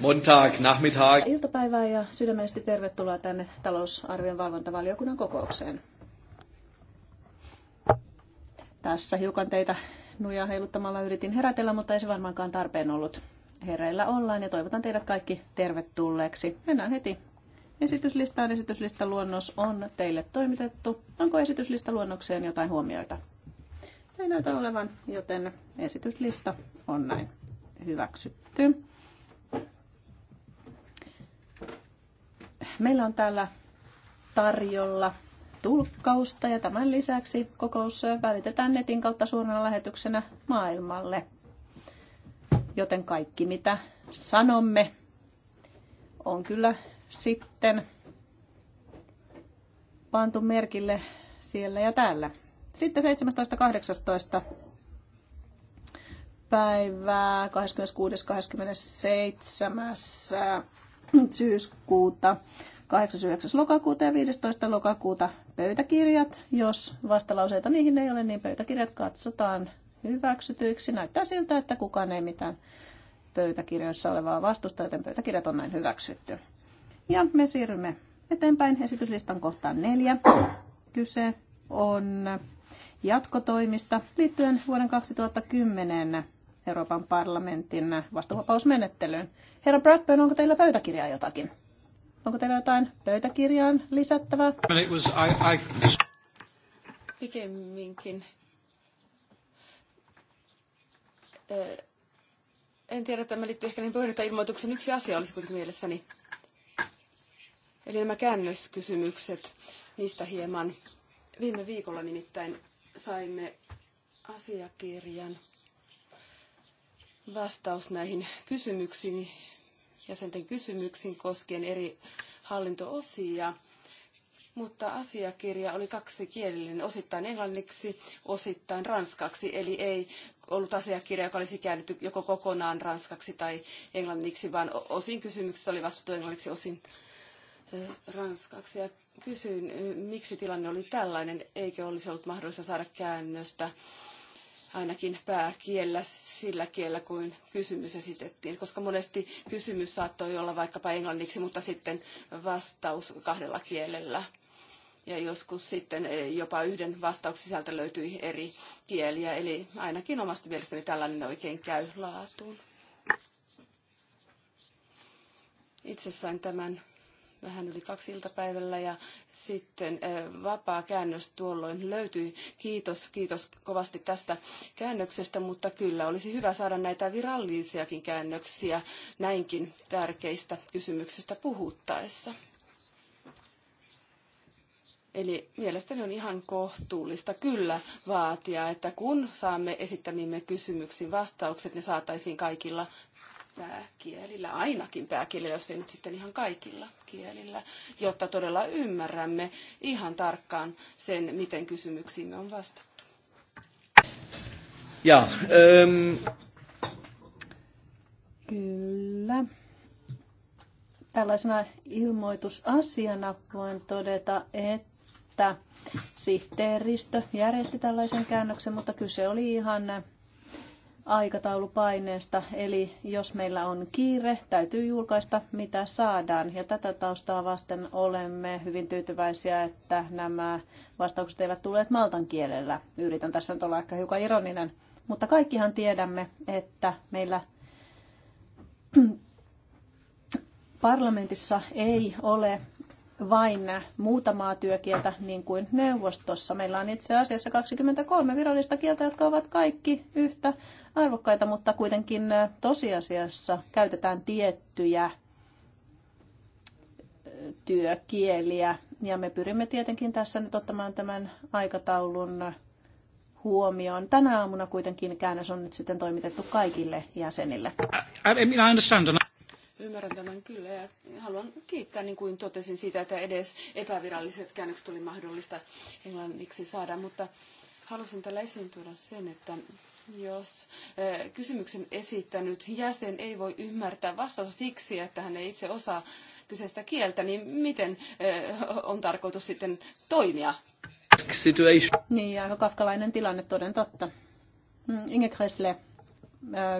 Montag, Nachmittag. Iltapäivää ja sydämellisesti tervetuloa tänne talousarvion valvontavaliokunnan kokoukseen. Tässä hiukan teitä nuja heiluttamalla yritin herätellä, mutta ei se varmaankaan tarpeen ollut. Hereillä ollaan ja toivotan teidät kaikki tervetulleeksi. Mennään heti esityslistaan. Esityslistaluonnos on teille toimitettu. Onko esityslistaluonnokseen jotain huomioita? Ei näytä olevan, joten esityslista on näin hyväksytty. Meillä on täällä tarjolla tulkkausta ja tämän lisäksi kokous välitetään netin kautta suorana lähetyksenä maailmalle. Joten kaikki mitä sanomme on kyllä sitten pantu merkille siellä ja täällä. Sitten 17.18. päivää 26.27. syyskuuta, 8.9. lokakuuta ja 15. lokakuuta pöytäkirjat. Jos vastalauseita niihin ei ole, niin pöytäkirjat katsotaan hyväksytyiksi. Näyttää siltä, että kukaan ei mitään pöytäkirjoissa olevaa vastusta, joten pöytäkirjat on näin hyväksytty. Ja me siirrymme eteenpäin esityslistan kohtaan neljä. Kyse on jatkotoimista liittyen vuoden 2010 Euroopan parlamentin vastuvapausmenettelyyn. Herra Bradburn, onko teillä pöytäkirjaa jotakin? Onko teillä jotain pöytäkirjaan lisättävää? Was, I, I... Pikemminkin. Eh, en tiedä, tämä liittyy ehkä niin ilmoituksen Yksi asia olisi kuitenkin mielessäni. Eli nämä käännöskysymykset, niistä hieman. Viime viikolla nimittäin saimme asiakirjan vastaus näihin kysymyksiin, jäsenten kysymyksiin koskien eri hallintoosia. Mutta asiakirja oli kaksikielinen, osittain englanniksi, osittain ranskaksi, eli ei ollut asiakirja, joka olisi käännetty joko kokonaan ranskaksi tai englanniksi, vaan osin kysymyksessä oli vastattu englanniksi, osin ranskaksi. Ja kysyin, miksi tilanne oli tällainen, eikö olisi ollut mahdollista saada käännöstä ainakin pääkielellä sillä kielellä, kuin kysymys esitettiin, koska monesti kysymys saattoi olla vaikkapa englanniksi, mutta sitten vastaus kahdella kielellä. Ja joskus sitten eh, jopa yhden vastauksen sisältä löytyi eri kieliä, eli ainakin omasta mielestäni tällainen oikein käy laatuun. Itse sain tämän vähän yli kaksi iltapäivällä ja sitten eh, vapaa käännös tuolloin löytyi. Kiitos, kiitos kovasti tästä käännöksestä, mutta kyllä olisi hyvä saada näitä virallisiakin käännöksiä näinkin tärkeistä kysymyksistä puhuttaessa. Eli mielestäni on ihan kohtuullista kyllä vaatia, että kun saamme esittämimme kysymyksiin vastaukset, ne saataisiin kaikilla pääkielillä, ainakin pääkielillä, jos ei nyt sitten ihan kaikilla kielillä, jotta todella ymmärrämme ihan tarkkaan sen, miten kysymyksiimme on vastattu. Ja, ähm. Kyllä. Tällaisena ilmoitusasiana voin todeta, että sihteeristö järjesti tällaisen käännöksen, mutta kyse oli ihan aikataulupaineesta, eli jos meillä on kiire, täytyy julkaista mitä saadaan. Ja tätä taustaa vasten olemme hyvin tyytyväisiä, että nämä vastaukset eivät tulleet maltan kielellä. Yritän tässä nyt olla ehkä hiukan ironinen, mutta kaikkihan tiedämme, että meillä parlamentissa ei ole vain muutamaa työkieltä niin kuin neuvostossa. Meillä on itse asiassa 23 virallista kieltä, jotka ovat kaikki yhtä arvokkaita, mutta kuitenkin tosiasiassa käytetään tiettyjä työkieliä. Ja me pyrimme tietenkin tässä nyt ottamaan tämän aikataulun huomioon. Tänä aamuna kuitenkin käännös on nyt sitten toimitettu kaikille jäsenille. I, I mean, I Ymmärrän tämän kyllä ja haluan kiittää, niin kuin totesin, siitä, että edes epäviralliset käännökset oli mahdollista englanniksi saada, mutta halusin tällä esiin tuoda sen, että jos eh, kysymyksen esittänyt jäsen ei voi ymmärtää vastausta siksi, että hän ei itse osaa kyseistä kieltä, niin miten eh, on tarkoitus sitten toimia? Situation. Niin, aika kafkalainen tilanne toden totta. Mm, Inge Kressle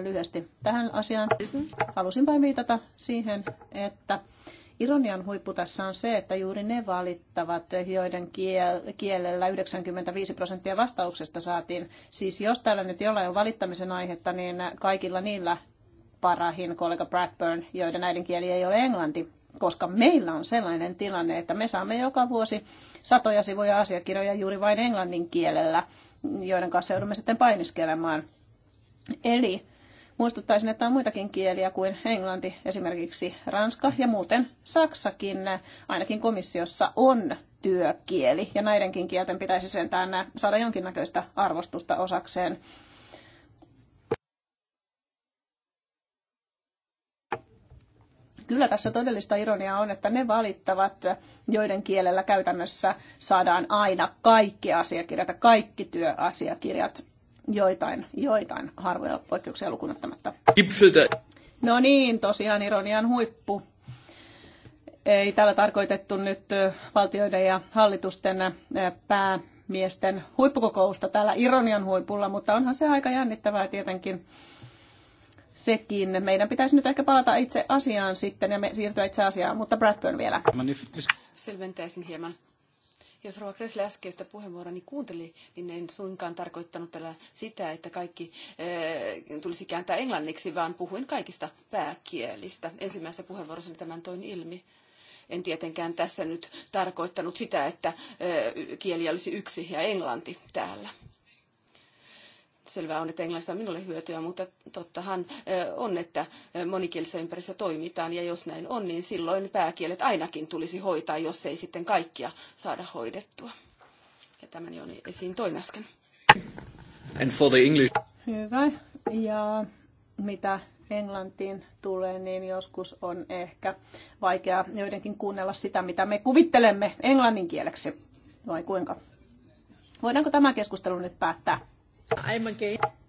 lyhyesti tähän asiaan. Halusin vain viitata siihen, että ironian huippu tässä on se, että juuri ne valittavat, joiden kielellä 95 prosenttia vastauksesta saatiin. Siis jos täällä nyt jollain on valittamisen aihetta, niin kaikilla niillä parahin kollega Bradburn, joiden äidinkieli ei ole englanti, koska meillä on sellainen tilanne, että me saamme joka vuosi satoja sivuja asiakirjoja juuri vain englannin kielellä, joiden kanssa joudumme sitten painiskelemaan. Eli muistuttaisin, että on muitakin kieliä kuin englanti, esimerkiksi ranska ja muuten saksakin, ainakin komissiossa on työkieli. Ja näidenkin kielten pitäisi sentään saada jonkinnäköistä arvostusta osakseen. Kyllä tässä todellista ironiaa on, että ne valittavat, joiden kielellä käytännössä saadaan aina kaikki asiakirjat ja kaikki työasiakirjat joitain, joitain harvoja poikkeuksia lukunottamatta. No niin, tosiaan ironian huippu. Ei tällä tarkoitettu nyt valtioiden ja hallitusten päämiesten huippukokousta täällä ironian huipulla, mutta onhan se aika jännittävää tietenkin sekin. Meidän pitäisi nyt ehkä palata itse asiaan sitten ja me siirtyä itse asiaan, mutta Bradburn vielä. Selventäisin hieman jos Rova Kressle äskeistä puheenvuoroa niin kuunteli, niin en suinkaan tarkoittanut tällä sitä, että kaikki ee, eh, tulisi kääntää englanniksi, vaan puhuin kaikista pääkielistä. Ensimmäisessä puheenvuorossa tämän toin ilmi. En tietenkään tässä nyt tarkoittanut sitä, että ee, eh, kieli olisi yksi ja englanti täällä. Selvää on, että englannista on minulle hyötyä, mutta tottahan on, että monikielisessä ympäristössä toimitaan, ja jos näin on, niin silloin pääkielet ainakin tulisi hoitaa, jos ei sitten kaikkia saada hoidettua. Ja tämän jo esiin toin äsken. And for the English. Hyvä. Ja mitä Englantiin tulee, niin joskus on ehkä vaikea joidenkin kuunnella sitä, mitä me kuvittelemme englannin kieleksi. Vai kuinka? Voidaanko tämä keskustelu nyt päättää?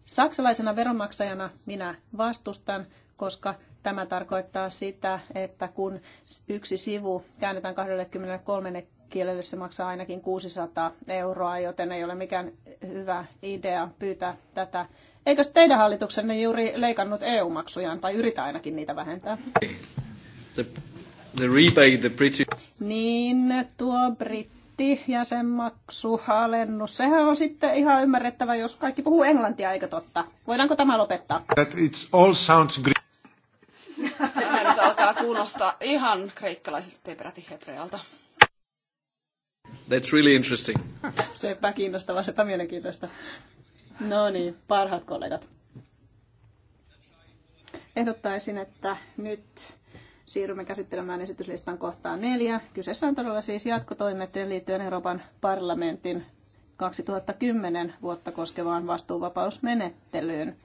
Saksalaisena veronmaksajana minä vastustan, koska tämä tarkoittaa sitä, että kun yksi sivu käännetään 23 kielelle, se maksaa ainakin 600 euroa, joten ei ole mikään hyvä idea pyytää tätä. Eikö teidän hallituksenne juuri leikannut EU-maksujaan, tai yritä ainakin niitä vähentää? The, the rebate, the British... Niin, tuo britti jäsenmaksu, alennus. Sehän on sitten ihan ymmärrettävä, jos kaikki puhuu englantia, eikö totta? Voidaanko tämä lopettaa? That it's all sounds great. Tämä nyt alkaa kuulostaa ihan kreikkalaisilta, ei peräti hebrealta. That's really interesting. sepä kiinnostavaa, sepä mielenkiintoista. No niin, parhaat kollegat. Ehdottaisin, että nyt Siirrymme käsittelemään esityslistan kohtaan neljä. Kyseessä on todella siis jatkotoimet liittyen Euroopan parlamentin 2010 vuotta koskevaan vastuuvapausmenettelyyn.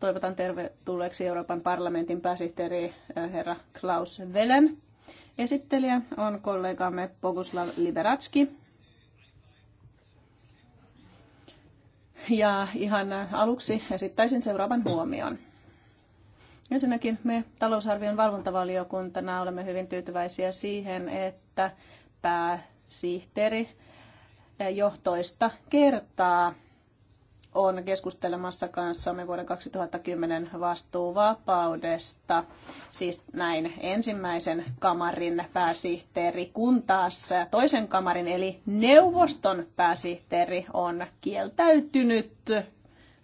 Toivotan tervetulleeksi Euroopan parlamentin pääsihteeri eh, herra Klaus Velen. Esittelijä on kollegamme Boguslav Liberatski. Ja ihan aluksi esittäisin seuraavan huomion. Ensinnäkin me talousarvion valvontavaliokuntana olemme hyvin tyytyväisiä siihen, että pääsihteeri johtoista kertaa on keskustelemassa kanssamme vuoden 2010 vastuuvapaudesta, siis näin ensimmäisen kamarin pääsihteeri, kun taas toisen kamarin eli neuvoston pääsihteeri on kieltäytynyt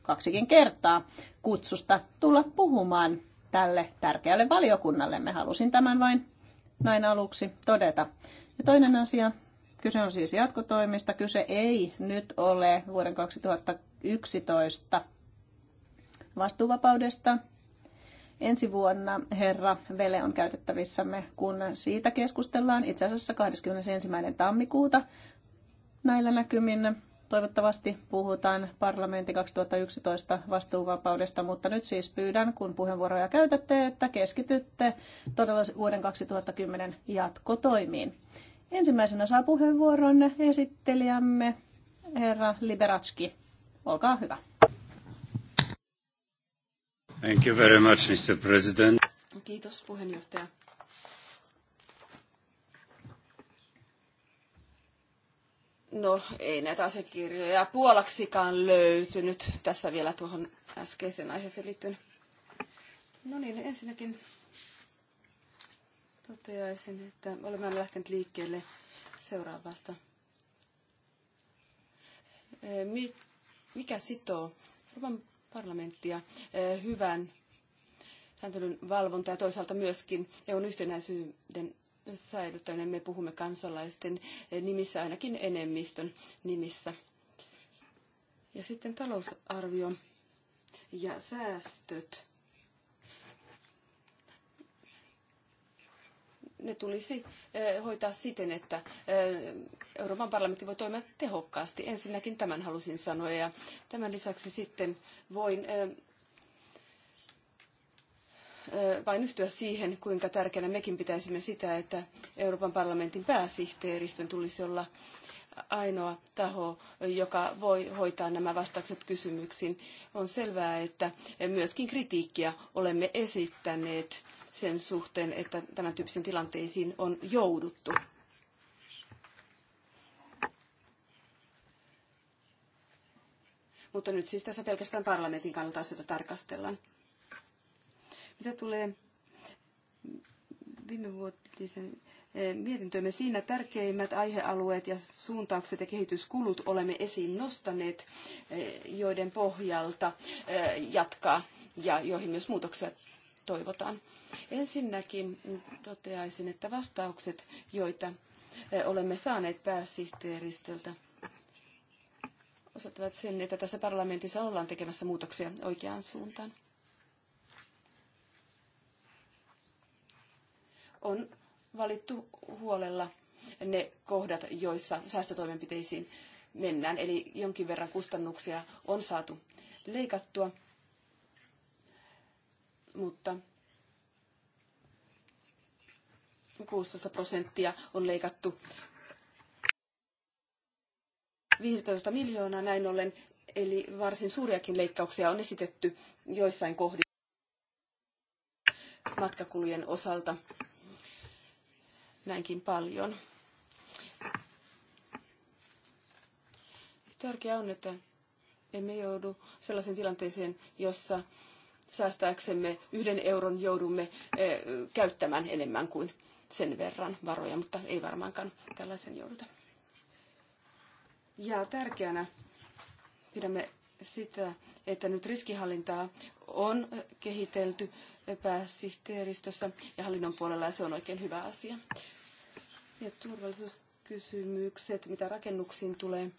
kaksikin kertaa kutsusta tulla puhumaan tälle tärkeälle valiokunnalle. Me halusin tämän vain näin aluksi todeta. Ja toinen asia, kyse on siis jatkotoimista. Kyse ei nyt ole vuoden 2011 vastuuvapaudesta. Ensi vuonna herra Vele on käytettävissämme, kun siitä keskustellaan itse asiassa 21. tammikuuta näillä näkymin toivottavasti puhutaan parlamentti 2011 vastuuvapaudesta, mutta nyt siis pyydän, kun puheenvuoroja käytätte, että keskitytte todella vuoden 2010 jatkotoimiin. Ensimmäisenä saa puheenvuoron esittelijämme herra Liberatski. Olkaa hyvä. Thank you very much, Mr. President. Kiitos puheenjohtaja. No ei näitä asiakirjoja puolaksikaan löytynyt. Tässä vielä tuohon äskeiseen aiheeseen liittyen. No niin, ensinnäkin toteaisin, että olemme lähteneet liikkeelle seuraavasta. Mikä sitoo Euroopan parlamenttia hyvän sääntelyn valvonta ja toisaalta myöskin EUn yhtenäisyyden säilyttäminen. Me puhumme kansalaisten nimissä, ainakin enemmistön nimissä. Ja sitten talousarvio ja säästöt. ne tulisi eh, hoitaa siten, että eh, Euroopan parlamentti voi toimia tehokkaasti. Ensinnäkin tämän halusin sanoa ja tämän lisäksi sitten voin eh, vain yhtyä siihen, kuinka tärkeänä mekin pitäisimme sitä, että Euroopan parlamentin pääsihteeristön tulisi olla ainoa taho, joka voi hoitaa nämä vastaukset kysymyksiin. On selvää, että myöskin kritiikkiä olemme esittäneet sen suhteen, että tämän tyyppisiin tilanteisiin on jouduttu. Mutta nyt siis tässä pelkästään parlamentin kannalta asioita tarkastellaan. Mitä tulee viime vuotisen eh, mietintömme siinä tärkeimmät aihealueet ja suuntaukset ja kehityskulut olemme esiin nostaneet, eh, joiden pohjalta eh, jatkaa ja joihin myös muutoksia toivotaan. Ensinnäkin toteaisin, että vastaukset, joita olemme saaneet pääsihteeristöltä, osoittavat sen, että tässä parlamentissa ollaan tekemässä muutoksia oikeaan suuntaan. on valittu huolella ne kohdat, joissa säästötoimenpiteisiin mennään. Eli jonkin verran kustannuksia on saatu leikattua, mutta 16 prosenttia on leikattu 15 miljoonaa näin ollen, eli varsin suuriakin leikkauksia on esitetty joissain kohdissa matkakulujen osalta näinkin paljon. Tärkeää on, että emme joudu sellaisen tilanteeseen, jossa säästääksemme yhden euron joudumme eh, käyttämään enemmän kuin sen verran varoja, mutta ei varmaankaan tällaisen jouduta. Ja tärkeänä pidämme sitä, että nyt riskihallintaa on kehitelty pääsihteeristössä ja hallinnon puolella ja se on oikein hyvä asia ja turvallisuuskysymykset, mitä rakennuksiin tulee.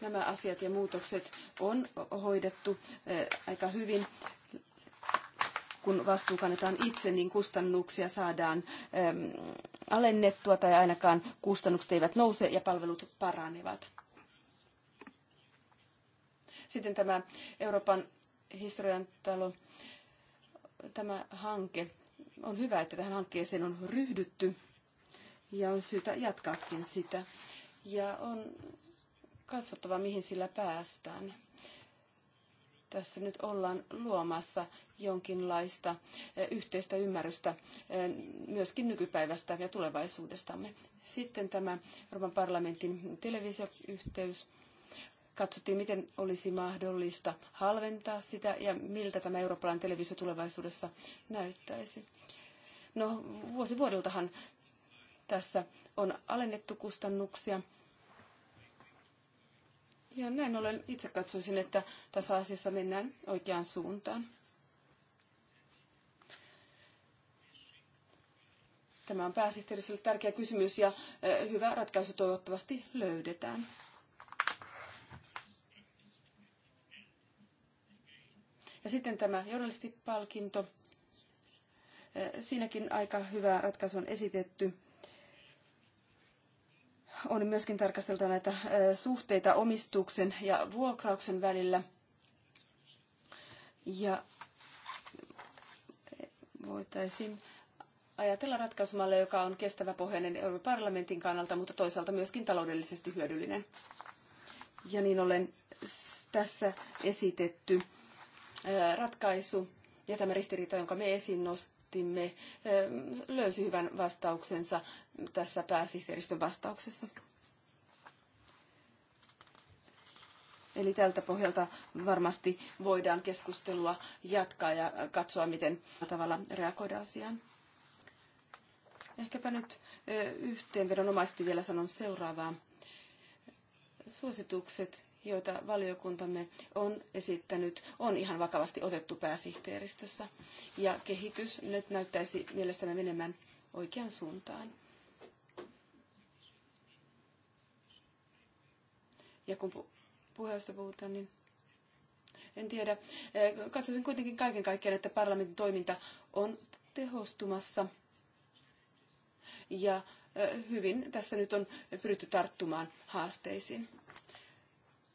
Nämä asiat ja muutokset on hoidettu eh, aika hyvin. Kun vastuu kannetaan itse, niin kustannuksia saadaan alennettua tai ainakaan kustannukset eivät nouse ja palvelut paranevat. Sitten tämä Euroopan historian talo, tämä hanke on hyvä, että tähän hankkeeseen on ryhdytty ja on syytä jatkaakin sitä. Ja on katsottava, mihin sillä päästään. Tässä nyt ollaan luomassa jonkinlaista eh, yhteistä ymmärrystä eh, myöskin nykypäivästä ja tulevaisuudestamme. Sitten tämä Euroopan parlamentin televisioyhteys katsottiin, miten olisi mahdollista halventaa sitä ja miltä tämä eurooppalainen televisio tulevaisuudessa näyttäisi. No, vuosi vuodeltahan tässä on alennettu kustannuksia. Ja näin ollen itse katsoisin, että tässä asiassa mennään oikeaan suuntaan. Tämä on pääsihteeriselle tärkeä kysymys ja hyvä ratkaisu toivottavasti löydetään. Ja sitten tämä journalistipalkinto. Eh, siinäkin aika hyvä ratkaisu on esitetty. On myöskin tarkasteltava näitä eh, suhteita omistuksen ja vuokrauksen välillä. Ja eh, voitaisiin ajatella ratkaisumalle, joka on kestävä pohjainen Euroopan parlamentin kannalta, mutta toisaalta myöskin taloudellisesti hyödyllinen. Ja niin ollen tässä esitetty ratkaisu ja tämä ristiriita, jonka me esiin nostimme, löysi hyvän vastauksensa tässä pääsihteeristön vastauksessa. Eli tältä pohjalta varmasti voidaan keskustelua jatkaa ja katsoa, miten tavalla reagoida asiaan. Ehkäpä nyt yhteenvedonomaisesti vielä sanon seuraavaa. Suositukset joita valiokuntamme on esittänyt, on ihan vakavasti otettu pääsihteeristössä. Ja kehitys nyt näyttäisi mielestäni menemään oikeaan suuntaan. Ja kun pu- puheesta puhutaan, niin en tiedä. Katsoisin kuitenkin kaiken kaikkiaan, että parlamentin toiminta on tehostumassa. Ja hyvin tässä nyt on pyritty tarttumaan haasteisiin.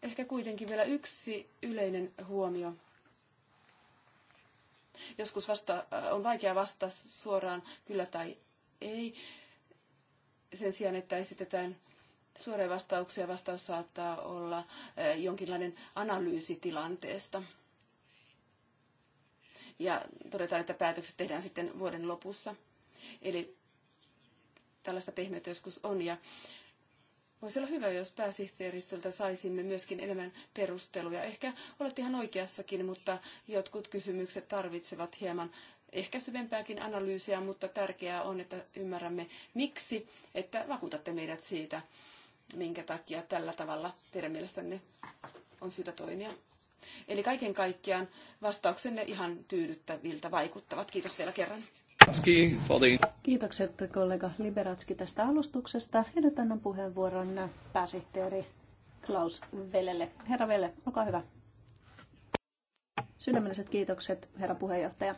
Ehkä kuitenkin vielä yksi yleinen huomio. Joskus vasta, äh, on vaikea vastata suoraan kyllä tai ei, sen sijaan, että esitetään suoria vastauksia. Vastaus saattaa olla äh, jonkinlainen analyysi tilanteesta. Ja todetaan, että päätökset tehdään sitten vuoden lopussa. Eli tällaista pehmeyttä joskus on. Ja Voisi olla hyvä, jos pääsihteeristöltä saisimme myöskin enemmän perusteluja. Ehkä olet ihan oikeassakin, mutta jotkut kysymykset tarvitsevat hieman ehkä syvempääkin analyysiä, mutta tärkeää on, että ymmärrämme miksi, että vakuutatte meidät siitä, minkä takia tällä tavalla teidän mielestänne on syytä toimia. Eli kaiken kaikkiaan vastauksenne ihan tyydyttäviltä vaikuttavat. Kiitos vielä kerran. Kiitokset kollega Liberatski tästä alustuksesta. Ja nyt annan puheenvuoron pääsihteeri Klaus Velelle. Herra Velle, olkaa hyvä. Sydämelliset kiitokset, herra puheenjohtaja.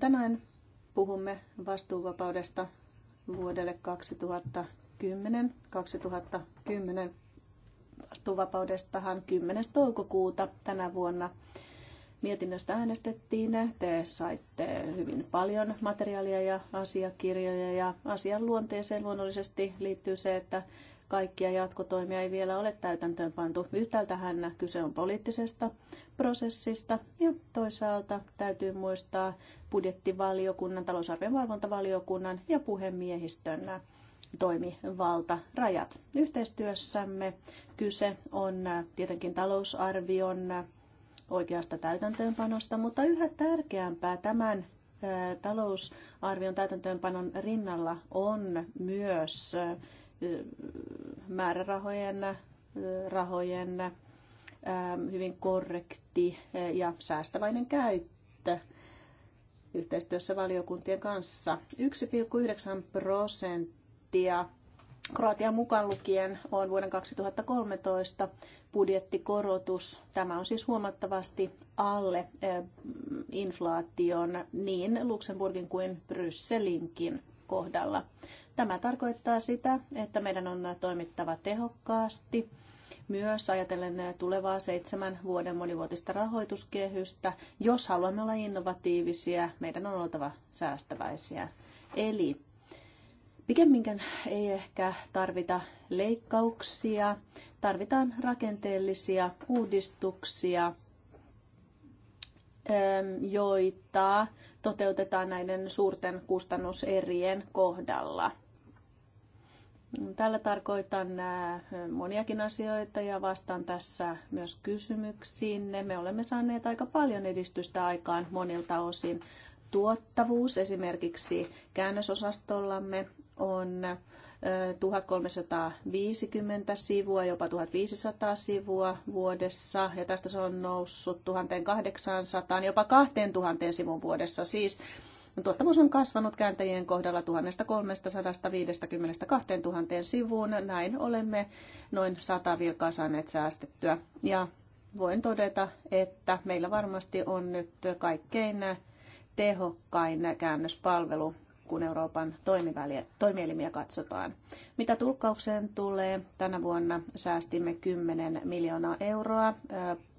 Tänään puhumme vastuuvapaudesta vuodelle 2010. 2010 vastuuvapaudestahan 10. toukokuuta tänä vuonna Mietinnöstä äänestettiin, te saitte hyvin paljon materiaalia ja asiakirjoja ja asian luonteeseen luonnollisesti liittyy se, että kaikkia jatkotoimia ei vielä ole täytäntöön pantu. Yhtäältähän kyse on poliittisesta prosessista ja toisaalta täytyy muistaa budjettivaliokunnan, talousarvion valvontavaliokunnan ja puhemiehistön rajat Yhteistyössämme kyse on tietenkin talousarvion oikeasta täytäntöönpanosta, mutta yhä tärkeämpää tämän talousarvion täytäntöönpanon rinnalla on myös määrärahojen rahojen hyvin korrekti ja säästäväinen käyttö yhteistyössä valiokuntien kanssa. 1,9 prosenttia Kroatian mukaan lukien on vuoden 2013 budjettikorotus. Tämä on siis huomattavasti alle eh, inflaation niin Luxemburgin kuin Brysselinkin kohdalla. Tämä tarkoittaa sitä, että meidän on toimittava tehokkaasti myös ajatellen tulevaa seitsemän vuoden monivuotista rahoituskehystä. Jos haluamme olla innovatiivisia, meidän on oltava säästäväisiä. Eli Pikemminkin ei ehkä tarvita leikkauksia, tarvitaan rakenteellisia uudistuksia, joita toteutetaan näiden suurten kustannuserien kohdalla. Tällä tarkoitan moniakin asioita ja vastaan tässä myös kysymyksiin. Me olemme saaneet aika paljon edistystä aikaan monilta osin. Tuottavuus esimerkiksi käännösosastollamme on 1350 sivua, jopa 1500 sivua vuodessa, ja tästä se on noussut 1800, jopa 2000 sivun vuodessa. Siis tuottavuus on kasvanut kääntäjien kohdalla 1350 2000 sivuun. Näin olemme noin 100 virkaa saaneet säästettyä. Ja voin todeta, että meillä varmasti on nyt kaikkein tehokkain käännöspalvelu kun Euroopan toimielimiä katsotaan. Mitä tulkkaukseen tulee, tänä vuonna säästimme 10 miljoonaa euroa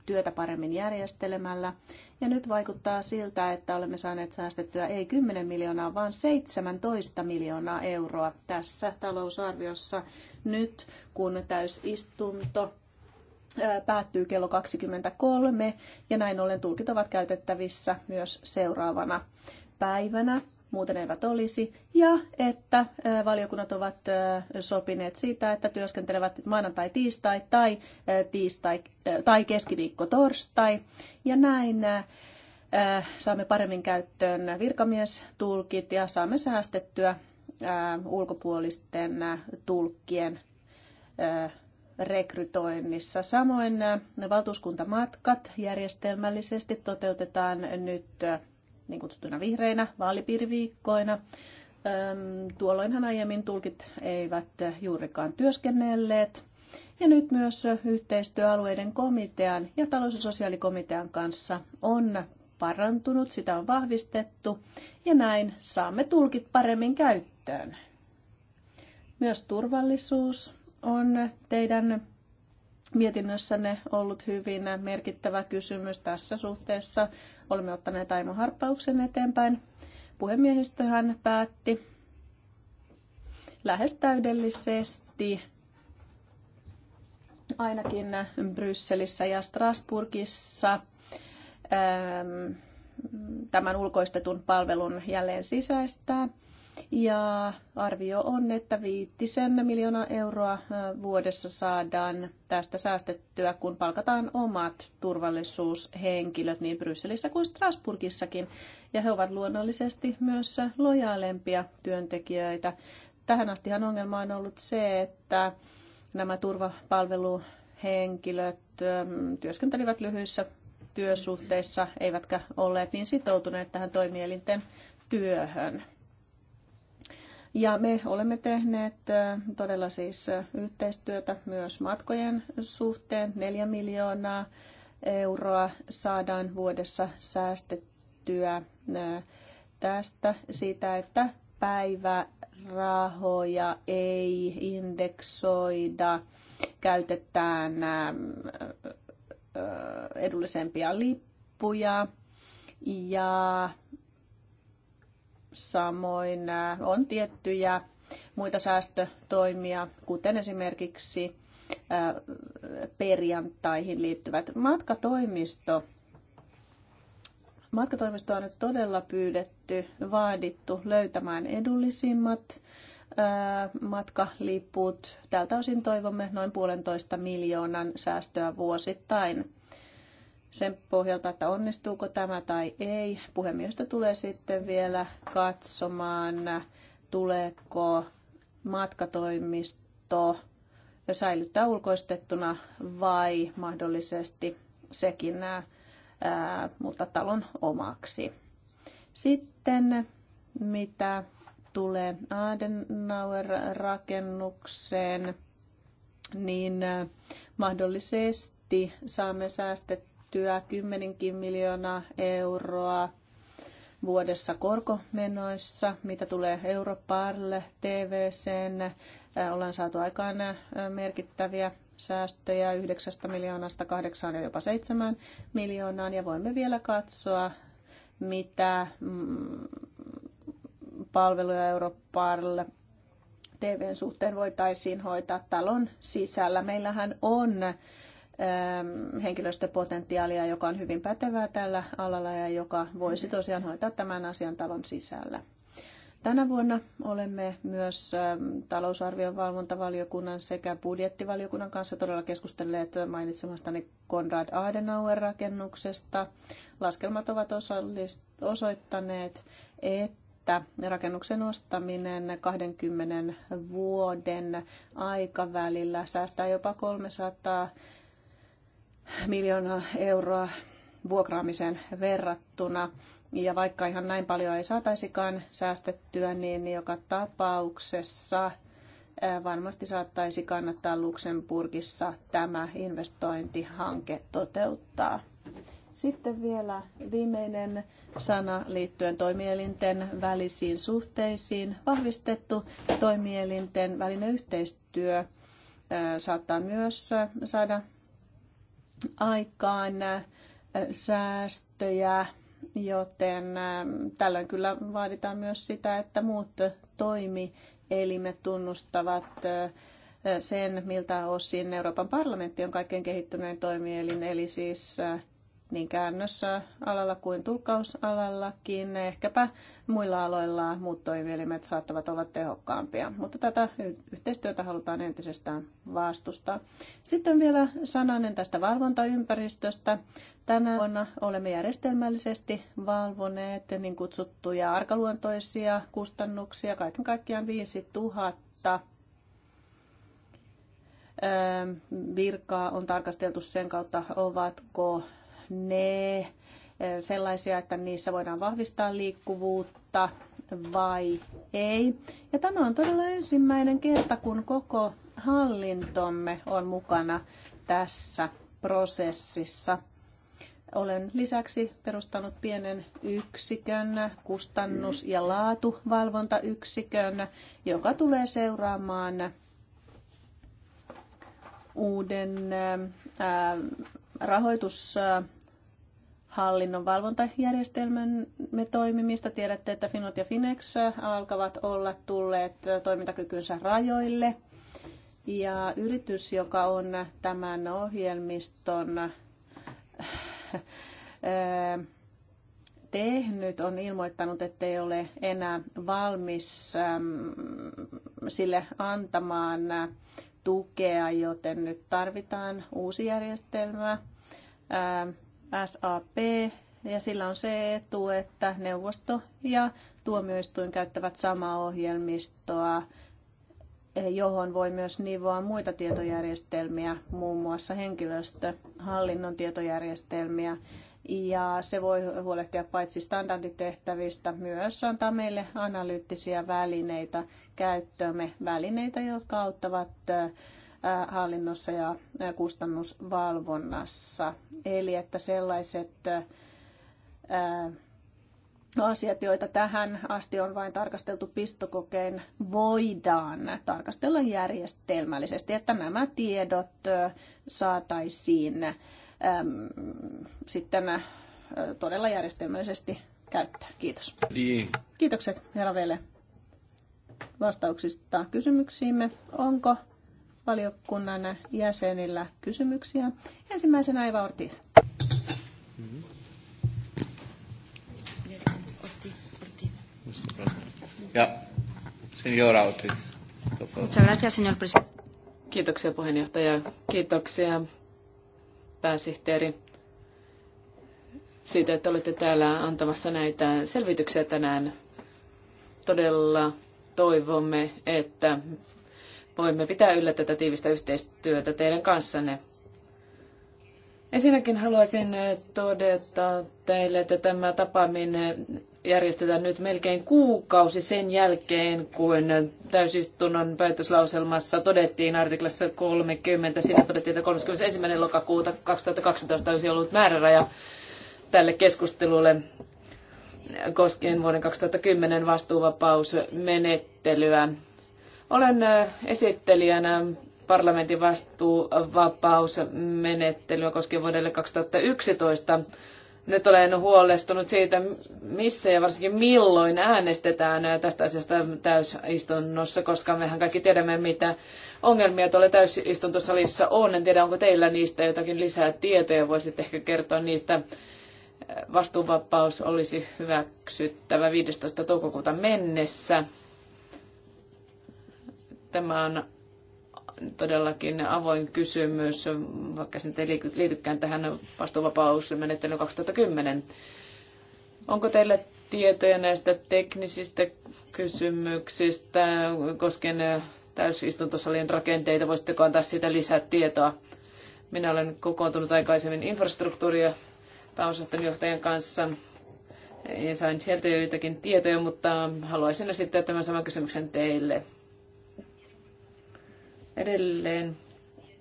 työtä paremmin järjestelemällä. Ja nyt vaikuttaa siltä, että olemme saaneet säästettyä ei 10 miljoonaa, vaan 17 miljoonaa euroa tässä talousarviossa nyt, kun täysistunto päättyy kello 23 ja näin ollen tulkit ovat käytettävissä myös seuraavana päivänä muuten eivät olisi, ja että valiokunnat ovat sopineet siitä, että työskentelevät maanantai, tiistai tai, tiistai, tai keskiviikko, torstai, ja näin saamme paremmin käyttöön virkamiestulkit ja saamme säästettyä ulkopuolisten tulkkien rekrytoinnissa. Samoin valtuuskuntamatkat järjestelmällisesti toteutetaan nyt niin kutsuttuina vihreinä vaalipiiriviikkoina. Tuolloinhan aiemmin tulkit eivät juurikaan työskennelleet. Ja nyt myös yhteistyöalueiden komitean ja talous- ja sosiaalikomitean kanssa on parantunut, sitä on vahvistettu ja näin saamme tulkit paremmin käyttöön. Myös turvallisuus on teidän mietinnössänne ollut hyvin merkittävä kysymys tässä suhteessa. Olemme ottaneet aimo harppauksen eteenpäin. Puhemiehistöhän päätti lähes täydellisesti ainakin Brysselissä ja Strasburgissa ähm, tämän ulkoistetun palvelun jälleen sisäistää. Ja arvio on, että viitisen miljoonaa euroa vuodessa saadaan tästä säästettyä, kun palkataan omat turvallisuushenkilöt niin Brysselissä kuin Strasburgissakin. Ja he ovat luonnollisesti myös lojaalempia työntekijöitä. Tähän astihan ongelma on ollut se, että nämä turvapalveluhenkilöt työskentelivät lyhyissä työsuhteissa, eivätkä olleet niin sitoutuneet tähän toimielinten työhön. Ja me olemme tehneet todella siis yhteistyötä myös matkojen suhteen. 4 miljoonaa euroa saadaan vuodessa säästettyä tästä sitä, että päivärahoja ei indeksoida, käytetään edullisempia lippuja ja Samoin äh, on tiettyjä muita säästötoimia, kuten esimerkiksi äh, perjantaihin liittyvät. Matkatoimisto. Matkatoimisto on nyt todella pyydetty, vaadittu löytämään edullisimmat äh, matkaliput. Tältä osin toivomme noin puolentoista miljoonan säästöä vuosittain sen pohjalta, että onnistuuko tämä tai ei. Puhemiestä tulee sitten vielä katsomaan, tuleeko matkatoimisto säilyttää ulkoistettuna vai mahdollisesti sekin nämä, ää, mutta talon omaksi. Sitten mitä tulee Adenauer-rakennukseen, niin mahdollisesti saamme säästettyä käytettyä kymmenenkin miljoonaa euroa vuodessa korkomenoissa, mitä tulee Europarlle, TVC. Äh, ollaan saatu aikaan äh, merkittäviä säästöjä 9 miljoonasta 8 ja jopa 7 miljoonaan. Ja voimme vielä katsoa, mitä mm, palveluja Europarlle TVn suhteen voitaisiin hoitaa talon sisällä. Meillähän on Ehm, henkilöstöpotentiaalia, joka on hyvin pätevää tällä alalla ja joka voisi tosiaan hoitaa tämän asian talon sisällä. Tänä vuonna olemme myös ehm, talousarvion valvontavaliokunnan sekä budjettivaliokunnan kanssa todella keskustelleet mainitsemastani Konrad Adenauer-rakennuksesta. Laskelmat ovat osoittaneet, että rakennuksen ostaminen 20 vuoden aikavälillä säästää jopa 300 miljoonaa euroa vuokraamiseen verrattuna. Ja vaikka ihan näin paljon ei saataisikaan säästettyä, niin joka tapauksessa varmasti saattaisi kannattaa Luxemburgissa tämä investointihanke toteuttaa. Sitten vielä viimeinen sana liittyen toimielinten välisiin suhteisiin. Vahvistettu toimielinten välinen yhteistyö saattaa myös saada aikaan äh, säästöjä, joten ähm, tällöin kyllä vaaditaan myös sitä, että muut toimielimet tunnustavat äh, sen, miltä osin Euroopan parlamentti on kaikkein kehittyneen toimielin, eli siis äh, niin käännössä alalla kuin tulkkausalallakin. Ehkäpä muilla aloilla muut toimielimet saattavat olla tehokkaampia, mutta tätä yhteistyötä halutaan entisestään vastustaa. Sitten vielä sananen tästä valvontaympäristöstä. Tänä vuonna olemme järjestelmällisesti valvoneet niin kutsuttuja arkaluontoisia kustannuksia, kaiken kaikkiaan 5000 virkaa on tarkasteltu sen kautta, ovatko ne sellaisia, että niissä voidaan vahvistaa liikkuvuutta vai ei. Ja tämä on todella ensimmäinen kerta, kun koko hallintomme on mukana tässä prosessissa. Olen lisäksi perustanut pienen yksikön, kustannus- ja laatuvalvontayksikön, joka tulee seuraamaan uuden rahoitus- hallinnon valvontajärjestelmän me toimimista. Tiedätte, että Finot ja Finex alkavat olla tulleet toimintakykynsä rajoille. Ja yritys, joka on tämän ohjelmiston eh, tehnyt, on ilmoittanut, että ei ole enää valmis ehm, sille antamaan tukea, joten nyt tarvitaan uusi järjestelmä ehm, SAP, ja sillä on se etu, että neuvosto ja tuomioistuin käyttävät samaa ohjelmistoa, johon voi myös nivoa muita tietojärjestelmiä, muun muassa henkilöstöhallinnon tietojärjestelmiä. Ja se voi huolehtia paitsi standarditehtävistä, myös antaa meille analyyttisiä välineitä käyttöömme, välineitä, jotka auttavat hallinnossa ja kustannusvalvonnassa. Eli että sellaiset asiat, joita tähän asti on vain tarkasteltu pistokokein, voidaan tarkastella järjestelmällisesti, että nämä tiedot saataisiin sitten todella järjestelmällisesti käyttää. Kiitos. Niin. Kiitokset, herra Vele, vastauksista kysymyksiimme. Onko valiokunnan jäsenillä kysymyksiä. Ensimmäisenä Eva Ortiz. Kiitoksia puheenjohtaja. Kiitoksia pääsihteeri siitä, että olette täällä antamassa näitä selvityksiä tänään. Todella toivomme, että voimme pitää yllä tätä tiivistä yhteistyötä teidän kanssanne. Ensinnäkin haluaisin äh, todeta teille, että tämä tapaaminen järjestetään nyt melkein kuukausi sen jälkeen, kun täysistunnon päätöslauselmassa todettiin artiklassa 30, siinä todettiin, että 31. lokakuuta 2012 olisi ollut määräraja tälle keskustelulle koskien vuoden 2010 vastuuvapausmenettelyä. Olen esittelijänä parlamentin vastuuvapausmenettelyä koskien vuodelle 2011. Nyt olen huolestunut siitä, missä ja varsinkin milloin äänestetään tästä asiasta täysistunnossa, koska mehän kaikki tiedämme, mitä ongelmia tuolla täysistuntosalissa on. En tiedä, onko teillä niistä jotakin lisää tietoja, voisit ehkä kertoa niistä. Vastuuvapaus olisi hyväksyttävä 15. toukokuuta mennessä. Tämä on todellakin avoin kysymys, vaikka se ei liitykään tähän vastuuvapausmenettelyyn 2010. Onko teillä tietoja näistä teknisistä kysymyksistä koskien täysistuntosalin rakenteita? Voisitteko antaa siitä lisää tietoa? Minä olen kokoontunut aikaisemmin infrastruktuuria pääosaston johtajan kanssa ja sain sieltä joitakin tietoja, mutta haluaisin esittää tämän saman kysymyksen teille. Edelleen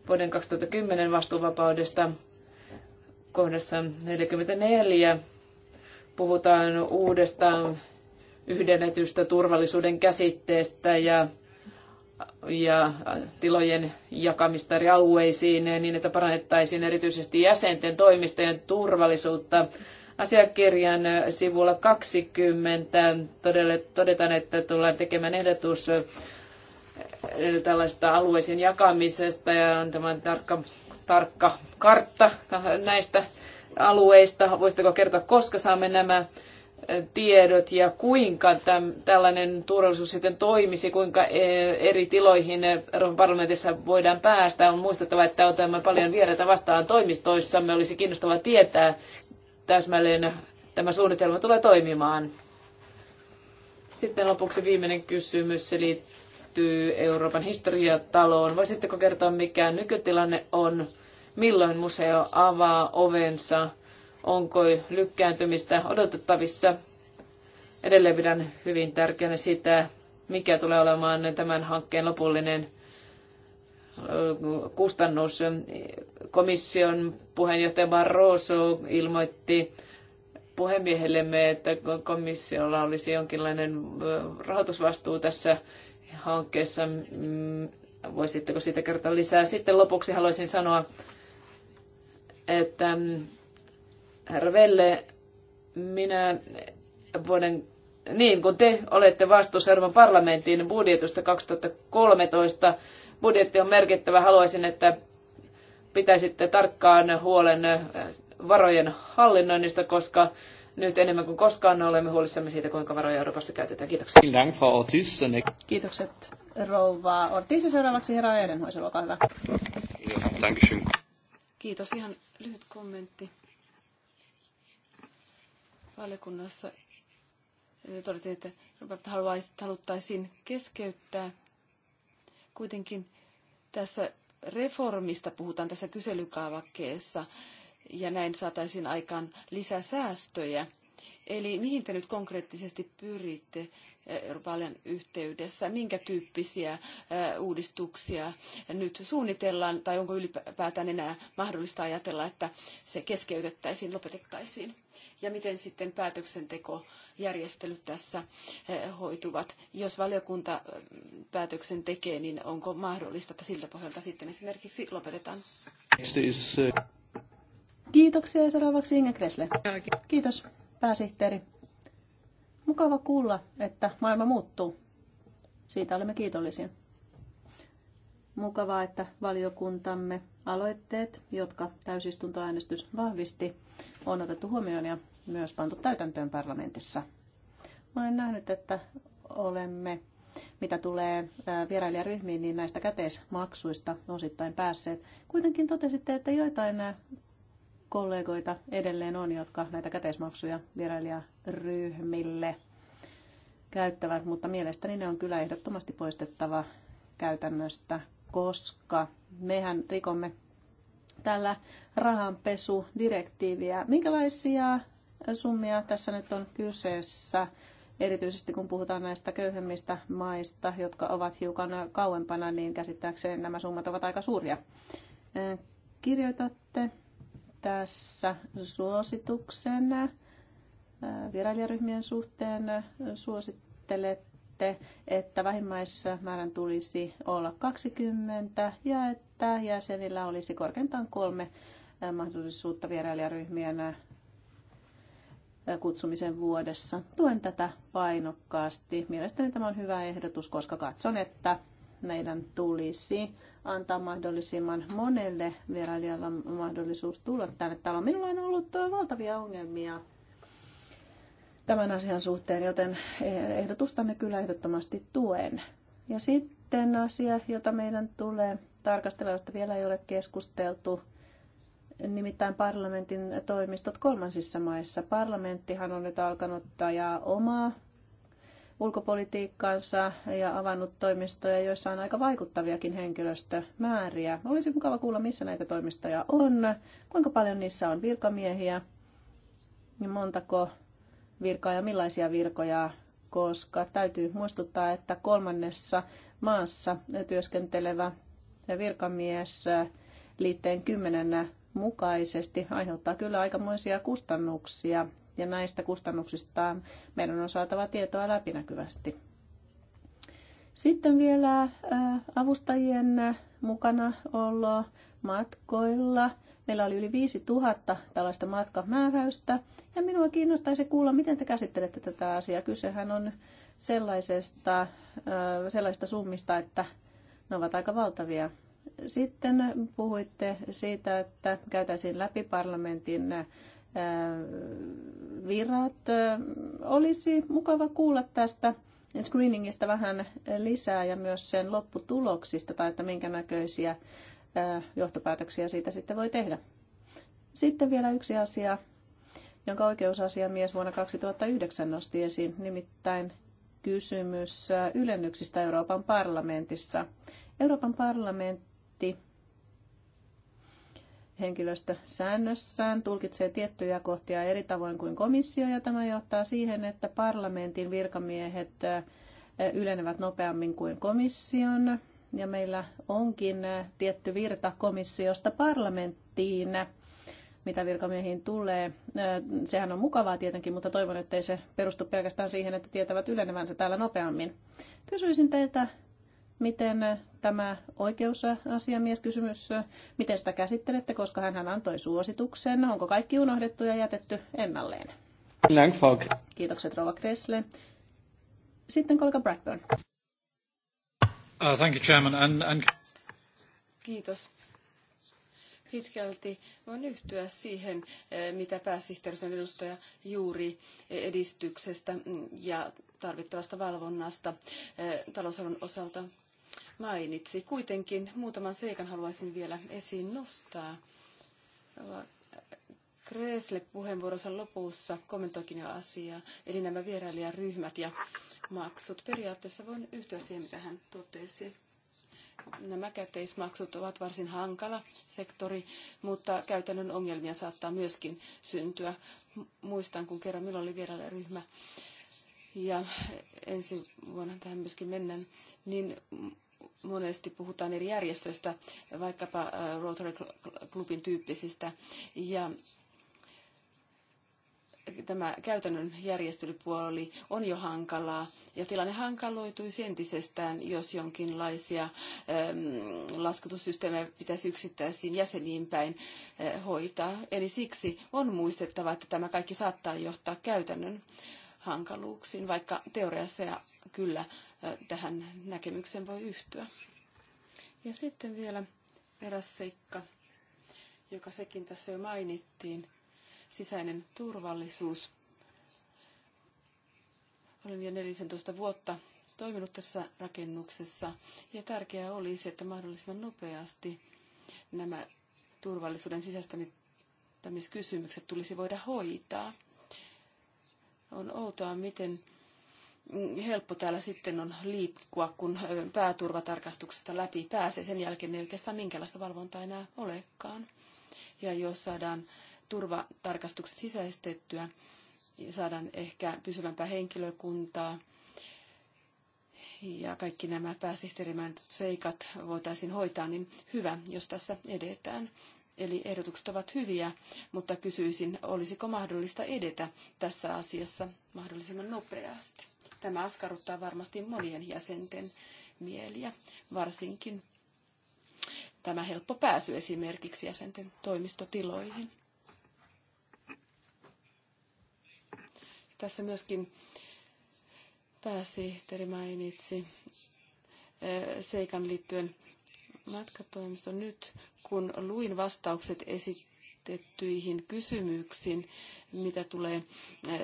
vuoden 2010 vastuuvapaudesta kohdassa 44 puhutaan uudesta yhdennetystä turvallisuuden käsitteestä ja, ja tilojen jakamista eri alueisiin niin, että parannettaisiin erityisesti jäsenten toimistojen turvallisuutta. Asiakirjan sivulla 20 todetaan, että tullaan tekemään ehdotus tällaista alueisen jakamisesta ja on tämä tarkka, tarkka kartta näistä alueista. Voisitteko kertoa, koska saamme nämä tiedot ja kuinka täm, tällainen turvallisuus sitten toimisi, kuinka eri tiloihin Euroopan parlamentissa voidaan päästä. On muistettava, että otamme paljon vieraita vastaan toimistoissamme. Olisi kiinnostavaa tietää täsmälleen tämä suunnitelma tulee toimimaan. Sitten lopuksi viimeinen kysymys, eli liittyy Euroopan historiataloon. Voisitteko kertoa, mikä nykytilanne on? Milloin museo avaa ovensa? Onko lykkääntymistä odotettavissa? Edelleen pidän hyvin tärkeänä sitä, mikä tulee olemaan tämän hankkeen lopullinen kustannus. Komission puheenjohtaja Barroso ilmoitti puhemiehellemme, että komissiolla olisi jonkinlainen rahoitusvastuu tässä hankkeessa. Mm, voisitteko siitä kertoa lisää? Sitten lopuksi haluaisin sanoa, että mm, herra Velle, minä vuoden, niin kun te olette vastuussa Euroopan parlamentin budjetusta 2013, budjetti on merkittävä, haluaisin, että pitäisitte tarkkaan huolen äh, varojen hallinnoinnista, koska nyt enemmän kuin koskaan olemme huolissamme siitä, kuinka varoja Euroopassa käytetään. Kiitoksia. Kiitokset rouva Ortiz ja seuraavaksi herra Edenhoisel, olkaa hyvä. Kiitos. Ihan lyhyt kommentti. Valiokunnassa todettiin, että haluttaisiin keskeyttää. Kuitenkin tässä reformista puhutaan tässä kyselykaavakkeessa ja näin saataisiin aikaan lisäsäästöjä. Eli mihin te nyt konkreettisesti pyritte eh, Euroopan yhteydessä? Minkä tyyppisiä eh, uudistuksia nyt suunnitellaan tai onko ylipäätään enää mahdollista ajatella, että se keskeytettäisiin, lopetettaisiin? Ja miten sitten päätöksentekojärjestelyt tässä eh, hoituvat? Jos valiokunta päätöksen tekee, niin onko mahdollista, että siltä pohjalta sitten esimerkiksi lopetetaan? Kiitoksia ja seuraavaksi Inge Kresle. Kiitos, pääsihteeri. Mukava kuulla, että maailma muuttuu. Siitä olemme kiitollisia. Mukavaa, että valiokuntamme aloitteet, jotka täysistuntoäänestys vahvisti, on otettu huomioon ja myös pantu täytäntöön parlamentissa. Olen nähnyt, että olemme, mitä tulee vierailijaryhmiin, niin näistä käteismaksuista osittain päässeet. Kuitenkin totesitte, että joitain kollegoita edelleen on, jotka näitä käteismaksuja vierailijaryhmille käyttävät, mutta mielestäni ne on kyllä ehdottomasti poistettava käytännöstä, koska mehän rikomme tällä rahanpesudirektiiviä. Minkälaisia summia tässä nyt on kyseessä, erityisesti kun puhutaan näistä köyhemmistä maista, jotka ovat hiukan kauempana, niin käsittääkseen nämä summat ovat aika suuria. Kirjoitatte tässä suosituksen äh, virailijaryhmien suhteen suosittelette, että vähimmäismäärän tulisi olla 20 ja että jäsenillä olisi korkeintaan kolme äh, mahdollisuutta vierailijaryhmien äh, kutsumisen vuodessa. Tuen tätä painokkaasti. Mielestäni tämä on hyvä ehdotus, koska katson, että meidän tulisi antaa mahdollisimman monelle vierailijalle mahdollisuus tulla tänne taloon. Minulla on ollut valtavia ongelmia tämän asian suhteen, joten ehdotustanne kyllä ehdottomasti tuen. Ja sitten asia, jota meidän tulee tarkastella, josta vielä ei ole keskusteltu, nimittäin parlamentin toimistot kolmansissa maissa. Parlamenttihan on nyt alkanut ajaa omaa ulkopolitiikkaansa ja avannut toimistoja, joissa on aika vaikuttaviakin henkilöstömääriä. Olisi mukava kuulla, missä näitä toimistoja on, kuinka paljon niissä on virkamiehiä, ja montako virkaa ja millaisia virkoja, koska täytyy muistuttaa, että kolmannessa maassa työskentelevä virkamies liitteen kymmenen mukaisesti aiheuttaa kyllä aikamoisia kustannuksia ja näistä kustannuksista meidän on saatava tietoa läpinäkyvästi. Sitten vielä äh, avustajien mukana olla matkoilla. Meillä oli yli 5000 tällaista matkamääräystä ja minua kiinnostaisi kuulla, miten te käsittelette tätä asiaa. Kysehän on sellaisesta, äh, sellaista summista, että ne ovat aika valtavia. Sitten puhuitte siitä, että käytäisiin läpi parlamentin äh, virat. Olisi mukava kuulla tästä screeningistä vähän lisää ja myös sen lopputuloksista tai että minkä näköisiä äh, johtopäätöksiä siitä sitten voi tehdä. Sitten vielä yksi asia, jonka oikeusasiamies vuonna 2009 nosti esiin, nimittäin kysymys äh, ylennyksistä Euroopan parlamentissa. Euroopan parlamentti Henkilöstö säännössään tulkitsee tiettyjä kohtia eri tavoin kuin komissio, ja tämä johtaa siihen, että parlamentin virkamiehet ylenevät nopeammin kuin komission, ja meillä onkin tietty virta komissiosta parlamenttiin, mitä virkamiehiin tulee. Sehän on mukavaa tietenkin, mutta toivon, ettei se perustu pelkästään siihen, että tietävät ylenevänsä täällä nopeammin. Kysyisin teiltä miten tämä oikeusasiamieskysymys, äh, miten sitä käsittelette, koska hän antoi suosituksen. Onko kaikki unohdettu ja jätetty ennalleen? Kiitokset Rova Kressle. Sitten kollega Bradburn. Uh, thank you, Chairman. And, and... Kiitos. Pitkälti voin yhtyä siihen, eh, mitä pääsihteerisen edustaja juuri edistyksestä ja tarvittavasta valvonnasta eh, talousalun osalta mainitsi. Kuitenkin muutaman seikan haluaisin vielä esiin nostaa. Kreesle puheenvuoronsa lopussa kommentoikin jo asiaa, eli nämä vierailijaryhmät ja maksut. Periaatteessa voin yhtyä siihen, mitä hän totesi. Nämä käteismaksut ovat varsin hankala sektori, mutta käytännön ongelmia saattaa myöskin syntyä. Muistan, kun kerran minulla oli vierailijaryhmä ja ensi vuonna tähän myöskin mennään, niin monesti puhutaan eri järjestöistä, vaikkapa äh, Rotary Clubin tyyppisistä. Ja tämä käytännön järjestelypuoli on jo hankalaa ja tilanne hankaloituisi entisestään, jos jonkinlaisia äm, laskutussysteemejä pitäisi yksittäisiin jäseniin päin ä, äh, hoitaa. Eli siksi on muistettava, että tämä kaikki saattaa johtaa käytännön hankaluuksiin, vaikka teoriassa ja kyllä tähän näkemykseen voi yhtyä. Ja sitten vielä eräs seikka, joka sekin tässä jo mainittiin, sisäinen turvallisuus. Olen jo 14 vuotta toiminut tässä rakennuksessa ja tärkeää olisi, että mahdollisimman nopeasti nämä turvallisuuden sisäistämiskysymykset tulisi voida hoitaa. On outoa, miten helppo täällä sitten on liikkua, kun pääturvatarkastuksesta läpi pääsee. Sen jälkeen ei oikeastaan minkäänlaista valvontaa enää olekaan. Ja jos saadaan turvatarkastukset sisäistettyä, saadaan ehkä pysyvämpää henkilökuntaa, ja kaikki nämä pääsihteerimäärätyt seikat voitaisiin hoitaa, niin hyvä, jos tässä edetään. Eli ehdotukset ovat hyviä, mutta kysyisin, olisiko mahdollista edetä tässä asiassa mahdollisimman nopeasti. Tämä askarruttaa varmasti monien jäsenten mieliä, varsinkin tämä helppo pääsy esimerkiksi jäsenten toimistotiloihin. Tässä myöskin pääsihteeri mainitsi eh, seikan liittyen matkatoimisto nyt, kun luin vastaukset esittämään, esitettyihin kysymyksiin, mitä tulee äh,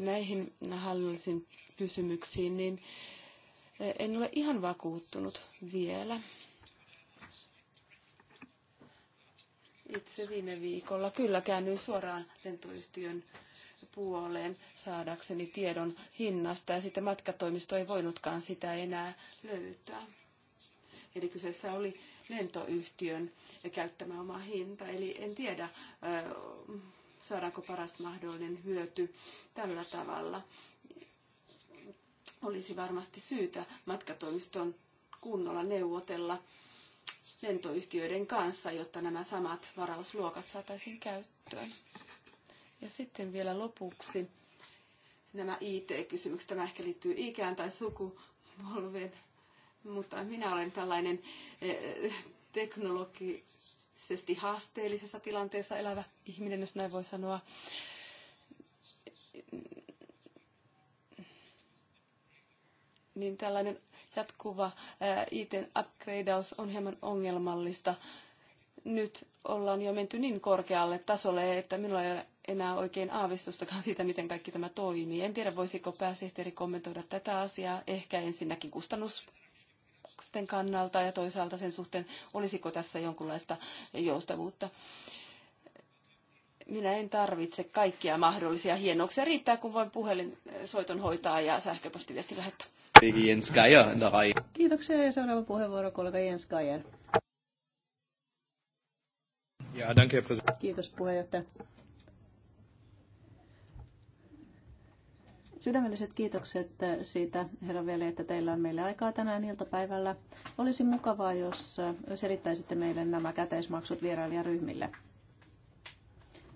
näihin hallinnollisiin kysymyksiin, niin äh, en ole ihan vakuuttunut vielä. Itse viime viikolla kyllä käännyin suoraan lentoyhtiön puoleen saadakseni tiedon hinnasta ja sitten matkatoimisto ei voinutkaan sitä enää löytää. Eli kyseessä oli lentoyhtiön käyttämä oma hinta. Eli en tiedä, saadaanko paras mahdollinen hyöty tällä tavalla. Olisi varmasti syytä matkatoimiston kunnolla neuvotella lentoyhtiöiden kanssa, jotta nämä samat varausluokat saataisiin käyttöön. Ja sitten vielä lopuksi nämä IT-kysymykset. Tämä ehkä liittyy ikään tai sukupolven mutta minä olen tällainen eh, teknologisesti haasteellisessa tilanteessa elävä ihminen, jos näin voi sanoa. Niin tällainen jatkuva eh, IT-upgradeaus on hieman ongelmallista. Nyt ollaan jo menty niin korkealle tasolle, että minulla ei ole enää oikein aavistustakaan siitä, miten kaikki tämä toimii. En tiedä, voisiko pääsihteeri kommentoida tätä asiaa. Ehkä ensinnäkin kustannus lasten kannalta ja toisaalta sen suhteen, olisiko tässä jonkunlaista joustavuutta. Minä en tarvitse kaikkia mahdollisia hienouksia. Riittää, kun voin puhelinsoiton eh, hoitaa ja sähköpostiviesti lähettää. Jens Kiitoksia ja seuraava puheenvuoro kollega Jens Geier. Ja, danke, Kiitos puheenjohtaja. Sydämelliset kiitokset siitä, herra Veli, että teillä on meille aikaa tänään iltapäivällä. Olisi mukavaa, jos selittäisitte meille nämä käteismaksut vierailijaryhmille.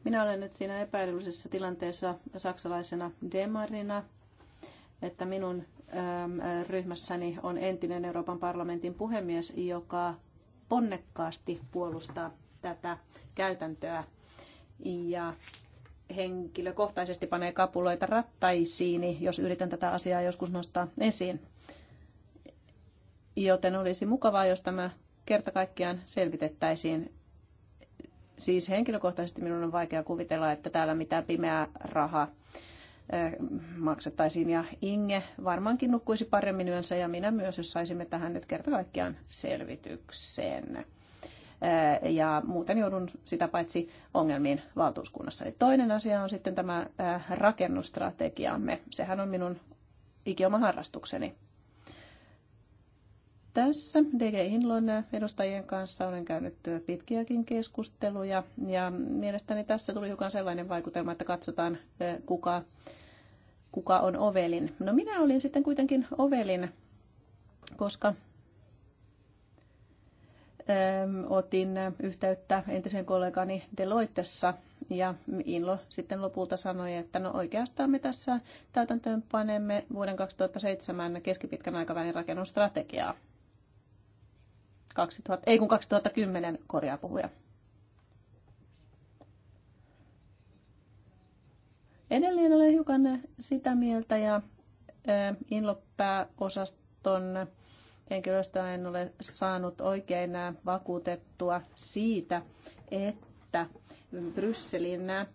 Minä olen nyt siinä epäilyllisessä tilanteessa saksalaisena demarina, että minun ryhmässäni on entinen Euroopan parlamentin puhemies, joka ponnekkaasti puolustaa tätä käytäntöä. Ja henkilökohtaisesti panee kapuloita rattaisiin, jos yritän tätä asiaa joskus nostaa esiin. Joten olisi mukavaa, jos tämä kerta kaikkiaan selvitettäisiin. Siis henkilökohtaisesti minun on vaikea kuvitella, että täällä mitään pimeää rahaa maksettaisiin. Ja Inge varmaankin nukkuisi paremmin yönsä ja minä myös, jos saisimme tähän nyt kerta kaikkiaan selvitykseen ja muuten joudun sitä paitsi ongelmiin valtuuskunnassa. Eli toinen asia on sitten tämä rakennusstrategiamme. Sehän on minun ikioma harrastukseni. Tässä DG Inlon edustajien kanssa olen käynyt pitkiäkin keskusteluja ja mielestäni tässä tuli hiukan sellainen vaikutelma, että katsotaan kuka, kuka on ovelin. No minä olin sitten kuitenkin ovelin, koska otin yhteyttä entisen kollegani Deloittessa ja Inlo sitten lopulta sanoi, että no oikeastaan me tässä täytäntöön panemme vuoden 2007 keskipitkän aikavälin rakennusstrategiaa. 2000, ei kun 2010 korjaa puhuja. Edelleen olen hiukan sitä mieltä ja Inlo pääosaston henkilöstä en ole saanut oikein vakuutettua siitä, että Brysselin nämä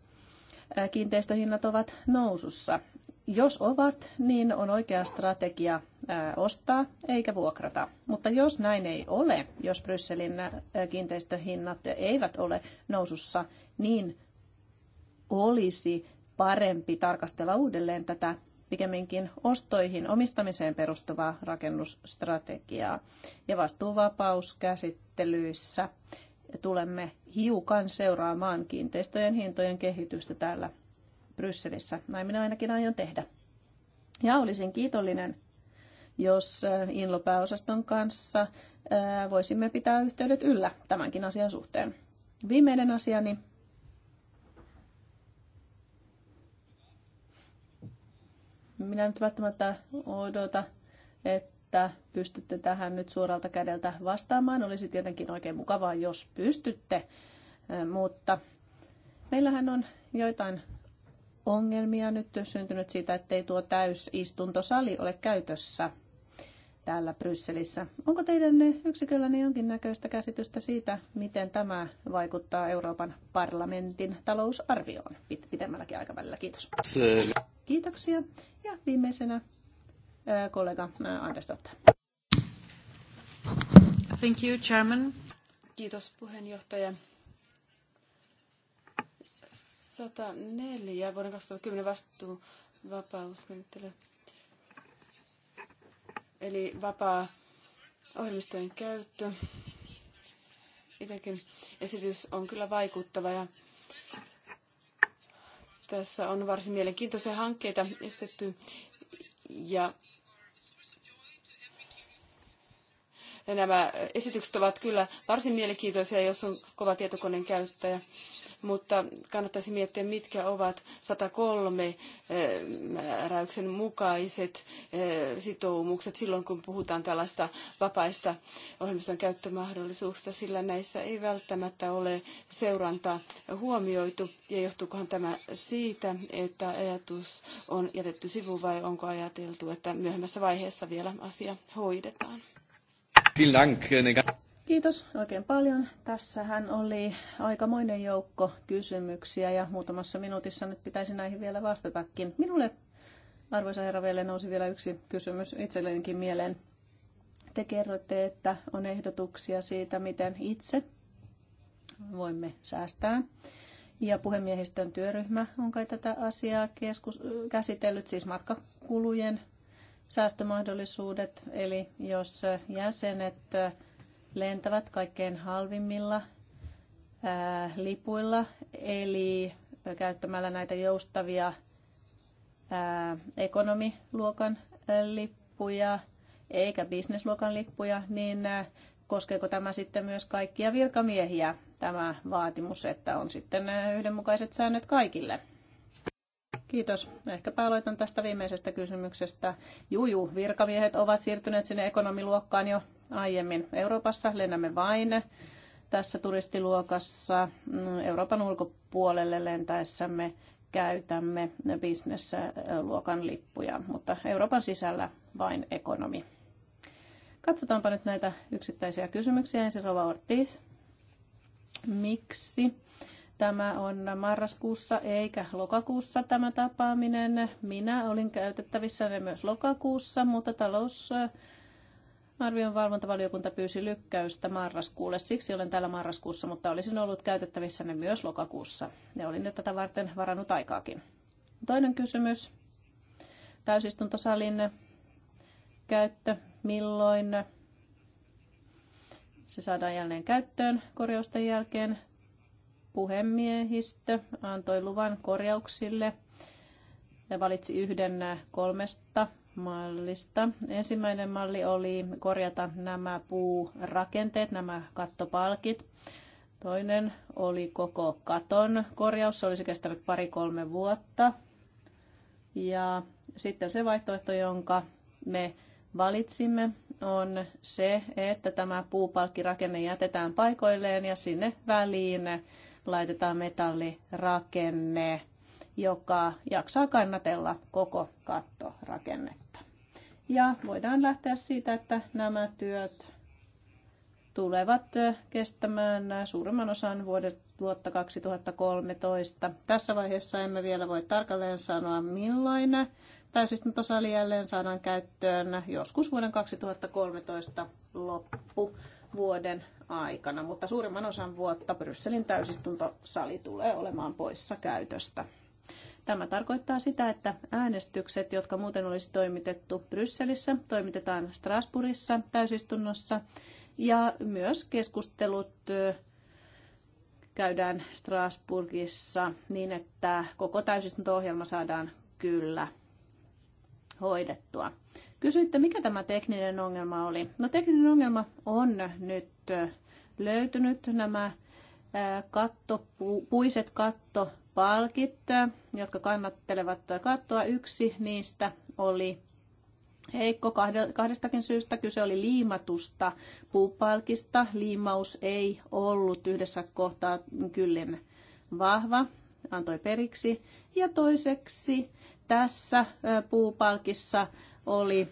kiinteistöhinnat ovat nousussa. Jos ovat, niin on oikea strategia ostaa eikä vuokrata. Mutta jos näin ei ole, jos Brysselin kiinteistöhinnat eivät ole nousussa, niin olisi parempi tarkastella uudelleen tätä pikemminkin ostoihin, omistamiseen perustuvaa rakennusstrategiaa. Ja vastuuvapauskäsittelyissä tulemme hiukan seuraamaan kiinteistöjen hintojen kehitystä täällä Brysselissä. Näin minä ainakin aion tehdä. Ja olisin kiitollinen, jos äh, Inlo-pääosaston kanssa äh, voisimme pitää yhteydet yllä tämänkin asian suhteen. Viimeinen asiani niin minä nyt välttämättä odota, että pystytte tähän nyt suoralta kädeltä vastaamaan. Olisi tietenkin oikein mukavaa, jos pystytte, mutta meillähän on joitain ongelmia nyt syntynyt siitä, ettei tuo täysistuntosali ole käytössä täällä Brysselissä. Onko teidän yksiköllänne jonkinnäköistä käsitystä siitä, miten tämä vaikuttaa Euroopan parlamentin talousarvioon pit- pitemmälläkin aikavälillä? Kiitos. Kiitoksia. Ja viimeisenä kollega Anders Thank you, Chairman. Kiitos puheenjohtaja. 104 vuoden 2010 vastuu vapausmenettely. Eli vapaa ohjelmistojen käyttö. Itsekin esitys on kyllä vaikuttava ja tässä on varsin mielenkiintoisia hankkeita estetty ja nämä esitykset ovat kyllä varsin mielenkiintoisia, jos on kova tietokoneen käyttäjä mutta kannattaisi miettiä, mitkä ovat 103 eh, määräyksen mukaiset eh, sitoumukset silloin, kun puhutaan tällaista vapaista ohjelmiston käyttömahdollisuuksista, sillä näissä ei välttämättä ole seurantaa huomioitu. Ja johtuukohan tämä siitä, että ajatus on jätetty sivuun vai onko ajateltu, että myöhemmässä vaiheessa vielä asia hoidetaan? Kiitos oikein paljon. Tässähän oli aikamoinen joukko kysymyksiä ja muutamassa minuutissa nyt pitäisi näihin vielä vastatakin. Minulle, arvoisa herra, vielä nousi vielä yksi kysymys itsellenikin mieleen. Te kerroitte, että on ehdotuksia siitä, miten itse voimme säästää. Ja puhemiehistön työryhmä on kai tätä asiaa keskus- käsitellyt, siis matkakulujen säästömahdollisuudet. Eli jos jäsenet lentävät kaikkein halvimmilla lipuilla, eli käyttämällä näitä joustavia ekonomiluokan lippuja eikä bisnesluokan lippuja, niin koskeeko tämä sitten myös kaikkia virkamiehiä, tämä vaatimus, että on sitten yhdenmukaiset säännöt kaikille? Kiitos. Ehkäpä aloitan tästä viimeisestä kysymyksestä. Juju, virkamiehet ovat siirtyneet sinne ekonomiluokkaan jo aiemmin Euroopassa. Lennämme vain tässä turistiluokassa mm, Euroopan ulkopuolelle lentäessämme käytämme bisnesluokan lippuja, mutta Euroopan sisällä vain ekonomi. Katsotaanpa nyt näitä yksittäisiä kysymyksiä. Ensin Rova Ortiz. Miksi Tämä on marraskuussa eikä lokakuussa tämä tapaaminen. Minä olin käytettävissä ne myös lokakuussa, mutta talous Arvion valvontavaliokunta pyysi lykkäystä marraskuulle, siksi olen täällä marraskuussa, mutta olisin ollut käytettävissä ne myös lokakuussa. Ja olin tätä varten varannut aikaakin. Toinen kysymys. Täysistuntosalin käyttö. Milloin se saadaan jälleen käyttöön korjausten jälkeen? puhemiehistö antoi luvan korjauksille ja valitsi yhden kolmesta mallista. Ensimmäinen malli oli korjata nämä puurakenteet, nämä kattopalkit. Toinen oli koko katon korjaus, se olisi kestänyt pari-kolme vuotta. Ja sitten se vaihtoehto, jonka me valitsimme, on se, että tämä puupalkkirakenne jätetään paikoilleen ja sinne väliin laitetaan metallirakenne, joka jaksaa kannatella koko kattorakennetta. Ja voidaan lähteä siitä, että nämä työt tulevat kestämään suurimman osan vuotta 2013. Tässä vaiheessa emme vielä voi tarkalleen sanoa milloin täysistuntosali jälleen saadaan käyttöön joskus vuoden 2013 loppu vuoden aikana, mutta suurimman osan vuotta Brysselin täysistuntosali tulee olemaan poissa käytöstä. Tämä tarkoittaa sitä, että äänestykset, jotka muuten olisi toimitettu Brysselissä, toimitetaan Strasbourgissa täysistunnossa ja myös keskustelut käydään Strasbourgissa niin, että koko täysistunto-ohjelma saadaan kyllä hoidettua. Kysyitte, mikä tämä tekninen ongelma oli. No tekninen ongelma on nyt löytynyt nämä katto, puiset kattopalkit, jotka kannattelevat kattoa. Yksi niistä oli heikko kahdestakin syystä. Kyse oli liimatusta puupalkista. Liimaus ei ollut yhdessä kohtaa kyllin vahva, antoi periksi. Ja toiseksi tässä puupalkissa oli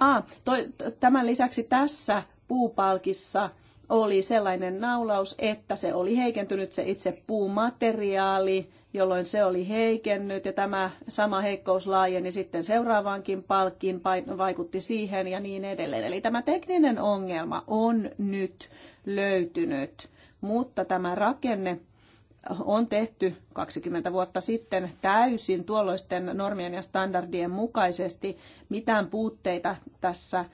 Ah, toi, tämän lisäksi tässä puupalkissa oli sellainen naulaus, että se oli heikentynyt se itse puumateriaali, jolloin se oli heikennyt ja tämä sama heikkous laajeni sitten seuraavaankin palkkiin, vaikutti siihen ja niin edelleen. Eli tämä tekninen ongelma on nyt löytynyt mutta tämä rakenne on tehty 20 vuotta sitten täysin tuolloisten normien ja standardien mukaisesti. Mitään puutteita tässä äh,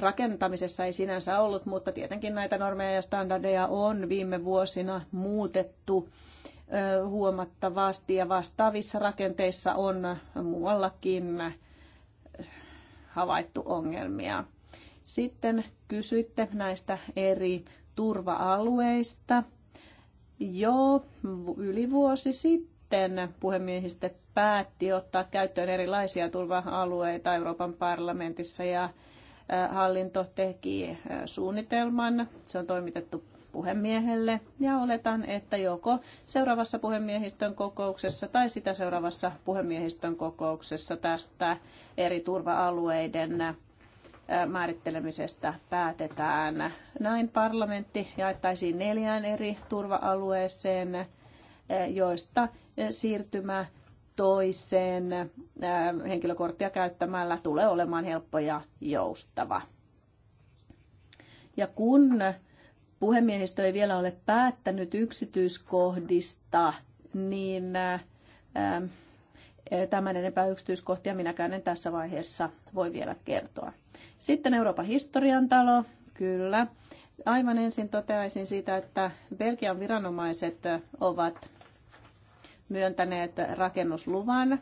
rakentamisessa ei sinänsä ollut, mutta tietenkin näitä normeja ja standardeja on viime vuosina muutettu äh, huomattavasti ja vastaavissa rakenteissa on muuallakin äh, havaittu ongelmia. Sitten kysyitte näistä eri turva-alueista jo yli vuosi sitten puhemiehistö päätti ottaa käyttöön erilaisia turva-alueita Euroopan parlamentissa ja hallinto teki suunnitelman. Se on toimitettu puhemiehelle ja oletan, että joko seuraavassa puhemiehistön kokouksessa tai sitä seuraavassa puhemiehistön kokouksessa tästä eri turva-alueiden määrittelemisestä päätetään. Näin parlamentti jaettaisiin neljään eri turva-alueeseen, joista siirtymä toiseen henkilökorttia käyttämällä tulee olemaan helppo ja joustava. Ja kun puhemiehistö ei vielä ole päättänyt yksityiskohdista, niin Tämän enempää yksityiskohtia minäkään en tässä vaiheessa voi vielä kertoa. Sitten Euroopan historian talo, kyllä. Aivan ensin toteaisin siitä, että Belgian viranomaiset ovat myöntäneet rakennusluvan.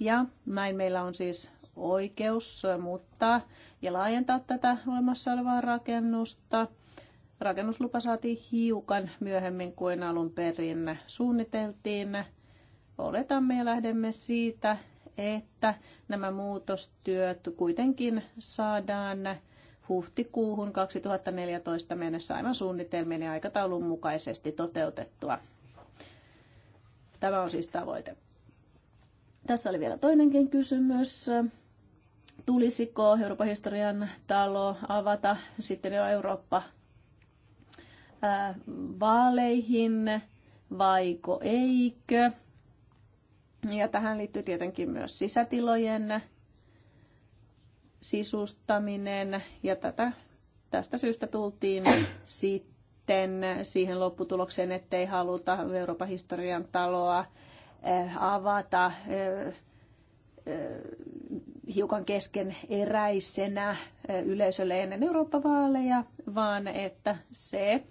Ja näin meillä on siis oikeus muuttaa ja laajentaa tätä olemassa olevaa rakennusta. Rakennuslupa saatiin hiukan myöhemmin kuin alun perin suunniteltiin oletamme ja lähdemme siitä, että nämä muutostyöt kuitenkin saadaan huhtikuuhun 2014 mennessä aivan suunnitelmien ja aikataulun mukaisesti toteutettua. Tämä on siis tavoite. Tässä oli vielä toinenkin kysymys. Tulisiko Euroopan historian talo avata sitten jo Eurooppa vaaleihin vaiko eikö? Ja tähän liittyy tietenkin myös sisätilojen sisustaminen ja tätä, tästä syystä tultiin sitten siihen lopputulokseen, ettei haluta Euroopan historian taloa eh, avata eh, eh, hiukan kesken eräisenä yleisölle ennen Eurooppa-vaaleja, vaan että se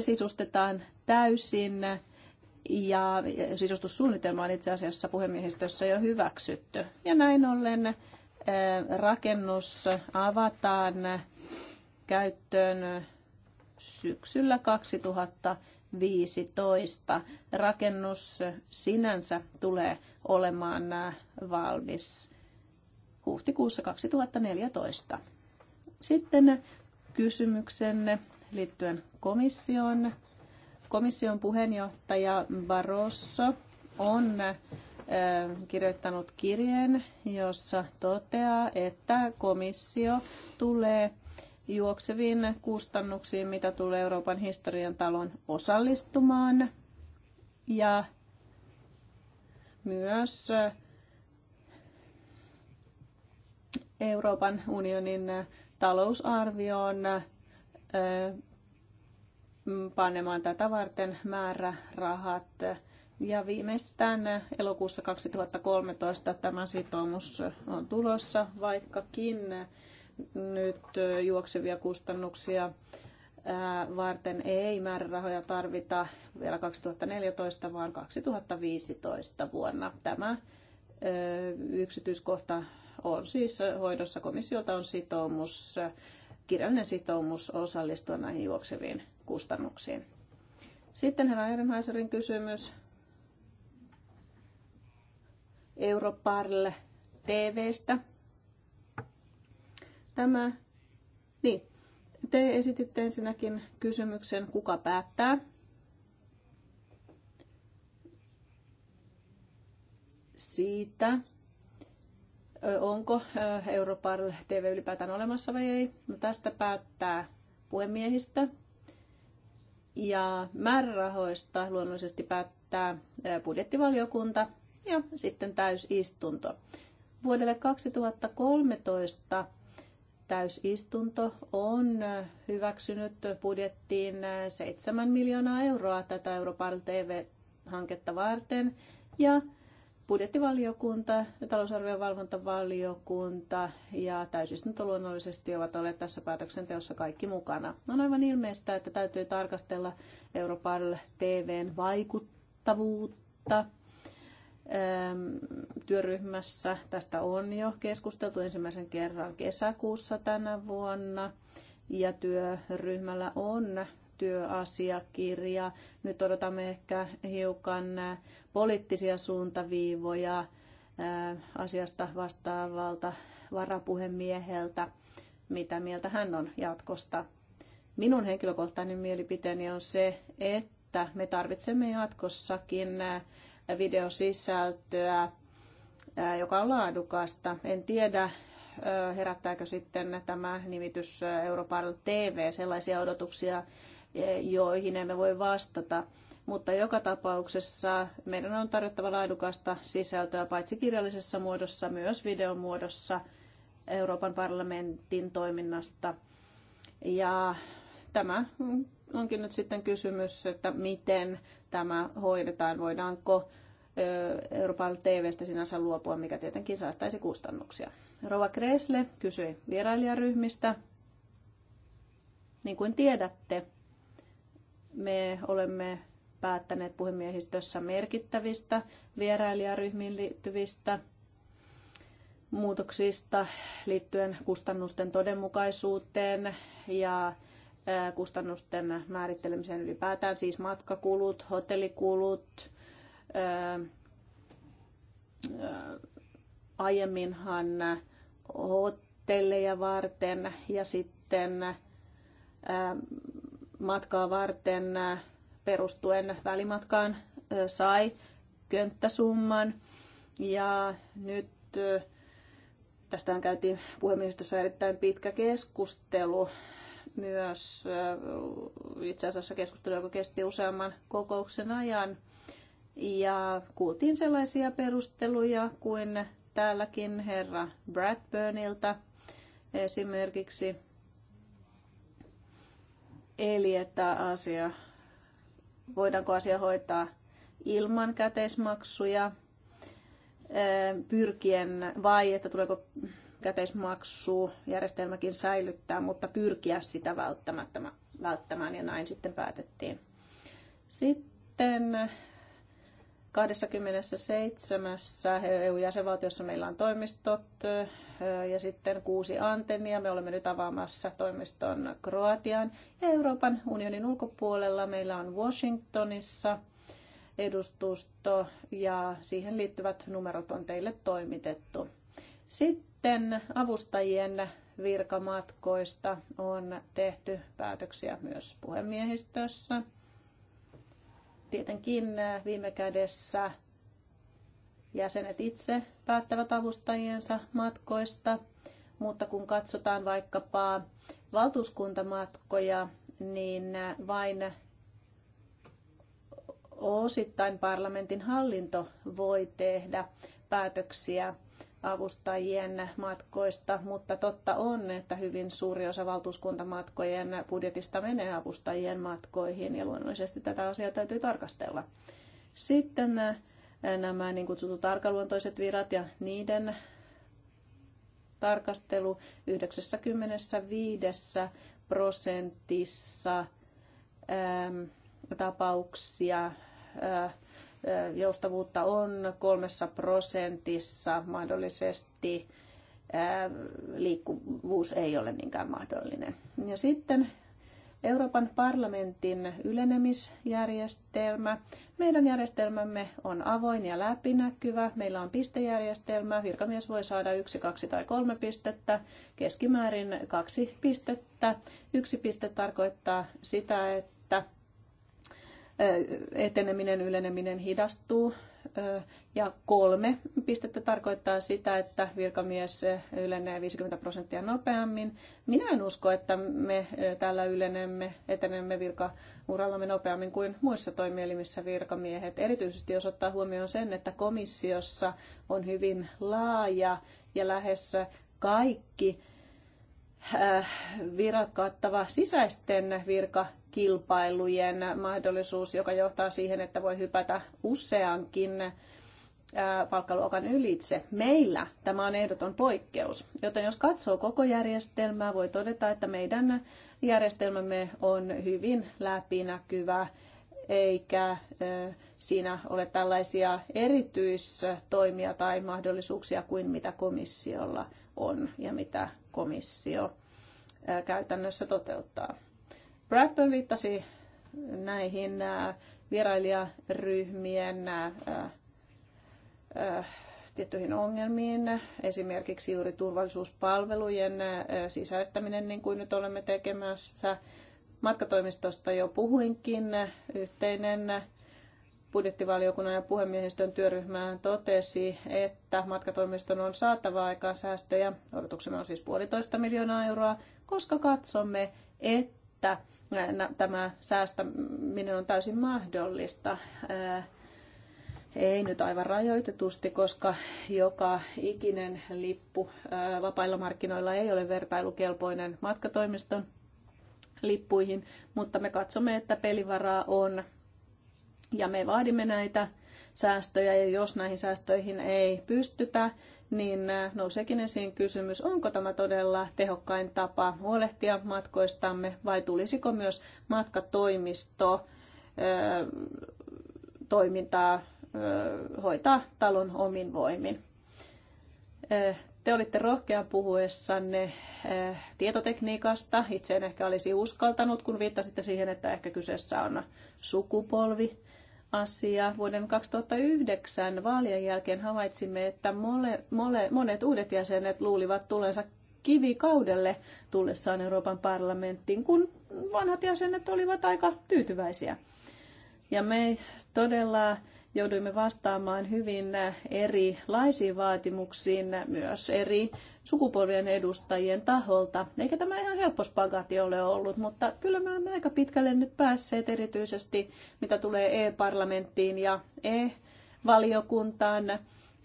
sisustetaan täysin ja sisustussuunnitelma on itse asiassa puhemiehistössä jo hyväksytty. Ja näin ollen eh, rakennus avataan käyttöön syksyllä 2015. Rakennus sinänsä tulee olemaan eh, valmis huhtikuussa 2014. Sitten kysymyksenne liittyen komission Komission puheenjohtaja Barroso on eh, kirjoittanut kirjeen, jossa toteaa, että komissio tulee juokseviin kustannuksiin, mitä tulee Euroopan historian talon osallistumaan. Ja myös eh, Euroopan unionin talousarvioon eh, panemaan tätä varten määrärahat. Ja viimeistään elokuussa 2013 tämä sitoumus on tulossa, vaikkakin nyt juoksevia kustannuksia varten ei määrärahoja tarvita vielä 2014, vaan 2015 vuonna. Tämä yksityiskohta on siis hoidossa. Komissiolta on sitoumus, kirjallinen sitoumus osallistua näihin juokseviin kustannuksiin. Sitten herra Ehrenhaiserin kysymys Europarl TVstä. Tämä, niin, te esititte ensinnäkin kysymyksen, kuka päättää. Siitä, onko Europarl TV ylipäätään olemassa vai ei. No tästä päättää puhemiehistä, ja määrärahoista luonnollisesti päättää budjettivaliokunta ja sitten täysistunto. Vuodelle 2013 täysistunto on hyväksynyt budjettiin 7 miljoonaa euroa tätä Euroopan TV-hanketta varten ja budjettivaliokunta, talousarvion valvontavaliokunta ja täysistunto luonnollisesti ovat olleet tässä päätöksenteossa kaikki mukana. On aivan ilmeistä, että täytyy tarkastella Europol TVn vaikuttavuutta. Työryhmässä tästä on jo keskusteltu ensimmäisen kerran kesäkuussa tänä vuonna ja työryhmällä on työasiakirja. Nyt odotamme ehkä hiukan poliittisia suuntaviivoja asiasta vastaavalta varapuhemieheltä, mitä mieltä hän on jatkosta. Minun henkilökohtainen mielipiteeni on se, että me tarvitsemme jatkossakin videosisältöä, joka on laadukasta. En tiedä, herättääkö sitten tämä nimitys Europarl TV sellaisia odotuksia, joihin emme voi vastata. Mutta joka tapauksessa meidän on tarjottava laadukasta sisältöä paitsi kirjallisessa muodossa, myös videon muodossa Euroopan parlamentin toiminnasta. Ja tämä onkin nyt sitten kysymys, että miten tämä hoidetaan, voidaanko Euroopan TVstä sinänsä luopua, mikä tietenkin säästäisi kustannuksia. Rova Kresle kysyi vierailijaryhmistä. Niin kuin tiedätte, me olemme päättäneet puhemiehistössä merkittävistä vierailijaryhmiin liittyvistä muutoksista liittyen kustannusten todenmukaisuuteen ja kustannusten määrittelemiseen ylipäätään, siis matkakulut, hotellikulut. Aiemminhan hotelleja varten ja sitten matkaa varten äh, perustuen välimatkaan äh, sai könttäsumman. Ja nyt äh, tästähän käytiin puhemiehistössä erittäin pitkä keskustelu myös itse asiassa keskustelu, joka kesti useamman kokouksen ajan. Ja kuultiin sellaisia perusteluja kuin täälläkin herra Bradburnilta esimerkiksi Eli että asia, voidaanko asia hoitaa ilman käteismaksuja, pyrkien vai, että tuleeko käteismaksu järjestelmäkin säilyttää, mutta pyrkiä sitä välttämättä, välttämään ja näin sitten päätettiin. Sitten 27 EU-jäsenvaltiossa meillä on toimistot, ja sitten kuusi antennia. Me olemme nyt avaamassa toimiston Kroatian ja Euroopan unionin ulkopuolella. Meillä on Washingtonissa edustusto ja siihen liittyvät numerot on teille toimitettu. Sitten avustajien virkamatkoista on tehty päätöksiä myös puhemiehistössä. Tietenkin viime kädessä Jäsenet itse päättävät avustajiensa matkoista, mutta kun katsotaan vaikkapa valtuuskuntamatkoja, niin vain osittain parlamentin hallinto voi tehdä päätöksiä avustajien matkoista, mutta totta on, että hyvin suuri osa valtuuskuntamatkojen budjetista menee avustajien matkoihin ja luonnollisesti tätä asiaa täytyy tarkastella. Sitten nämä niin kutsutut arkaluontoiset virat ja niiden tarkastelu 95 prosentissa ähm, tapauksia äh, joustavuutta on kolmessa prosentissa mahdollisesti äh, liikkuvuus ei ole niinkään mahdollinen. Ja sitten Euroopan parlamentin ylenemisjärjestelmä. Meidän järjestelmämme on avoin ja läpinäkyvä. Meillä on pistejärjestelmä. Virkamies voi saada yksi, kaksi tai kolme pistettä. Keskimäärin kaksi pistettä. Yksi piste tarkoittaa sitä, että eteneminen, yleneminen hidastuu ja kolme pistettä tarkoittaa sitä, että virkamies ylenee 50 prosenttia nopeammin. Minä en usko, että me täällä ylenemme, etenemme virkaurallamme nopeammin kuin muissa toimielimissä virkamiehet. Erityisesti jos ottaa huomioon sen, että komissiossa on hyvin laaja ja lähes kaikki Äh, virat kattava sisäisten virkakilpailujen mahdollisuus, joka johtaa siihen, että voi hypätä useankin äh, palkkaluokan ylitse. Meillä tämä on ehdoton poikkeus, joten jos katsoo koko järjestelmää, voi todeta, että meidän järjestelmämme on hyvin läpinäkyvä eikä äh, siinä ole tällaisia erityistoimia tai mahdollisuuksia kuin mitä komissiolla on ja mitä komissio käytännössä toteuttaa. Bradburn viittasi näihin vierailijaryhmien tiettyihin ongelmiin, esimerkiksi juuri turvallisuuspalvelujen sisäistäminen, niin kuin nyt olemme tekemässä. Matkatoimistosta jo puhuinkin, yhteinen budjettivaliokunnan ja puhemiehistön työryhmään totesi, että matkatoimiston on saatava aikaan säästöjä, odotuksena on siis puolitoista miljoonaa euroa, koska katsomme, että tämä säästäminen on täysin mahdollista. Ei nyt aivan rajoitetusti, koska joka ikinen lippu vapailla markkinoilla ei ole vertailukelpoinen matkatoimiston lippuihin, mutta me katsomme, että pelivaraa on ja me vaadimme näitä säästöjä ja jos näihin säästöihin ei pystytä, niin äh, nouseekin esiin kysymys, onko tämä todella tehokkain tapa huolehtia matkoistamme vai tulisiko myös matkatoimisto äh, toimintaa äh, hoitaa talon omin voimin. Te olitte rohkea puhuessanne eh, tietotekniikasta. Itse en ehkä olisi uskaltanut, kun viittasitte siihen, että ehkä kyseessä on sukupolvi asia. Vuoden 2009 vaalien jälkeen havaitsimme, että mole, mole, monet uudet jäsenet luulivat tulensa kivikaudelle tullessaan Euroopan parlamenttiin, kun vanhat jäsenet olivat aika tyytyväisiä. Ja me todella jouduimme vastaamaan hyvin erilaisiin vaatimuksiin myös eri sukupolvien edustajien taholta. Eikä tämä ihan helppo spagaati ole ollut, mutta kyllä me olemme aika pitkälle nyt päässeet erityisesti, mitä tulee e-parlamenttiin ja e-valiokuntaan.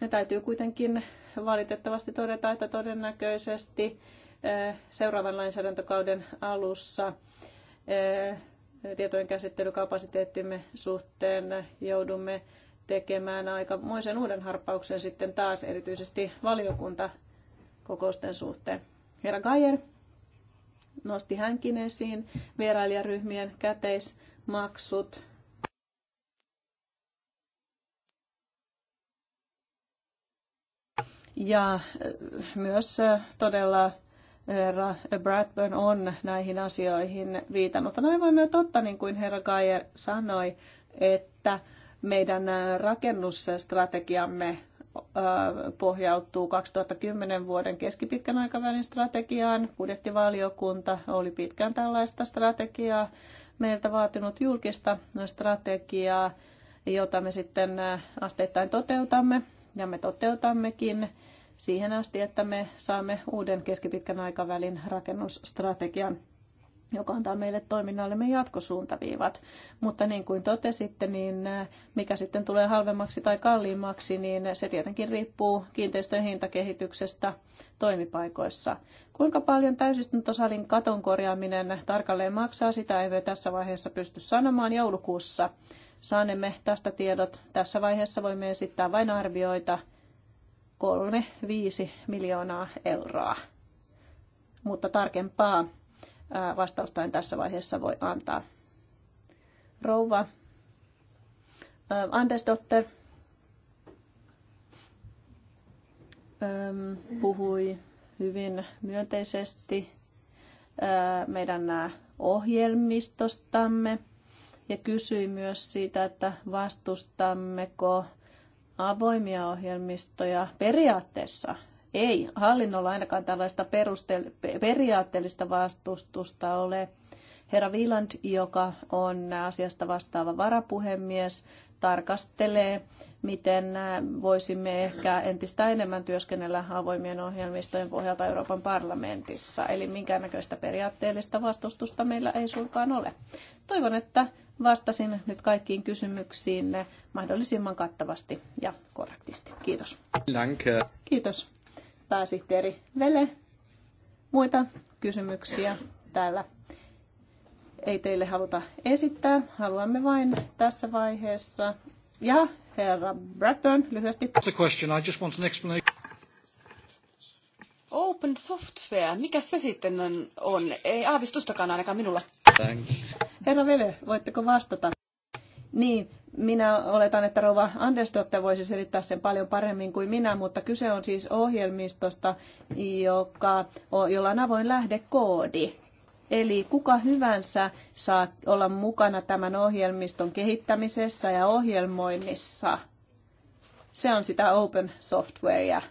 Ne täytyy kuitenkin valitettavasti todeta, että todennäköisesti eh, seuraavan lainsäädäntökauden alussa eh, tietojen käsittelykapasiteettimme suhteen joudumme tekemään aikamoisen uuden harppauksen sitten taas erityisesti valiokuntakokousten suhteen. Herra Gajer nosti hänkin esiin vierailijaryhmien käteismaksut. Ja äh, myös äh, todella herra Bradburn on näihin asioihin viitannut. On aivan totta, niin kuin herra Geyer sanoi, että meidän äh, rakennusstrategiamme äh, pohjautuu 2010 vuoden keskipitkän aikavälin strategiaan. Budjettivaliokunta oli pitkään tällaista strategiaa meiltä vaatinut julkista strategiaa, jota me sitten äh, asteittain toteutamme ja me toteutammekin siihen asti, että me saamme uuden keskipitkän aikavälin rakennusstrategian joka antaa meille toiminnallemme jatkosuuntaviivat. Mutta niin kuin totesitte, niin äh, mikä sitten tulee halvemmaksi tai kalliimmaksi, niin se tietenkin riippuu kiinteistön hintakehityksestä toimipaikoissa. Kuinka paljon täysistuntosalin katon korjaaminen tarkalleen maksaa, sitä ei tässä vaiheessa pysty sanomaan joulukuussa. Saanemme tästä tiedot. Tässä vaiheessa voimme esittää vain arvioita 3-5 miljoonaa euroa. Mutta tarkempaa vastausta en tässä vaiheessa voi antaa. Rouva Andersdotter puhui hyvin myönteisesti meidän ohjelmistostamme ja kysyi myös siitä, että vastustammeko avoimia ohjelmistoja. Periaatteessa ei hallinnolla ainakaan tällaista periaatteellista vastustusta ole. Herra Viland, joka on asiasta vastaava varapuhemies, tarkastelee, miten voisimme ehkä entistä enemmän työskennellä avoimien ohjelmistojen pohjalta Euroopan parlamentissa. Eli minkäännäköistä periaatteellista vastustusta meillä ei suinkaan ole. Toivon, että vastasin nyt kaikkiin kysymyksiin mahdollisimman kattavasti ja korrektisti. Kiitos. Danke. Kiitos pääsihteeri Vele. Muita kysymyksiä täällä ei teille haluta esittää. Haluamme vain tässä vaiheessa. Ja herra Bradburn, lyhyesti. Open software, mikä se sitten on? on? Ei aavistustakaan ainakaan minulla. Thanks. Herra Vele, voitteko vastata? Niin, minä oletan, että Rova Andersdotte voisi selittää sen paljon paremmin kuin minä, mutta kyse on siis ohjelmistosta, joka, jolla on avoin lähdekoodi. Eli kuka hyvänsä saa olla mukana tämän ohjelmiston kehittämisessä ja ohjelmoinnissa. Se on sitä open softwarea.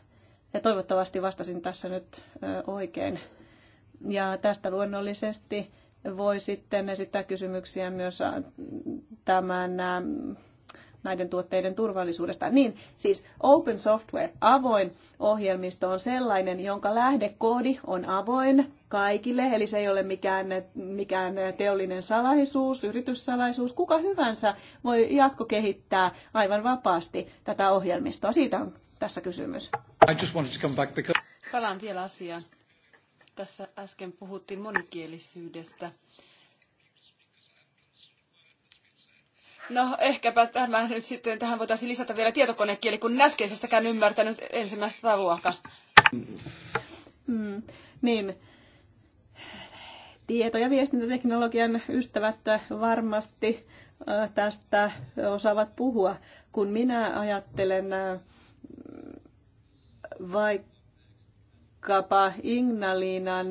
Ja toivottavasti vastasin tässä nyt oikein. Ja tästä luonnollisesti voi sitten esittää kysymyksiä myös tämän ähm, näiden tuotteiden turvallisuudesta. Niin, siis open software, avoin ohjelmisto on sellainen, jonka lähdekoodi on avoin kaikille, eli se ei ole mikään, mikään teollinen salaisuus, yrityssalaisuus. Kuka hyvänsä voi jatkokehittää aivan vapaasti tätä ohjelmistoa. Siitä on tässä kysymys. I just wanted to come back because... Palaan vielä asiaan. Tässä äsken puhuttiin monikielisyydestä No ehkäpä tämä nyt sitten, tähän voitaisiin lisätä vielä tietokonekieli, kun äskeisestäkään ymmärtänyt ensimmäistä luokkaa. Mm, niin. Tieto- ja viestintäteknologian ystävät varmasti tästä osaavat puhua. Kun minä ajattelen vaikka vaikkapa Ignalinan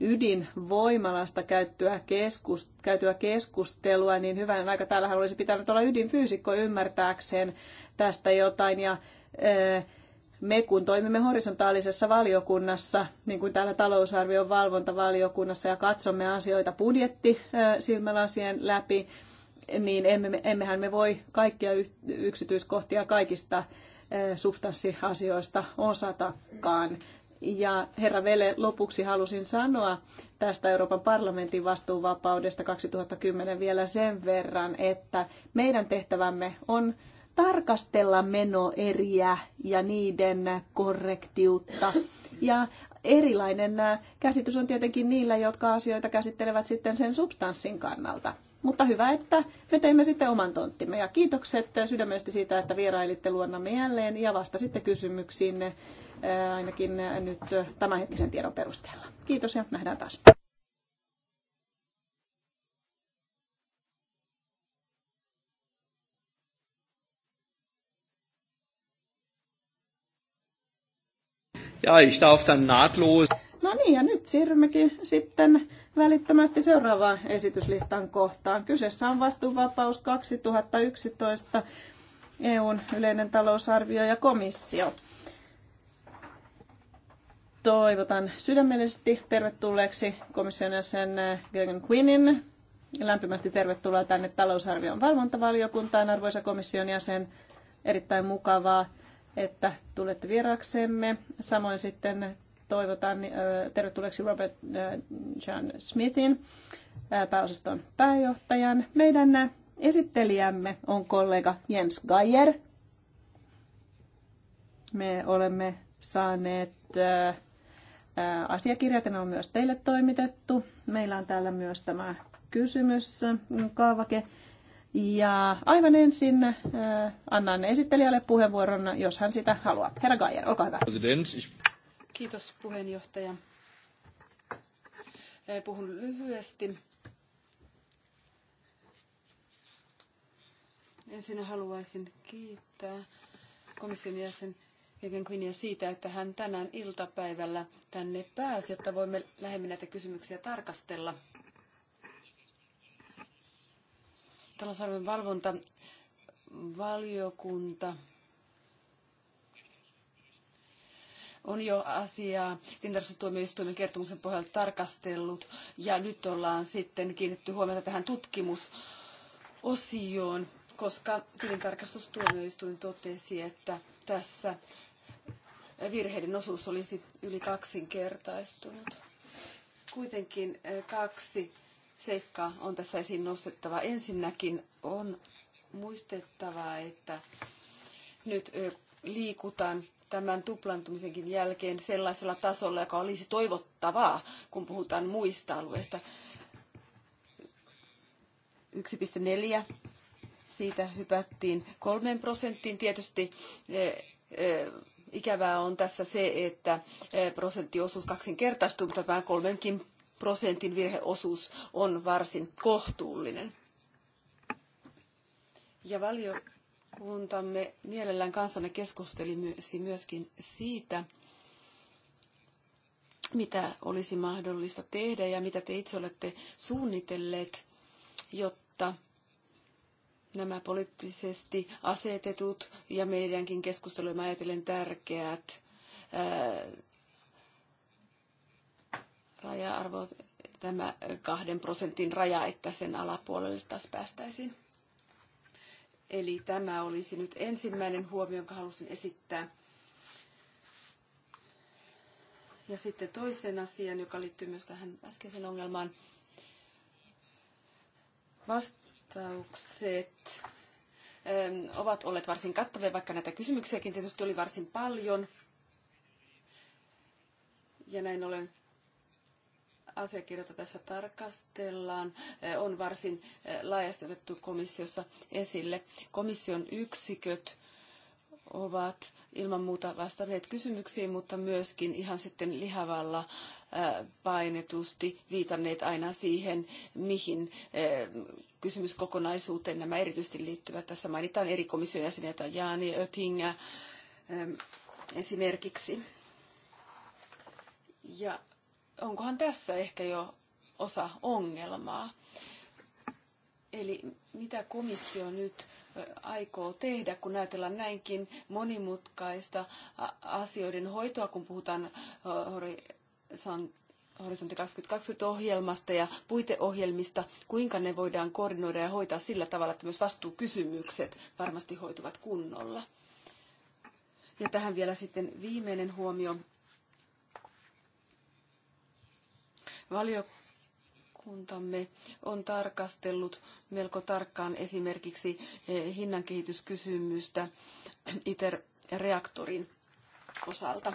ydinvoimalasta käyttyä keskus, käytyä keskustelua, niin hyvän aika täällähän olisi pitänyt olla ydinfyysikko ymmärtääkseen tästä jotain. Ja, me kun toimimme horisontaalisessa valiokunnassa, niin kuin täällä talousarvion valvontavaliokunnassa ja katsomme asioita budjetti silmälasien läpi, niin emme, emmehän me voi kaikkia yksityiskohtia kaikista substanssiasioista osatakaan. Ja herra Vele, lopuksi halusin sanoa tästä Euroopan parlamentin vastuuvapaudesta 2010 vielä sen verran, että meidän tehtävämme on tarkastella menoeriä ja niiden korrektiutta. Ja erilainen käsitys on tietenkin niillä, jotka asioita käsittelevät sitten sen substanssin kannalta. Mutta hyvä, että me teimme sitten oman tonttimme. Ja kiitokset sydämestä siitä, että vierailitte luonnamme mieleen ja vastasitte kysymyksiin eh, ainakin nyt tämänhetkisen tiedon perusteella. Kiitos ja nähdään taas. Ja, ich darf dann nahtlos. No niin, ja nyt siirrymmekin sitten välittömästi seuraavaan esityslistan kohtaan. Kyseessä on vastuunvapaus 2011, EUn yleinen talousarvio ja komissio. Toivotan sydämellisesti tervetulleeksi komission jäsen Gergen Quinnin. Lämpimästi tervetuloa tänne talousarvion valvontavaliokuntaan, arvoisa komission jäsen. Erittäin mukavaa, että tulette vieraksemme. Samoin sitten toivotan tervetulleeksi Robert John Smithin pääosaston pääjohtajan. Meidän esittelijämme on kollega Jens Geier. Me olemme saaneet asiakirjat ja ne on myös teille toimitettu. Meillä on täällä myös tämä kysymys, kaavake. Ja aivan ensin annan esittelijälle puheenvuoron, jos hän sitä haluaa. Herra Geier, olkaa hyvä. Kiitos puheenjohtaja. Puhun lyhyesti. Ensin haluaisin kiittää komission jäsen Jürgen Quinnia siitä, että hän tänään iltapäivällä tänne pääsi, jotta voimme lähemmin näitä kysymyksiä tarkastella. Talousarvon valvonta valiokunta on jo asiaa tintarsutuomioistuimen kertomuksen pohjalta tarkastellut ja nyt ollaan sitten kiinnitetty huomiota tähän tutkimusosioon, koska tilintarkastustuomioistuin totesi, että tässä virheiden osuus olisi yli kaksinkertaistunut. Kuitenkin eh, kaksi seikkaa on tässä esiin nostettava. Ensinnäkin on muistettava, että nyt eh, liikutaan tämän tuplantumisenkin jälkeen sellaisella tasolla, joka olisi toivottavaa, kun puhutaan muista alueista. 1,4 siitä hypättiin 3 prosenttiin. Tietysti e, e, ikävää on tässä se, että e, prosenttiosuus kaksinkertaistuu, mutta tämä kolmenkin prosentin virheosuus on varsin kohtuullinen. Ja valio... Kuntamme mielellään kanssanne keskustelisi myöskin siitä, mitä olisi mahdollista tehdä ja mitä te itse olette suunnitelleet, jotta nämä poliittisesti asetetut ja meidänkin keskusteluimme ajatellen tärkeät ää, raja-arvot, tämä kahden prosentin raja, että sen alapuolelle taas päästäisiin. Eli tämä olisi nyt ensimmäinen huomio, jonka halusin esittää. Ja sitten toisen asian, joka liittyy myös tähän äskeiseen ongelmaan. Vastaukset ähm, ovat olleet varsin kattavia, vaikka näitä kysymyksiäkin tietysti oli varsin paljon. Ja näin ollen asiakirjoita tässä tarkastellaan, eh, on varsin eh, laajasti otettu komissiossa esille. Komission yksiköt ovat ilman muuta vastanneet kysymyksiin, mutta myöskin ihan sitten lihavalla eh, painetusti viitanneet aina siihen, mihin kysymyskokonaisuuteen nämä erityisesti liittyvät. Tässä mainitaan eri komission jäseniä, Jaani Oettinger esimerkiksi. Ja onkohan tässä ehkä jo osa ongelmaa? Eli mitä komissio nyt aikoo tehdä, kun ajatellaan näinkin monimutkaista asioiden hoitoa, kun puhutaan Horisontti 2020-ohjelmasta ja puiteohjelmista, kuinka ne voidaan koordinoida ja hoitaa sillä tavalla, että myös vastuukysymykset varmasti hoituvat kunnolla. Ja tähän vielä sitten viimeinen huomio. Valiokuntamme on tarkastellut melko tarkkaan esimerkiksi eh, hinnankehityskysymystä ITER-reaktorin osalta.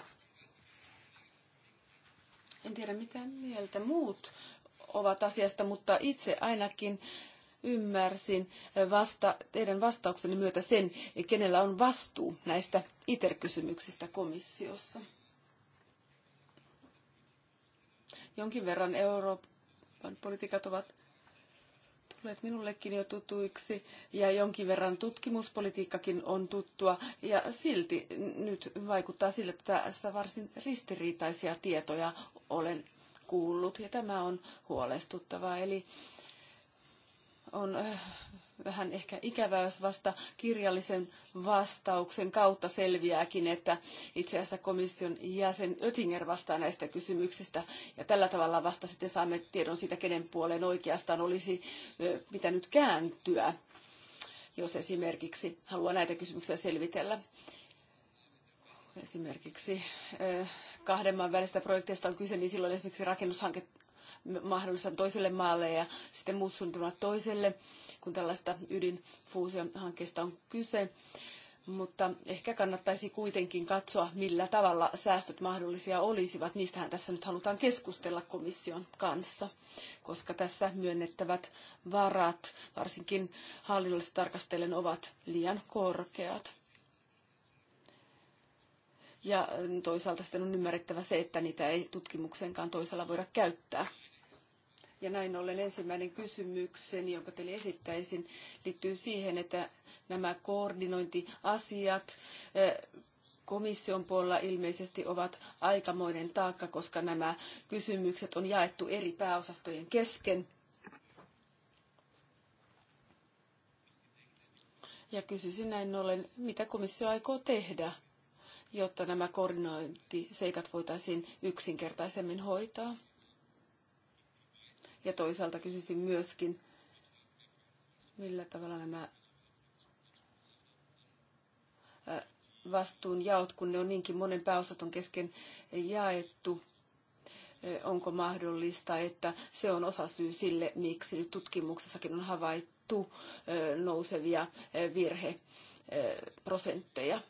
En tiedä, mitä mieltä muut ovat asiasta, mutta itse ainakin ymmärsin vasta, teidän vastauksenne myötä sen, kenellä on vastuu näistä ITER-kysymyksistä komissiossa. Jonkin verran Euroopan politiikat ovat tulleet minullekin jo tutuiksi ja jonkin verran tutkimuspolitiikkakin on tuttua ja silti nyt vaikuttaa siltä, että tässä varsin ristiriitaisia tietoja olen kuullut ja tämä on huolestuttavaa. Eli on äh, vähän ehkä ikävää, jos vasta kirjallisen vastauksen kautta selviääkin, että itse asiassa komission jäsen Oettinger vastaa näistä kysymyksistä. Ja tällä tavalla vasta sitten saamme tiedon siitä, kenen puoleen oikeastaan olisi pitänyt kääntyä, jos esimerkiksi haluaa näitä kysymyksiä selvitellä. Esimerkiksi kahden maan välistä projekteista on kyse, niin silloin esimerkiksi rakennushanke mahdollistetaan toiselle maalle ja sitten muut suunnitelmat toiselle, kun tällaista ydinfuusiohankkeesta on kyse. Mutta ehkä kannattaisi kuitenkin katsoa, millä tavalla säästöt mahdollisia olisivat. Niistähän tässä nyt halutaan keskustella komission kanssa, koska tässä myönnettävät varat, varsinkin hallinnollisesti tarkastellen, ovat liian korkeat. Ja toisaalta sitten on ymmärrettävä se, että niitä ei tutkimuksenkaan toisella voida käyttää. Ja näin ollen ensimmäinen kysymykseni, jonka teille esittäisin, liittyy siihen, että nämä koordinointiasiat komission puolella ilmeisesti ovat aikamoinen taakka, koska nämä kysymykset on jaettu eri pääosastojen kesken. Ja kysyisin näin ollen, mitä komissio aikoo tehdä, jotta nämä koordinointiseikat voitaisiin yksinkertaisemmin hoitaa? Ja toisaalta kysyisin myöskin, millä tavalla nämä vastuunjaot, kun ne on niinkin monen pääosaton kesken jaettu, onko mahdollista, että se on syy sille, miksi nyt tutkimuksessakin on havaittu nousevia virheprosentteja.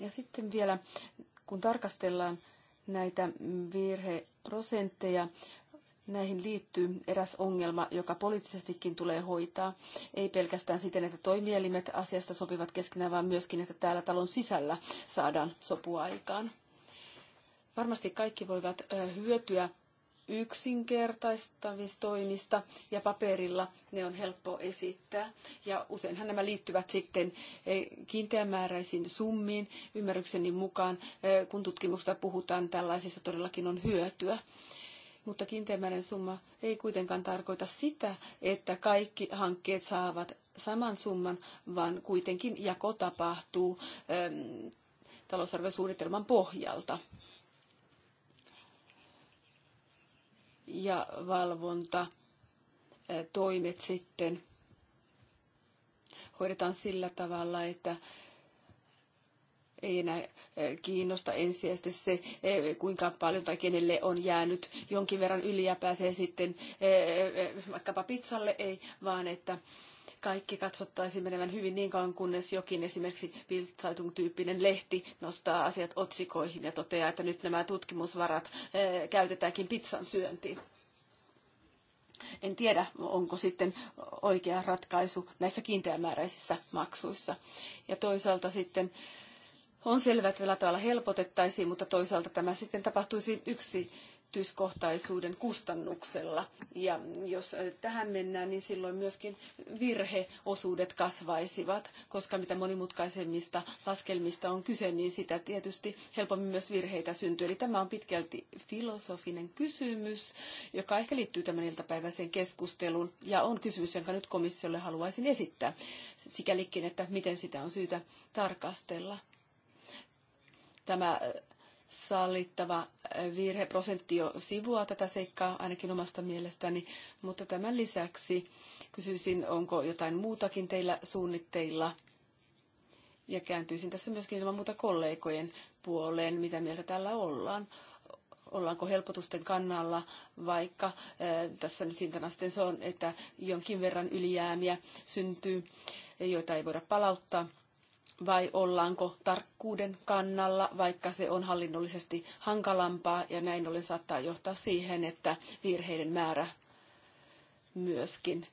Ja sitten vielä, kun tarkastellaan näitä virheprosentteja, Näihin liittyy eräs ongelma, joka poliittisestikin tulee hoitaa. Ei pelkästään siten, että toimielimet asiasta sopivat keskenään, vaan myöskin, että täällä talon sisällä saadaan sopua aikaan. Varmasti kaikki voivat hyötyä toimista ja paperilla ne on helppo esittää. Ja useinhan nämä liittyvät sitten kiinteämääräisiin summiin. Ymmärrykseni mukaan, kun tutkimuksesta puhutaan, tällaisista todellakin on hyötyä mutta kiinteämäinen summa ei kuitenkaan tarkoita sitä, että kaikki hankkeet saavat saman summan, vaan kuitenkin jako tapahtuu äm, talousarviosuunnitelman pohjalta. Ja valvonta äh, toimet sitten hoidetaan sillä tavalla, että ei enää eh, kiinnosta ensisijaisesti se, eh, kuinka paljon tai kenelle on jäänyt jonkin verran yli ja pääsee sitten eh, vaikkapa pizzalle, ei, vaan että kaikki katsottaisiin menevän hyvin niin kauan, kunnes jokin esimerkiksi Bildzeitung-tyyppinen lehti nostaa asiat otsikoihin ja toteaa, että nyt nämä tutkimusvarat käytetäänkin pizzan syöntiin. En tiedä, onko sitten oikea ratkaisu näissä kiinteämääräisissä maksuissa. Ja toisaalta sitten on selvää, että tällä helpotettaisiin, mutta toisaalta tämä sitten tapahtuisi yksityiskohtaisuuden kustannuksella. Ja jos äh, tähän mennään, niin silloin myöskin virheosuudet kasvaisivat, koska mitä monimutkaisemmista laskelmista on kyse, niin sitä tietysti helpommin myös virheitä syntyy. Eli tämä on pitkälti filosofinen kysymys, joka ehkä liittyy tämän iltapäiväiseen keskusteluun, ja on kysymys, jonka nyt komissiolle haluaisin esittää, sikälikin, että miten sitä on syytä tarkastella. Tämä äh, sallittava äh, virheprosentti jo sivua tätä seikkaa ainakin omasta mielestäni, mutta tämän lisäksi kysyisin, onko jotain muutakin teillä suunnitteilla ja kääntyisin tässä myöskin ilman muuta kollegojen puoleen, mitä mieltä täällä ollaan. Ollaanko helpotusten kannalla, vaikka äh, tässä nyt hintana sitten se on, että jonkin verran ylijäämiä syntyy, joita ei voida palauttaa vai ollaanko tarkkuuden kannalla, vaikka se on hallinnollisesti hankalampaa ja näin ollen saattaa johtaa siihen, että virheiden määrä myöskin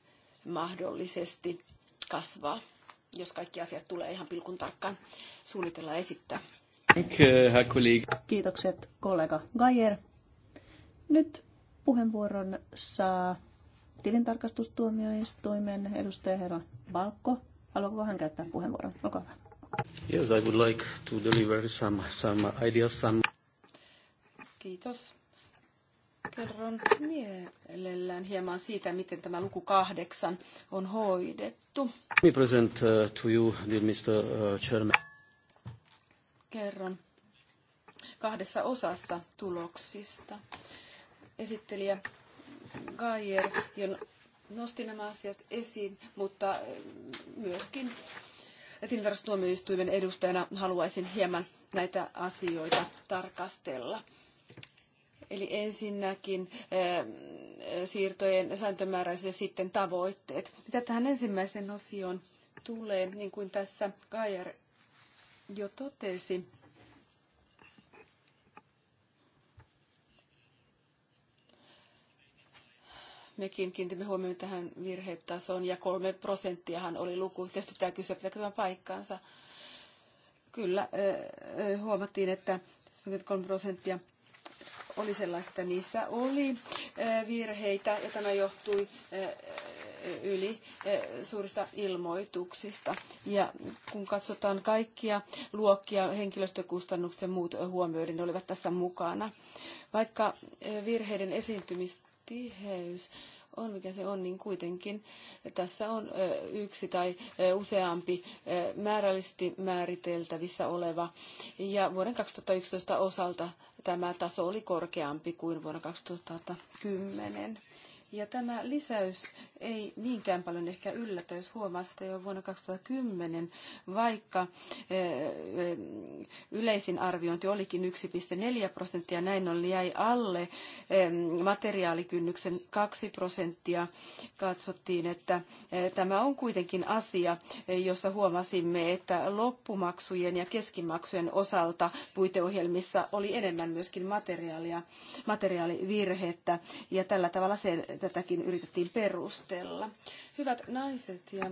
mahdollisesti kasvaa, jos kaikki asiat tulee ihan pilkun tarkkaan suunnitella ja esittää. Kiitokset kollega Gajer. Nyt puheenvuoron saa tilintarkastustuomioistuimen edustaja herra Valkko. Haluaako hän käyttää puheenvuoron? Olkaa hyvä. Yes, I would like to deliver some, some ideas, some... Kiitos. Kerron mielellään hieman siitä, miten tämä luku kahdeksan on hoidettu. Let me present uh, to you, dear Mr. Uh, Chairman. Kerron kahdessa osassa tuloksista. Esittelijä Gaier nosti nämä asiat esiin, mutta eh, myöskin tilintarkastustuomioistuimen edustajana haluaisin hieman näitä asioita tarkastella. Eli ensinnäkin eh, siirtojen sääntömääräisiä sitten tavoitteet. Mitä tähän ensimmäiseen osioon tulee, niin kuin tässä Kajer jo totesi, mekin kiinnitimme huomioon tähän virhetasoon, ja kolme prosenttiahan oli luku. Tietysti pitää kysyä, pitääkö tämä paikkaansa. Kyllä, huomattiin, että 73 prosenttia oli sellaista, että niissä oli virheitä, ja tämä johtui yli suurista ilmoituksista. Ja kun katsotaan kaikkia luokkia, henkilöstökustannukset ja muut huomioiden ne olivat tässä mukana. Vaikka virheiden esiintymistä tiheys on, mikä se on, niin kuitenkin tässä on yksi tai useampi määrällisesti määriteltävissä oleva. Ja vuoden 2011 osalta tämä taso oli korkeampi kuin vuonna 2010. Ja tämä lisäys ei niinkään paljon ehkä yllätä, jos huomaa sitä jo vuonna 2010, vaikka eh, yleisin arviointi olikin 1,4 prosenttia, näin on jäi alle eh, materiaalikynnyksen 2 prosenttia. Katsottiin, että eh, tämä on kuitenkin asia, jossa huomasimme, että loppumaksujen ja keskimaksujen osalta puiteohjelmissa oli enemmän myöskin materiaalia, materiaalivirhettä, ja tällä tavalla se tätäkin yritettiin perustella. Hyvät naiset ja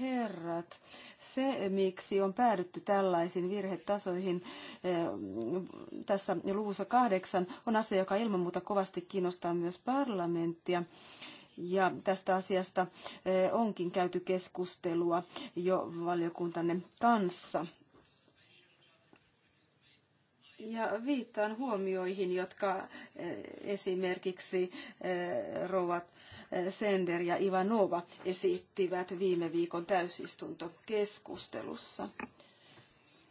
herrat, se miksi on päädytty tällaisiin virhetasoihin eh, tässä luvussa kahdeksan on asia, joka ilman muuta kovasti kiinnostaa myös parlamenttia. Ja tästä asiasta eh, onkin käyty keskustelua jo valiokuntanne kanssa. Ja viittaan huomioihin, jotka eh, esimerkiksi eh, rouvat eh, Sender ja Ivanova esittivät viime viikon täysistuntokeskustelussa.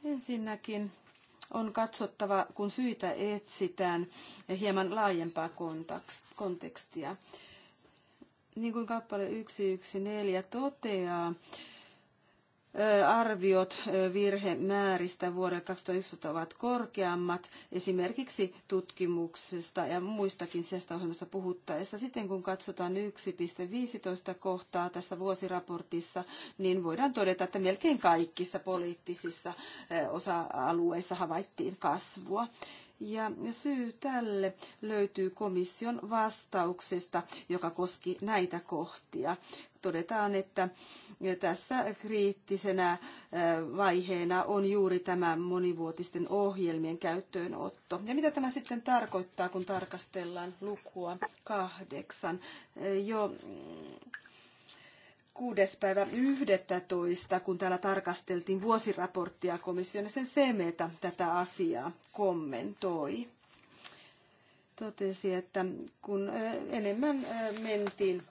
Ensinnäkin on katsottava, kun syitä etsitään, hieman laajempaa kontekstia. Niin kuin kappale 114 toteaa, arviot virhemääristä vuodelle 2011 ovat korkeammat esimerkiksi tutkimuksesta ja muistakin sieltä ohjelmasta puhuttaessa. Sitten kun katsotaan 1.15 kohtaa tässä vuosiraportissa, niin voidaan todeta, että melkein kaikissa poliittisissa osa-alueissa havaittiin kasvua. Ja syy tälle löytyy komission vastauksesta, joka koski näitä kohtia. Todetaan, että tässä kriittisenä vaiheena on juuri tämä monivuotisten ohjelmien käyttöönotto. Ja mitä tämä sitten tarkoittaa, kun tarkastellaan lukua kahdeksan? Jo mm, 6. päivä 11. kun täällä tarkasteltiin vuosiraporttia komission ja sen semetä tätä asiaa kommentoi. Totesi, että kun enemmän mentiin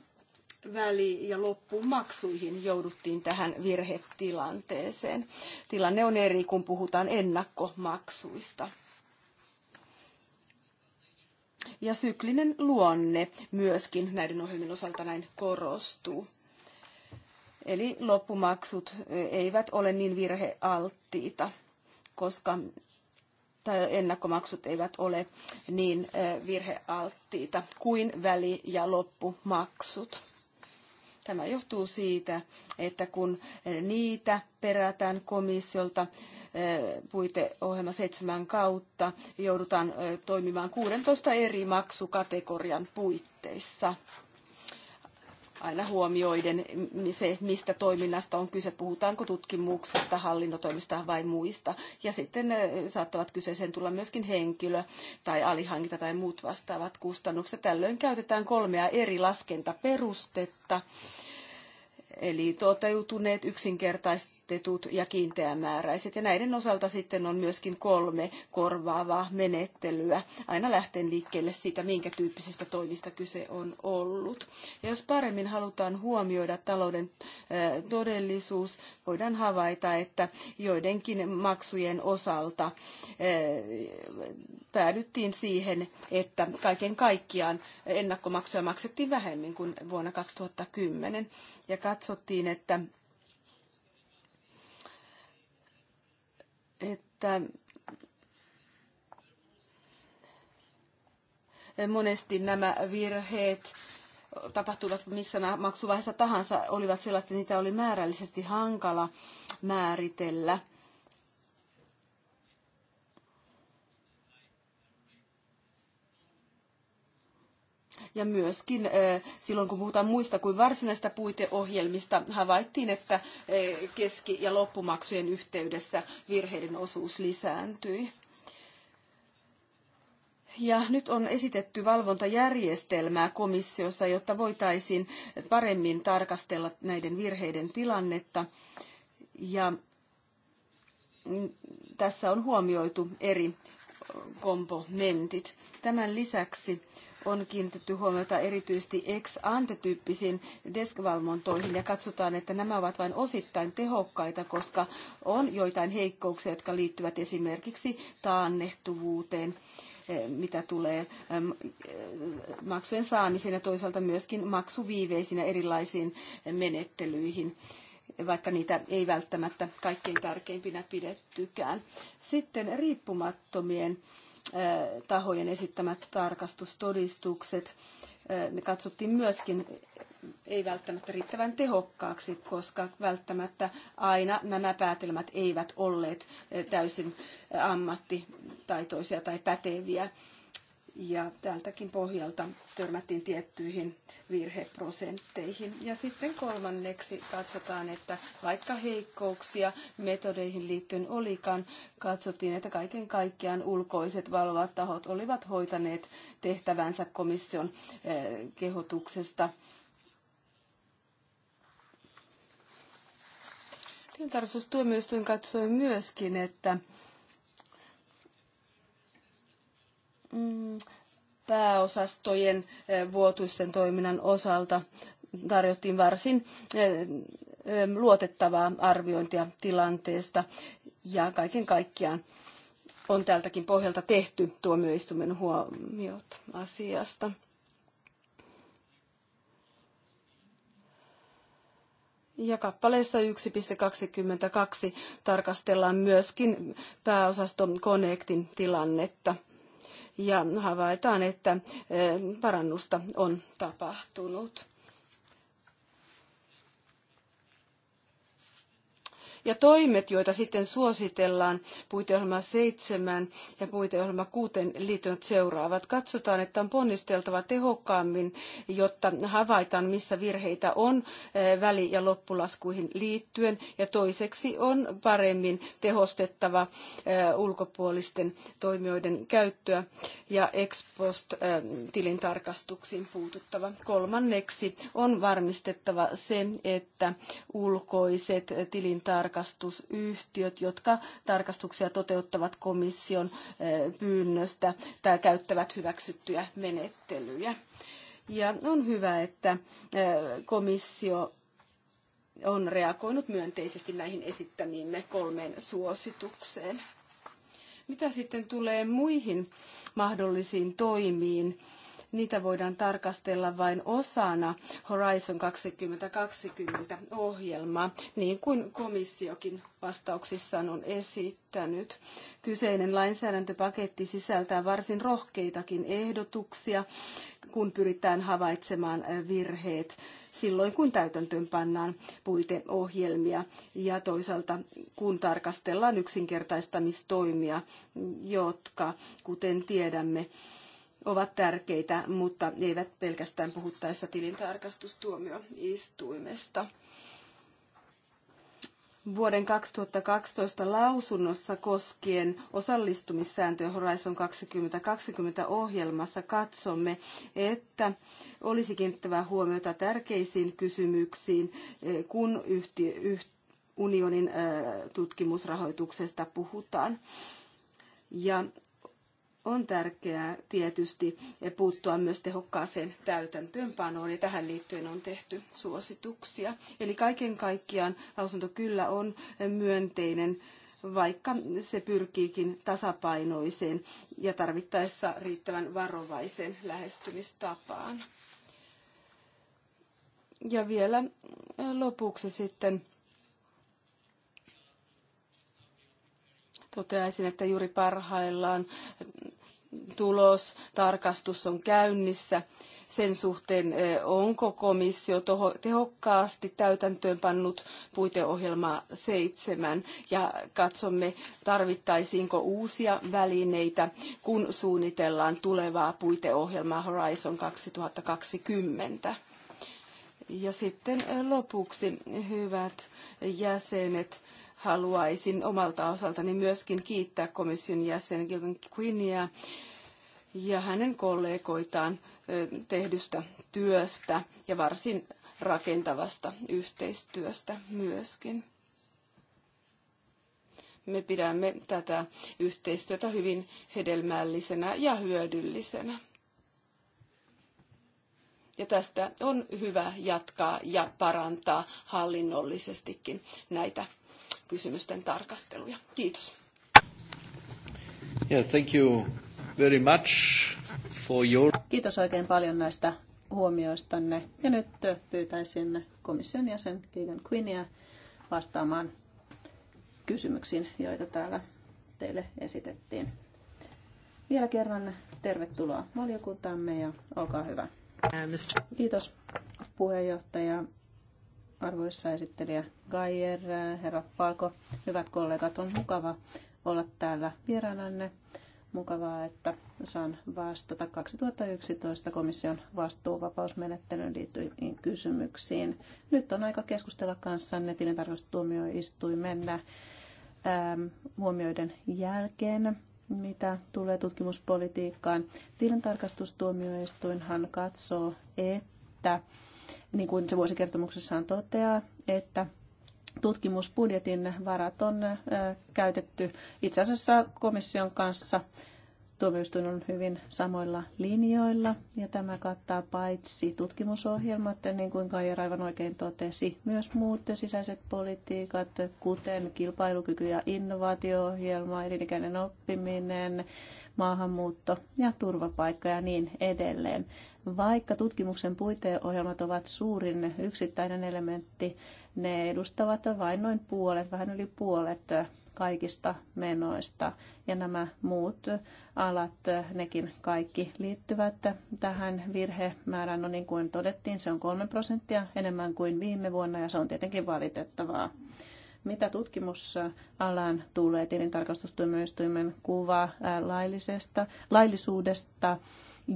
väli- ja loppumaksuihin jouduttiin tähän virhetilanteeseen. Tilanne on eri, kun puhutaan ennakkomaksuista. Ja syklinen luonne myöskin näiden ohjelmien osalta näin korostuu. Eli loppumaksut eivät ole niin virhealttiita, koska tai ennakkomaksut eivät ole niin virhealttiita kuin väli- ja loppumaksut. Tämä johtuu siitä, että kun niitä perätään komissiolta puiteohjelma 7 kautta, joudutaan toimimaan 16 eri maksukategorian puitteissa aina huomioiden niin se, mistä toiminnasta on kyse, puhutaanko tutkimuksesta, hallinnotoimista vai muista. Ja sitten saattavat kyseeseen tulla myöskin henkilö tai alihankinta tai muut vastaavat kustannukset. Tällöin käytetään kolmea eri laskentaperustetta, eli toteutuneet yksinkertaiset korotetut ja kiinteämääräiset. Ja näiden osalta sitten on myöskin kolme korvaavaa menettelyä, aina lähten liikkeelle siitä, minkä tyyppisestä toimista kyse on ollut. Ja jos paremmin halutaan huomioida talouden todellisuus, voidaan havaita, että joidenkin maksujen osalta päädyttiin siihen, että kaiken kaikkiaan ennakkomaksuja maksettiin vähemmän kuin vuonna 2010. Ja katsottiin, että että monesti nämä virheet tapahtuivat, missä maksuvaiheessa tahansa, olivat sellaiset, että niitä oli määrällisesti hankala määritellä Ja myöskin silloin, kun puhutaan muista kuin varsinaista puiteohjelmista, havaittiin, että keski- ja loppumaksujen yhteydessä virheiden osuus lisääntyi. Ja nyt on esitetty valvontajärjestelmää komissiossa, jotta voitaisiin paremmin tarkastella näiden virheiden tilannetta. Ja tässä on huomioitu eri komponentit. Tämän lisäksi on kiinnitetty huomiota erityisesti ex ante-tyyppisiin deskvalmontoihin ja katsotaan, että nämä ovat vain osittain tehokkaita, koska on joitain heikkouksia, jotka liittyvät esimerkiksi taannehtuvuuteen eh, mitä tulee eh, maksujen saamiseen ja toisaalta myöskin maksuviiveisiin ja erilaisiin menettelyihin vaikka niitä ei välttämättä kaikkein tärkeimpinä pidettykään. Sitten riippumattomien tahojen esittämät tarkastustodistukset, ne katsottiin myöskin ei välttämättä riittävän tehokkaaksi, koska välttämättä aina nämä päätelmät eivät olleet täysin ammattitaitoisia tai päteviä ja tältäkin pohjalta törmättiin tiettyihin virheprosentteihin. Ja sitten kolmanneksi katsotaan, että vaikka heikkouksia metodeihin liittyen olikaan, katsottiin, että kaiken kaikkiaan ulkoiset valvovat tahot olivat hoitaneet tehtävänsä komission eh, kehotuksesta. Tarkastustuomioistuin katsoi myöskin, että Mm, pääosastojen eh, vuotuisten toiminnan osalta tarjottiin varsin eh, eh, luotettavaa arviointia tilanteesta ja kaiken kaikkiaan on tältäkin pohjalta tehty tuomioistuimen huomiot asiasta. Ja kappaleessa 1.22 tarkastellaan myöskin pääosasto Connectin tilannetta – ja havaitaan, että eh, parannusta on tapahtunut. Ja toimet, joita sitten suositellaan puiteohjelma 7 ja puiteohjelma 6 liittyvät seuraavat. Katsotaan, että on ponnisteltava tehokkaammin, jotta havaitaan, missä virheitä on eh, väli- ja loppulaskuihin liittyen. Ja toiseksi on paremmin tehostettava eh, ulkopuolisten toimijoiden käyttöä ja ex post eh, tilintarkastuksiin puututtava. Kolmanneksi on varmistettava se, että ulkoiset tilintarkastukset tarkastusyhtiöt, jotka tarkastuksia toteuttavat komission eh, pyynnöstä tai käyttävät hyväksyttyjä menettelyjä. Ja on hyvä, että eh, komissio on reagoinut myönteisesti näihin esittämiimme kolmeen suositukseen. Mitä sitten tulee muihin mahdollisiin toimiin, niitä voidaan tarkastella vain osana Horizon 2020 ohjelmaa, niin kuin komissiokin vastauksissaan on esittänyt. Kyseinen lainsäädäntöpaketti sisältää varsin rohkeitakin ehdotuksia, kun pyritään havaitsemaan äh, virheet silloin, kun täytäntöön pannaan puiteohjelmia ja toisaalta kun tarkastellaan yksinkertaistamistoimia, jotka, kuten tiedämme, ovat tärkeitä, mutta eivät pelkästään puhuttaessa tilintarkastustuomioistuimesta. Vuoden 2012 lausunnossa koskien osallistumissääntöä Horizon 2020 ohjelmassa katsomme, että olisi kiinnittävä huomiota tärkeisiin kysymyksiin, eh, kun yhtiö, unionin eh, tutkimusrahoituksesta puhutaan. Ja on tärkeää tietysti puuttua myös tehokkaaseen täytäntöönpanoon, ja tähän liittyen on tehty suosituksia. Eli kaiken kaikkiaan lausunto kyllä on myönteinen vaikka se pyrkiikin tasapainoiseen ja tarvittaessa riittävän varovaiseen lähestymistapaan. Ja vielä lopuksi sitten toteaisin, että juuri parhaillaan tulos, tarkastus on käynnissä sen suhteen, onko komissio toho, tehokkaasti täytäntöön pannut puiteohjelma seitsemän ja katsomme, tarvittaisiinko uusia välineitä, kun suunnitellaan tulevaa puiteohjelmaa Horizon 2020. Ja sitten lopuksi, hyvät jäsenet, haluaisin omalta osaltani myöskin kiittää komission jäsen Gilgan Quinnia ja hänen kollegoitaan tehdystä työstä ja varsin rakentavasta yhteistyöstä myöskin. Me pidämme tätä yhteistyötä hyvin hedelmällisenä ja hyödyllisenä. Ja tästä on hyvä jatkaa ja parantaa hallinnollisestikin näitä kysymysten tarkasteluja. Kiitos. Yeah, thank you very much for your... Kiitos oikein paljon näistä huomioistanne. Ja nyt pyytäisin komission jäsen Keegan Quinnia vastaamaan kysymyksiin, joita täällä teille esitettiin. Vielä kerran tervetuloa valiokuntaamme ja olkaa hyvä. Uh, Kiitos puheenjohtaja arvoissa esittelijä Gaier, herra Palko, hyvät kollegat, on mukava olla täällä vieraananne. Mukavaa, että saan vastata 2011 komission vastuuvapausmenettelyyn liittyviin kysymyksiin. Nyt on aika keskustella kanssanne tilintarkastustuomioistuimen ähm, huomioiden jälkeen mitä tulee tutkimuspolitiikkaan. Tilintarkastustuomioistuinhan katsoo, että niin kuin se vuosikertomuksessaan toteaa, että tutkimusbudjetin varat on käytetty itse asiassa komission kanssa. Tuomioistuin on hyvin samoilla linjoilla ja tämä kattaa paitsi tutkimusohjelmat, niin kuin Kaija Raivan oikein totesi, myös muut sisäiset politiikat, kuten kilpailukyky- ja innovaatio-ohjelma, elinikäinen oppiminen, maahanmuutto ja turvapaikka ja niin edelleen. Vaikka tutkimuksen puiteohjelmat ovat suurin yksittäinen elementti, ne edustavat vain noin puolet, vähän yli puolet kaikista menoista. Ja nämä muut alat, nekin kaikki liittyvät tähän virhemäärään. No niin kuin todettiin, se on 3 prosenttia enemmän kuin viime vuonna ja se on tietenkin valitettavaa. Mitä tutkimusalaan tulee tilintarkastustuomioistuimen kuva laillisesta, laillisuudesta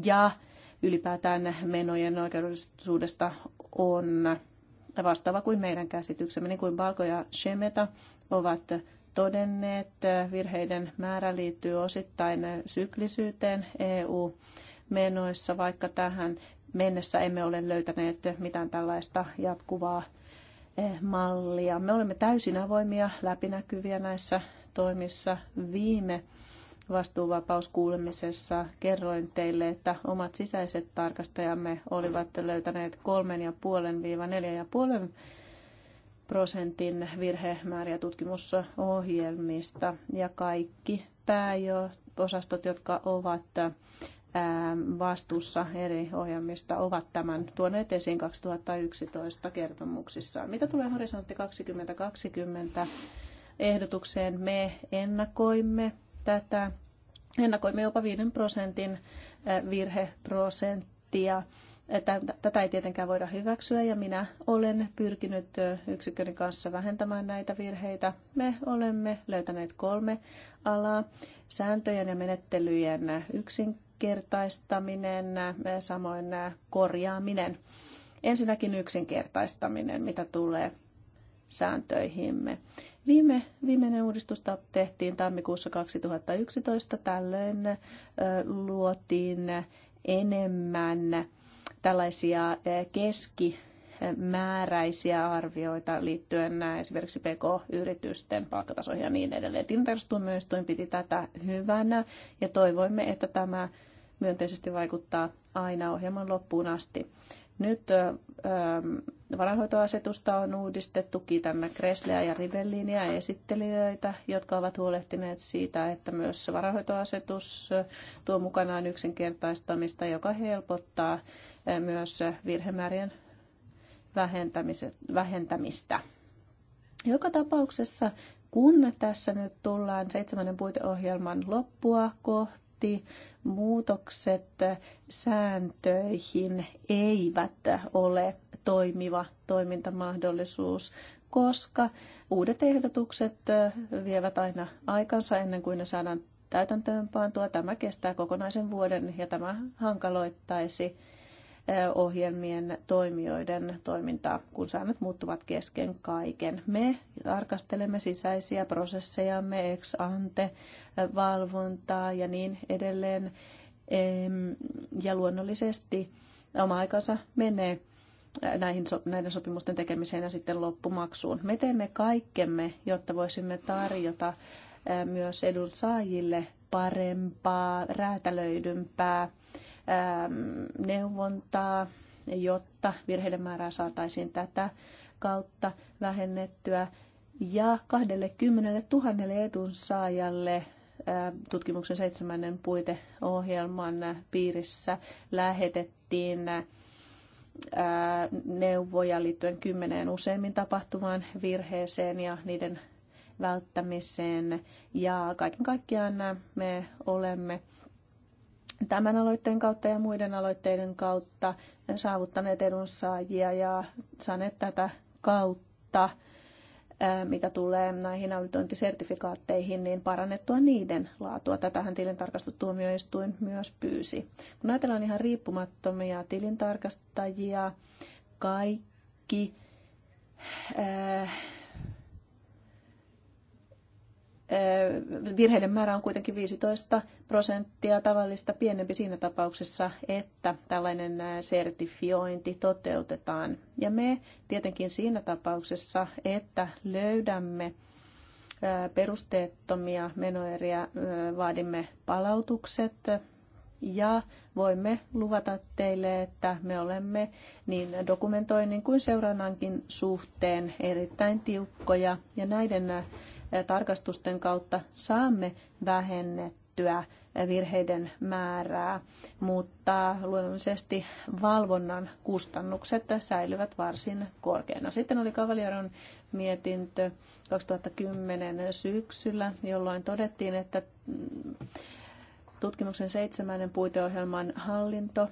ja ylipäätään menojen oikeudellisuudesta on vastaava kuin meidän käsityksemme. Niin kuin Balko ja Shemeta ovat todenneet, virheiden määrä liittyy osittain syklisyyteen EU-menoissa, vaikka tähän mennessä emme ole löytäneet mitään tällaista jatkuvaa eh, mallia. Me olemme täysin avoimia, läpinäkyviä näissä toimissa. Viime vastuuvapauskuulemisessa kerroin teille, että omat sisäiset tarkastajamme olivat löytäneet 3,5-4,5 prosentin virhemääriä tutkimusohjelmista ja kaikki pääosastot, jotka ovat vastuussa eri ohjelmista ovat tämän tuoneet esiin 2011 kertomuksissa. Mitä tulee Horisontti 2020 ehdotukseen, me ennakoimme tätä. Ennakoimme jopa 5 prosentin virheprosenttia. Tätä ei tietenkään voida hyväksyä ja minä olen pyrkinyt yksikön kanssa vähentämään näitä virheitä. Me olemme löytäneet kolme alaa. Sääntöjen ja menettelyjen yksinkertaistaminen, samoin korjaaminen. Ensinnäkin yksinkertaistaminen, mitä tulee sääntöihimme. Viime, viimeinen uudistusta tehtiin tammikuussa 2011. Tällöin ö, luotiin enemmän tällaisia keski määräisiä arvioita liittyen esimerkiksi PK-yritysten palkkatasoihin ja niin edelleen. Tinterstuomioistuin piti tätä hyvänä ja toivoimme, että tämä myönteisesti vaikuttaa aina ohjelman loppuun asti. Nyt Varanhoitoasetusta on uudistettu. Kiitän Kresleä ja Rivelliniä esittelijöitä, jotka ovat huolehtineet siitä, että myös varanhoitoasetus tuo mukanaan yksinkertaistamista, joka helpottaa eh, myös virhemäärien vähentämistä. Joka tapauksessa kun tässä nyt tullaan seitsemännen puiteohjelman loppua kohti, tehty muutokset sääntöihin eivät ole toimiva toimintamahdollisuus, koska uudet ehdotukset vievät aina aikansa ennen kuin ne saadaan täytäntöönpantua. Tämä kestää kokonaisen vuoden ja tämä hankaloittaisi ohjelmien toimijoiden toimintaa, kun säännöt muuttuvat kesken kaiken. Me tarkastelemme sisäisiä prosessejamme, ex ante, valvontaa ja niin edelleen. Ja luonnollisesti oma aikansa menee näihin, näiden sopimusten tekemiseen ja sitten loppumaksuun. Me teemme kaikkemme, jotta voisimme tarjota myös edunsaajille parempaa, räätälöidympää Ähm, neuvontaa, jotta virheiden määrää saataisiin tätä kautta vähennettyä. Ja 20 000 edunsaajalle ähm, tutkimuksen seitsemännen puiteohjelman piirissä lähetettiin äh, neuvoja liittyen kymmeneen useimmin tapahtuvaan virheeseen ja niiden välttämiseen. Ja kaiken kaikkiaan äh, me olemme tämän aloitteen kautta ja muiden aloitteiden kautta saavuttaneet edunsaajia ja saaneet tätä kautta, mitä tulee näihin auditointisertifikaatteihin, niin parannettua niiden laatua. Tätähän tilintarkastustuomioistuin myös pyysi. Kun ajatellaan ihan riippumattomia tilintarkastajia, kaikki virheiden määrä on kuitenkin 15 prosenttia tavallista pienempi siinä tapauksessa, että tällainen sertifiointi toteutetaan. Ja me tietenkin siinä tapauksessa, että löydämme perusteettomia menoeriä, vaadimme palautukset ja voimme luvata teille, että me olemme niin dokumentoinnin kuin seurannankin suhteen erittäin tiukkoja ja näiden tarkastusten kautta saamme vähennettyä virheiden määrää, mutta luonnollisesti valvonnan kustannukset säilyvät varsin korkeana. Sitten oli Kavalieron mietintö 2010 syksyllä, jolloin todettiin, että tutkimuksen seitsemännen puiteohjelman hallinto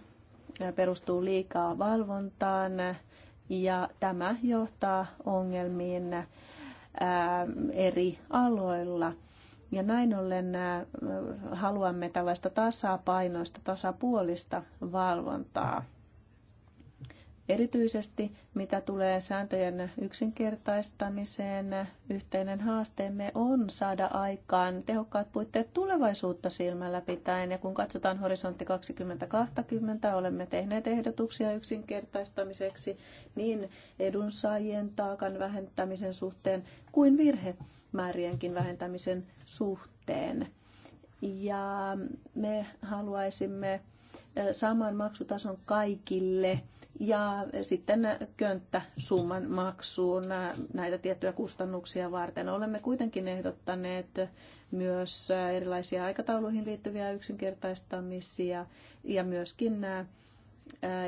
perustuu liikaa valvontaan ja tämä johtaa ongelmiin eri aloilla. Ja näin ollen haluamme tällaista tasapainoista, tasapuolista valvontaa. Erityisesti mitä tulee sääntöjen yksinkertaistamiseen, yhteinen haasteemme on saada aikaan tehokkaat puitteet tulevaisuutta silmällä pitäen. Ja kun katsotaan horisontti 2020, olemme tehneet ehdotuksia yksinkertaistamiseksi niin edunsaajien taakan vähentämisen suhteen kuin virhemäärienkin vähentämisen suhteen. Ja me haluaisimme saman maksutason kaikille ja sitten könttäsumman maksuun näitä tiettyjä kustannuksia varten. Olemme kuitenkin ehdottaneet myös erilaisia aikatauluihin liittyviä yksinkertaistamisia ja myöskin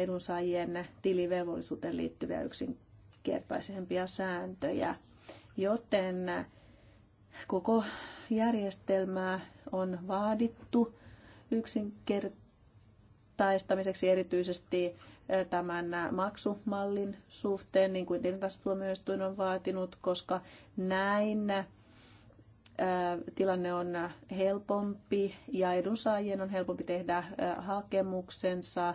edunsaajien tilivelvollisuuteen liittyviä yksinkertaisempia sääntöjä. Joten koko järjestelmää on vaadittu yksinkertaisesti taistamiseksi erityisesti tämän maksumallin suhteen, niin kuin tilintarkastustuomioistuin on vaatinut, koska näin tilanne on helpompi ja edunsaajien on helpompi tehdä hakemuksensa.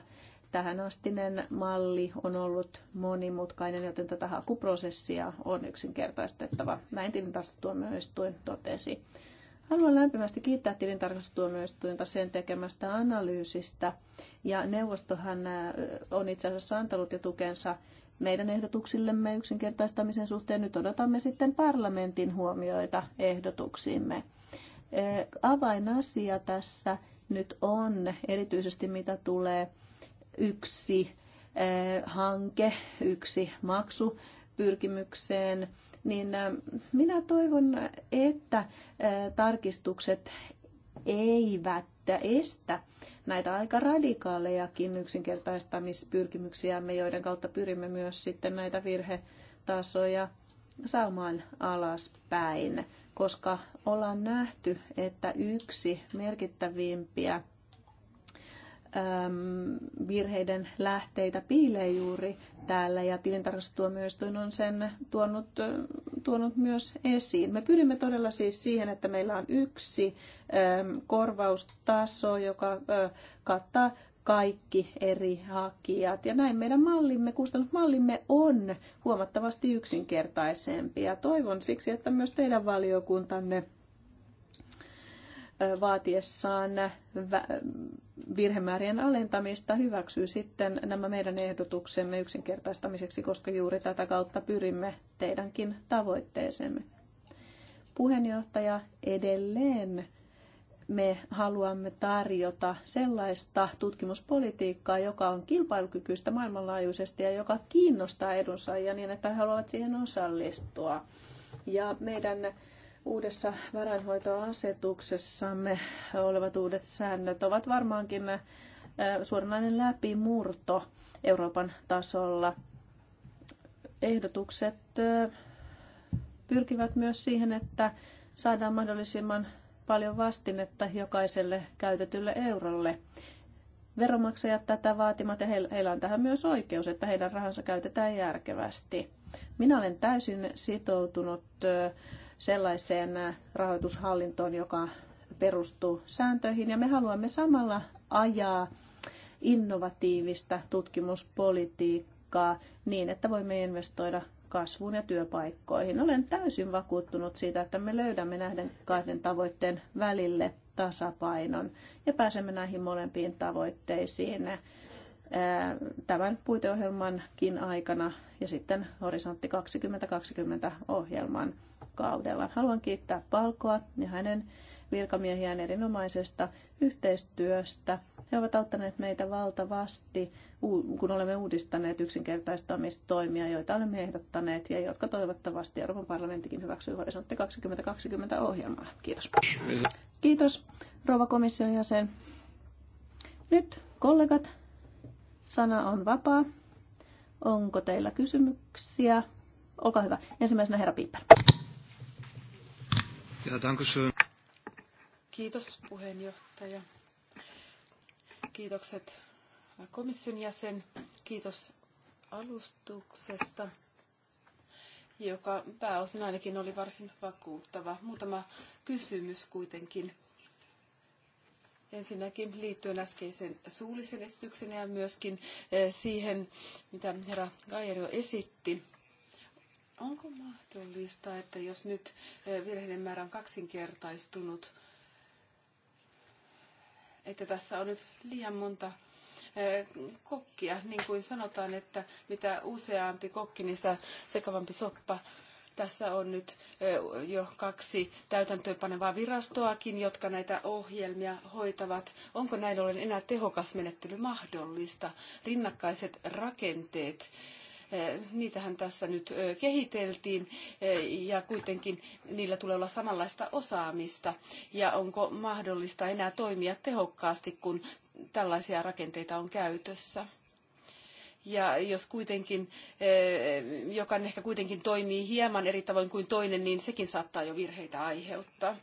Tähän Tähänastinen malli on ollut monimutkainen, joten tätä hakuprosessia on yksinkertaistettava. Näin tilintarkastustuomioistuin totesi. Haluan lämpimästi kiittää tilintarkastustuomioistuinta sen tekemästä analyysistä. Ja neuvostohan äh, on itse asiassa antanut jo tukensa meidän ehdotuksillemme yksinkertaistamisen suhteen. Nyt odotamme sitten parlamentin huomioita ehdotuksiimme. Äh, avainasia tässä nyt on, erityisesti mitä tulee yksi äh, hanke, yksi maksu pyrkimykseen niin ähm, minä toivon, että äh, tarkistukset eivät estä näitä aika radikaalejakin yksinkertaistamispyrkimyksiämme, joiden kautta pyrimme myös sitten näitä virhetasoja saamaan alaspäin, koska ollaan nähty, että yksi merkittävimpiä Ähm, virheiden lähteitä piilee juuri täällä ja tilintarkastustuomioistuin on sen tuonut, äh, tuonut myös esiin. Me pyrimme todella siis siihen, että meillä on yksi ähm, korvaustaso, joka äh, kattaa kaikki eri hakijat. Ja näin meidän mallimme, kustannusmallimme on huomattavasti yksinkertaisempi. Ja toivon siksi, että myös teidän valiokuntanne vaatiessaan virhemäärien alentamista hyväksyy sitten nämä meidän ehdotuksemme yksinkertaistamiseksi, koska juuri tätä kautta pyrimme teidänkin tavoitteeseemme. Puheenjohtaja, edelleen me haluamme tarjota sellaista tutkimuspolitiikkaa, joka on kilpailukykyistä maailmanlaajuisesti ja joka kiinnostaa edunsaajia niin, että he haluavat siihen osallistua. Ja meidän uudessa varainhoitoasetuksessamme olevat uudet säännöt ovat varmaankin suoranainen läpimurto Euroopan tasolla. Ehdotukset pyrkivät myös siihen, että saadaan mahdollisimman paljon vastinetta jokaiselle käytetylle eurolle. Veromaksajat tätä vaatimat ja heillä on tähän myös oikeus, että heidän rahansa käytetään järkevästi. Minä olen täysin sitoutunut sellaiseen äh, rahoitushallintoon, joka perustuu sääntöihin. Ja me haluamme samalla ajaa innovatiivista tutkimuspolitiikkaa niin, että voimme investoida kasvuun ja työpaikkoihin. Olen täysin vakuuttunut siitä, että me löydämme näiden kahden tavoitteen välille tasapainon ja pääsemme näihin molempiin tavoitteisiin äh, tämän puiteohjelmankin aikana ja sitten Horisontti 2020 ohjelman kaudella. Haluan kiittää Palkoa ja hänen virkamiehiään erinomaisesta yhteistyöstä. He ovat auttaneet meitä valtavasti, kun olemme uudistaneet yksinkertaistamistoimia, joita olemme ehdottaneet ja jotka toivottavasti Euroopan parlamenttikin hyväksyy horisontti 2020 ohjelmaa. Kiitos. Kiitos, rouva komission jäsen. Nyt kollegat, sana on vapaa. Onko teillä kysymyksiä? Olkaa hyvä. Ensimmäisenä herra Piipper. Ja, danke schön. Kiitos puheenjohtaja. Kiitokset komission jäsen. Kiitos alustuksesta, joka pääosin ainakin oli varsin vakuuttava. Muutama kysymys kuitenkin. Ensinnäkin liittyen äskeisen suullisen esityksen ja myöskin siihen, mitä herra Gaier jo esitti. Onko mahdollista, että jos nyt eh, virheiden määrä on kaksinkertaistunut, että tässä on nyt liian monta eh, kokkia, niin kuin sanotaan, että mitä useampi kokki, niin se sekavampi soppa. Tässä on nyt eh, jo kaksi täytäntöönpanevaa virastoakin, jotka näitä ohjelmia hoitavat. Onko näin ollen enää tehokas menettely mahdollista? Rinnakkaiset rakenteet niitähän tässä nyt kehiteltiin ja kuitenkin niillä tulee olla samanlaista osaamista. Ja onko mahdollista enää toimia tehokkaasti, kun tällaisia rakenteita on käytössä? Ja jos kuitenkin, jokainen ehkä kuitenkin toimii hieman eri tavoin kuin toinen, niin sekin saattaa jo virheitä aiheuttaa.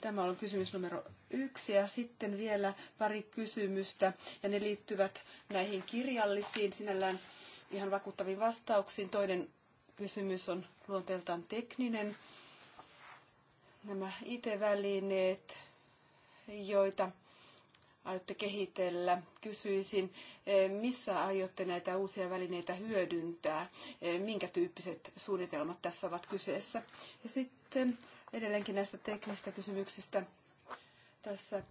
Tämä on kysymys numero yksi ja sitten vielä pari kysymystä ja ne liittyvät näihin kirjallisiin sinällään ihan vakuuttaviin vastauksiin. Toinen kysymys on luonteeltaan tekninen. Nämä IT-välineet, joita aiotte kehitellä. Kysyisin, eh, missä aiotte näitä uusia välineitä hyödyntää? Eh, minkä tyyppiset suunnitelmat tässä ovat kyseessä? Ja sitten edelleenkin näistä teknisistä kysymyksistä. Tässä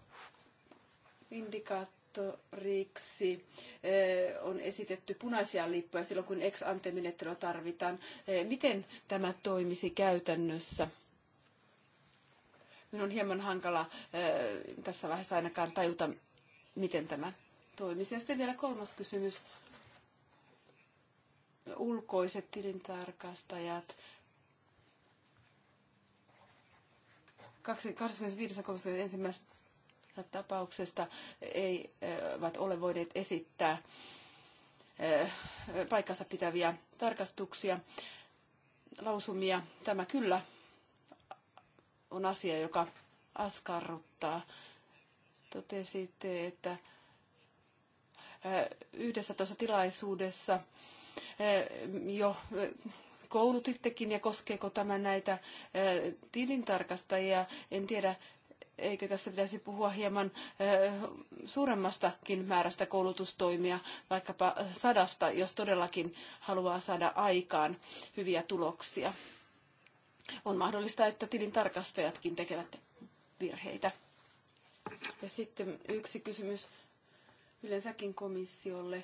indikaat, indikaattoriksi eh, on esitetty punaisia lippuja silloin, kun ex ante menettelyä tarvitaan. Eh, miten tämä toimisi käytännössä? Minun on hieman hankala eh, tässä vaiheessa ainakaan tajuta, miten tämä toimisi. Ja sitten vielä kolmas kysymys. Ulkoiset tilintarkastajat. 25.31 tapauksesta eivät eh, ole voineet esittää eh, paikkansa pitäviä tarkastuksia, lausumia. Tämä kyllä on asia, joka askarruttaa. Totesitte, että eh, yhdessä tuossa tilaisuudessa jo koulutittekin ja koskeeko tämä näitä tilintarkastajia. En tiedä, eikö tässä pitäisi puhua hieman eh, suuremmastakin määrästä koulutustoimia, vaikkapa sadasta, jos todellakin haluaa saada aikaan hyviä tuloksia. On mahdollista, että tilintarkastajatkin tekevät virheitä. Ja sitten yksi kysymys yleensäkin komissiolle.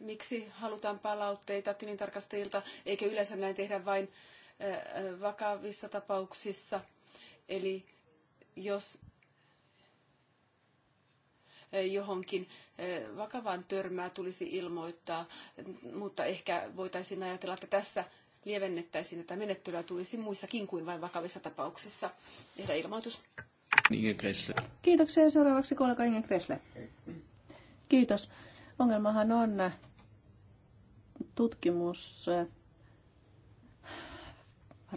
Miksi halutaan palautteita tilintarkastajilta, eikä yleensä näin tehdä vain vakavissa tapauksissa. Eli jos johonkin vakavaan törmää tulisi ilmoittaa, mutta ehkä voitaisiin ajatella, että tässä lievennettäisiin että menettelyä, tulisi muissakin kuin vain vakavissa tapauksissa tehdä ilmoitus. Kiitoksia. Seuraavaksi kollega Inge Kressle. Kiitos. Ongelmahan on tutkimus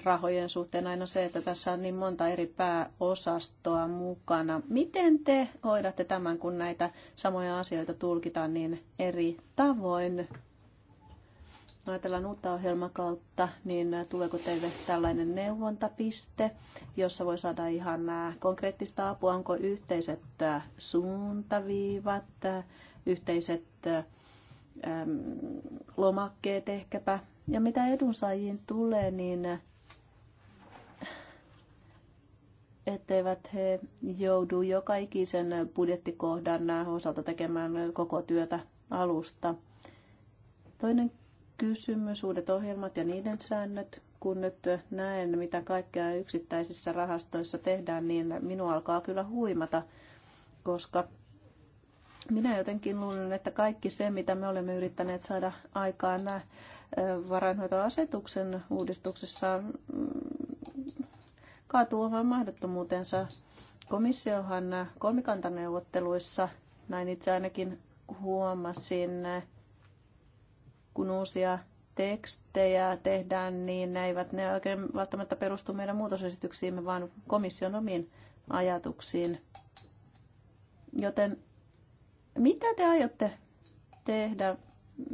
rahojen suhteen aina se, että tässä on niin monta eri pääosastoa mukana. Miten te hoidatte tämän, kun näitä samoja asioita tulkitaan niin eri tavoin? No, ajatellaan uutta ohjelmakautta, niin tuleeko teille tällainen neuvontapiste, jossa voi saada ihan äh, konkreettista apua? Onko yhteiset äh, suuntaviivat, äh, yhteiset lomakkeet ehkäpä? Ja mitä edunsaajiin tulee, niin etteivät he joudu joka ikisen budjettikohdan osalta tekemään koko työtä alusta. Toinen kysymys, uudet ohjelmat ja niiden säännöt. Kun nyt näen, mitä kaikkea yksittäisissä rahastoissa tehdään, niin minua alkaa kyllä huimata, koska minä jotenkin luulen, että kaikki se, mitä me olemme yrittäneet saada aikaan äh, varainhoitoasetuksen uudistuksessa, mm, kaatuu omaan mahdottomuutensa. Komissiohan kolmikantaneuvotteluissa, näin itse ainakin huomasin, kun uusia tekstejä tehdään, niin ne eivät ne oikein välttämättä perustu meidän muutosesityksiimme, vaan komission omiin ajatuksiin. Joten mitä te aiotte tehdä?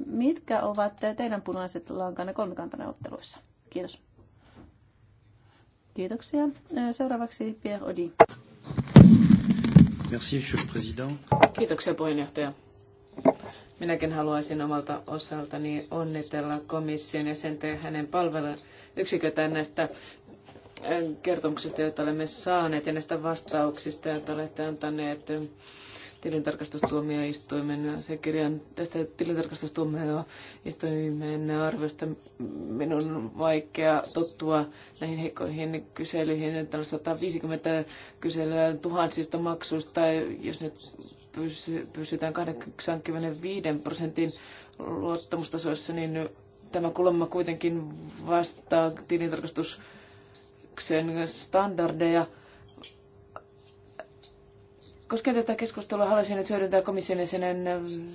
Mitkä ovat teidän punaiset lankanne kolmikantaneuvotteluissa? Kiitos. Kiitoksia. Seuraavaksi Pierre Odi. Merci, monsieur le président. Kiitoksia puheenjohtaja. Minäkin haluaisin omalta osaltani onnitella komission ja sen hänen palvelun yksikötään näistä kertomuksista, joita olemme saaneet ja näistä vastauksista, joita olette antaneet tilintarkastustuomioistuimen kirjan tästä tilintarkastustuomioistuimen arvosta. Minun vaikea tottua näihin heikkoihin kyselyihin. että on 150 kyselyä tuhansista maksuista. Jos nyt pysytään 85 prosentin luottamustasoissa, niin tämä kulma kuitenkin vastaa tilintarkastuksen standardeja Koskien tätä keskustelua haluaisin nyt hyödyntää komission jäsenen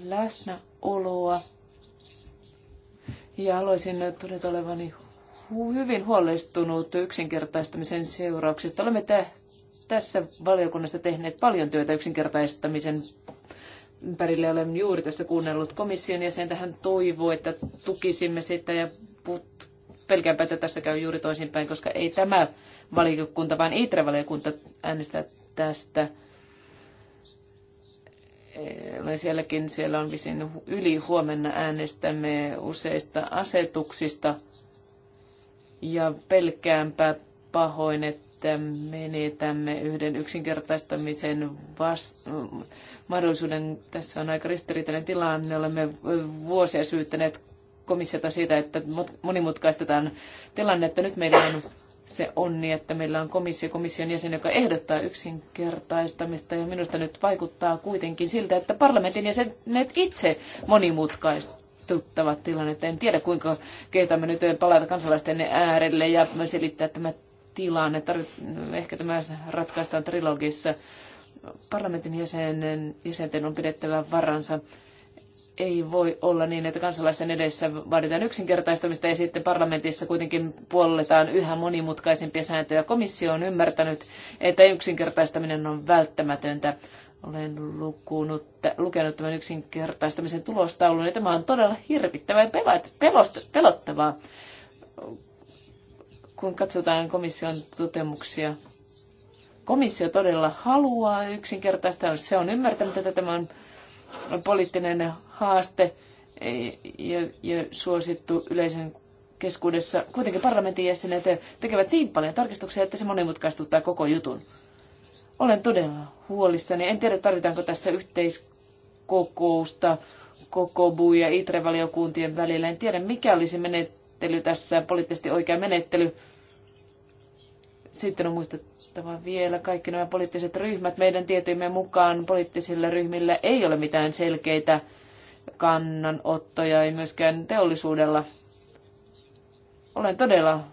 läsnäoloa. Ja haluaisin todeta olevani hyvin huolestunut yksinkertaistamisen seurauksista. Olemme tässä valiokunnassa tehneet paljon työtä yksinkertaistamisen ympärille. Olen juuri tässä kuunnellut komission ja sen tähän toivoo, että tukisimme sitä ja put- pelkäänpä, että tässä käy juuri toisinpäin, koska ei tämä valiokunta, vaan ITRE-valiokunta äänestää tästä. Eh, olen sielläkin, siellä on visin yli huomenna äänestämme useista asetuksista ja pelkäänpä pahoin, että menetämme yhden yksinkertaistamisen vast- mahdollisuuden. Tässä on aika ristiriitainen tilanne. Olemme vuosia syyttäneet komissiota siitä, että monimutkaistetaan tilannetta. Nyt meillä on se onni, niin, että meillä on komissio, komission jäsen, joka ehdottaa yksinkertaistamista. Ja minusta nyt vaikuttaa kuitenkin siltä, että parlamentin jäsenet itse monimutkaistuttavat tilannetta. En tiedä, kuinka keitä nyt palata kansalaisten äärelle ja myös selittää tämä tilanne. ehkä tämä ratkaistaan trilogissa. Parlamentin jäsenen, jäsenten on pidettävä varansa ei voi olla niin, että kansalaisten edessä vaaditaan yksinkertaistamista ja sitten parlamentissa kuitenkin puolletaan yhä monimutkaisempia sääntöjä. Komissio on ymmärtänyt, että yksinkertaistaminen on välttämätöntä. Olen lukunut, lukenut tämän yksinkertaistamisen tulostaulun ja tämä on todella hirvittävää ja pelottavaa, kun katsotaan komission totemuksia. Komissio todella haluaa yksinkertaistaa, se on ymmärtänyt, että tämä on poliittinen haaste e, ja, ja suosittu yleisön keskuudessa. Kuitenkin parlamentin jäsenet tekevät niin paljon tarkistuksia, että se monimutkaistuttaa koko jutun. Olen todella huolissani. En tiedä, tarvitaanko tässä yhteiskokousta koko BU- ja ITRE-valiokuntien välillä. En tiedä, mikä olisi menettely tässä, poliittisesti oikea menettely. Sitten on muistettava vielä kaikki nämä poliittiset ryhmät. Meidän tietojemme mukaan poliittisilla ryhmillä ei ole mitään selkeitä kannanottoja, ei myöskään teollisuudella. Olen todella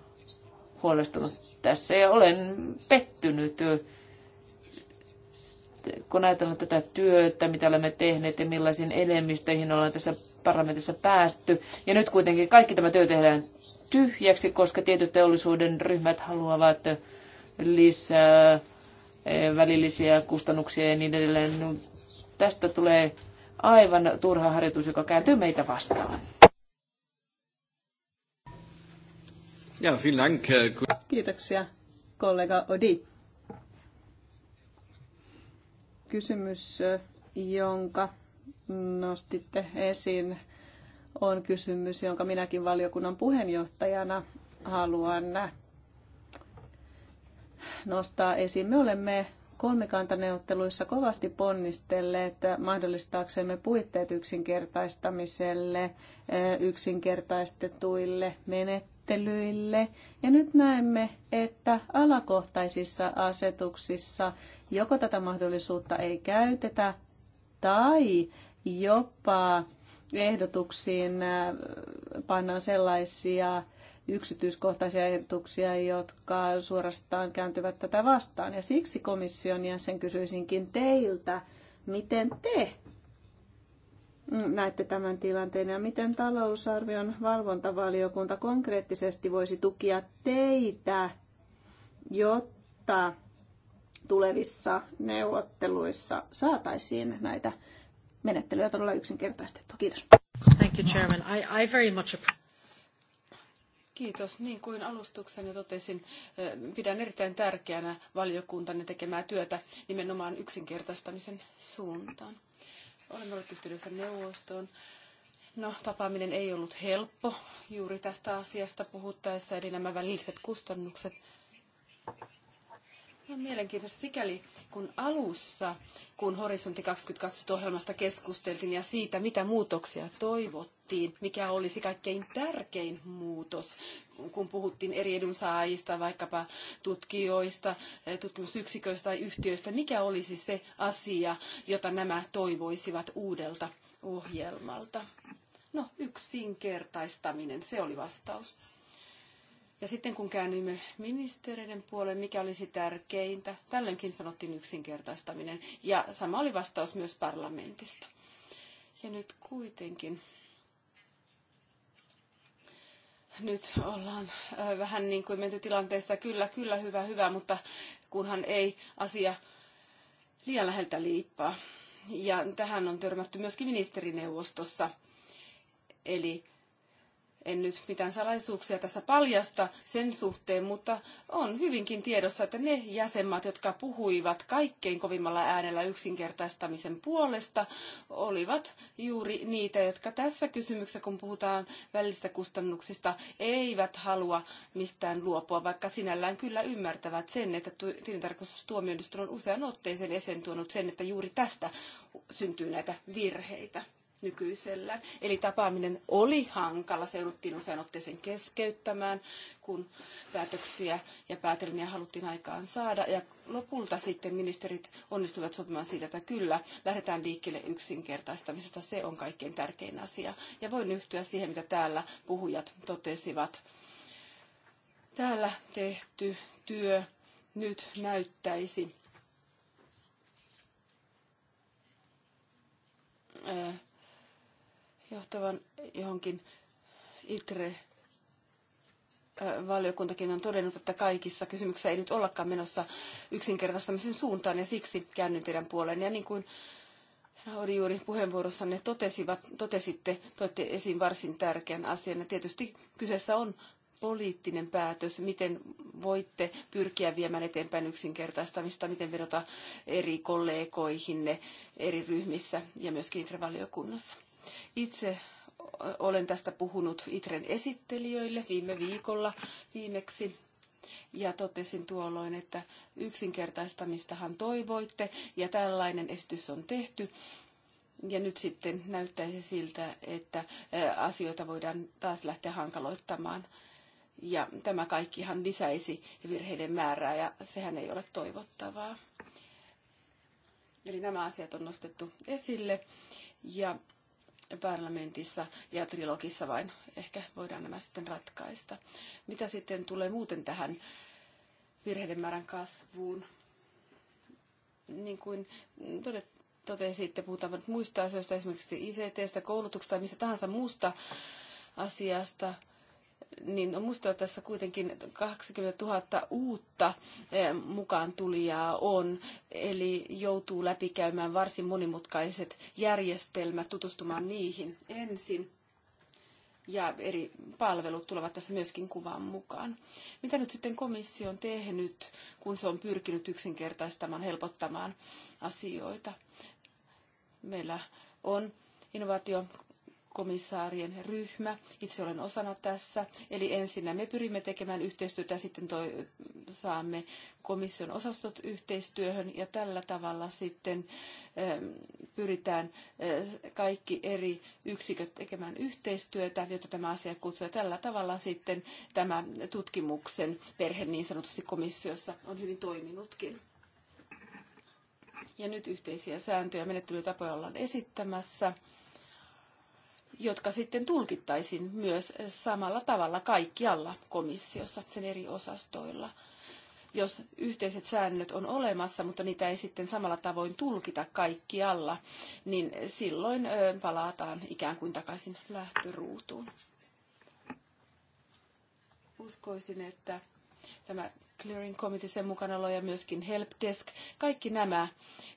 huolestunut tässä ja olen pettynyt, kun ajatellaan tätä työtä, mitä olemme tehneet ja millaisiin enemmistöihin ollaan tässä parlamentissa päästy. Ja nyt kuitenkin kaikki tämä työ tehdään tyhjäksi, koska tietyt teollisuuden ryhmät haluavat lisää välillisiä kustannuksia ja niin edelleen. Tästä tulee aivan turha harjoitus, joka kääntyy meitä vastaan. Ja, kun... Kiitoksia, kollega Odi. Kysymys, jonka nostitte esiin, on kysymys, jonka minäkin valiokunnan puheenjohtajana haluan nostaa esiin. Me olemme kolmikantaneuvotteluissa kovasti ponnistelleet mahdollistaaksemme puitteet yksinkertaistamiselle, eh, yksinkertaistetuille menettelyille. Ja nyt näemme, että alakohtaisissa asetuksissa joko tätä mahdollisuutta ei käytetä tai jopa ehdotuksiin eh, pannaan sellaisia yksityiskohtaisia ehdotuksia, jotka suorastaan kääntyvät tätä vastaan. Ja siksi komission jäsen kysyisinkin teiltä, miten te näette tämän tilanteen ja miten talousarvion valvontavaliokunta konkreettisesti voisi tukia teitä, jotta tulevissa neuvotteluissa saataisiin näitä menettelyjä todella yksinkertaistettua. Kiitos. Thank you, Chairman. I, I very much... Kiitos. Niin kuin alustuksen jo totesin, pidän erittäin tärkeänä valiokuntanne tekemää työtä nimenomaan yksinkertaistamisen suuntaan. Olemme olleet yhteydessä neuvostoon. No, tapaaminen ei ollut helppo juuri tästä asiasta puhuttaessa, eli nämä välilliset kustannukset ihan mielenkiintoista sikäli, kun alussa, kun Horisontti 2020-ohjelmasta keskusteltiin ja siitä, mitä muutoksia toivottiin, mikä olisi kaikkein tärkein muutos, kun puhuttiin eri edunsaajista, vaikkapa tutkijoista, eh, tutkimusyksiköistä tai yhtiöistä, mikä olisi se asia, jota nämä toivoisivat uudelta ohjelmalta? No, yksinkertaistaminen, se oli vastaus. Ja sitten kun käännyimme ministereiden puoleen, mikä olisi tärkeintä, tällöinkin sanottiin yksinkertaistaminen. Ja sama oli vastaus myös parlamentista. Ja nyt kuitenkin nyt ollaan vähän niin kuin menty tilanteessa, kyllä, kyllä, hyvä, hyvä, mutta kunhan ei asia liian läheltä liippaa. Ja tähän on törmätty myöskin ministerineuvostossa. Eli en nyt mitään salaisuuksia tässä paljasta sen suhteen, mutta on hyvinkin tiedossa, että ne jäsenmaat, jotka puhuivat kaikkein kovimmalla äänellä yksinkertaistamisen puolesta, olivat juuri niitä, jotka tässä kysymyksessä, kun puhutaan välistä kustannuksista, eivät halua mistään luopua, vaikka sinällään kyllä ymmärtävät sen, että tilintarkastustuomioistuin on usean otteeseen esiin tuonut sen, että juuri tästä syntyy näitä virheitä nykyisellään. Eli tapaaminen oli hankala, se jouduttiin usein otteeseen keskeyttämään, kun päätöksiä ja päätelmiä haluttiin aikaan saada. Ja lopulta sitten ministerit onnistuivat sopimaan siitä, että kyllä, lähdetään liikkeelle yksinkertaistamisesta, se on kaikkein tärkein asia. Ja voin yhtyä siihen, mitä täällä puhujat totesivat. Täällä tehty työ nyt näyttäisi johtavan johonkin itre valiokuntakin on todennut, että kaikissa kysymyksissä ei nyt ollakaan menossa yksinkertaistamisen suuntaan ja siksi käännyn teidän puoleen. Ja niin kuin Ori juuri puheenvuorossanne totesivat, totesitte, toitte esiin varsin tärkeän asian ja tietysti kyseessä on poliittinen päätös, miten voitte pyrkiä viemään eteenpäin yksinkertaistamista, miten vedota eri kollegoihinne eri ryhmissä ja myöskin valiokunnassa. Itse olen tästä puhunut ITREn esittelijöille viime viikolla viimeksi ja totesin tuolloin, että yksinkertaistamistahan toivoitte ja tällainen esitys on tehty. Ja nyt sitten näyttäisi siltä, että asioita voidaan taas lähteä hankaloittamaan. Ja tämä kaikkihan lisäisi virheiden määrää ja sehän ei ole toivottavaa. Eli nämä asiat on nostettu esille ja parlamentissa ja trilogissa vain ehkä voidaan nämä sitten ratkaista. Mitä sitten tulee muuten tähän virheiden määrän kasvuun? Niin kuin totesitte, puhutaan muista asioista, esimerkiksi ICTstä, koulutuksesta tai mistä tahansa muusta asiasta – niin on muistettava tässä kuitenkin 20 000 uutta eh, mukaan tulijaa on, eli joutuu läpikäymään varsin monimutkaiset järjestelmät, tutustumaan niihin ensin. Ja eri palvelut tulevat tässä myöskin kuvan mukaan. Mitä nyt sitten komissio on tehnyt, kun se on pyrkinyt yksinkertaistamaan, helpottamaan asioita? Meillä on innovaatio komissaarien ryhmä. Itse olen osana tässä. Eli ensinnä me pyrimme tekemään yhteistyötä sitten toi, saamme komission osastot yhteistyöhön ja tällä tavalla sitten ähm, pyritään äh, kaikki eri yksiköt tekemään yhteistyötä, jotta tämä asia kutsuu. Ja tällä tavalla sitten tämä tutkimuksen perhe niin sanotusti komissiossa on hyvin toiminutkin. Ja nyt yhteisiä sääntöjä ja menettelytapoja ollaan esittämässä jotka sitten tulkittaisiin myös samalla tavalla kaikkialla komissiossa, sen eri osastoilla. Jos yhteiset säännöt on olemassa, mutta niitä ei sitten samalla tavoin tulkita kaikkialla, niin silloin palataan ikään kuin takaisin lähtöruutuun. Uskoisin, että tämä Clearing Committee, sen mukana ja myöskin Helpdesk, kaikki nämä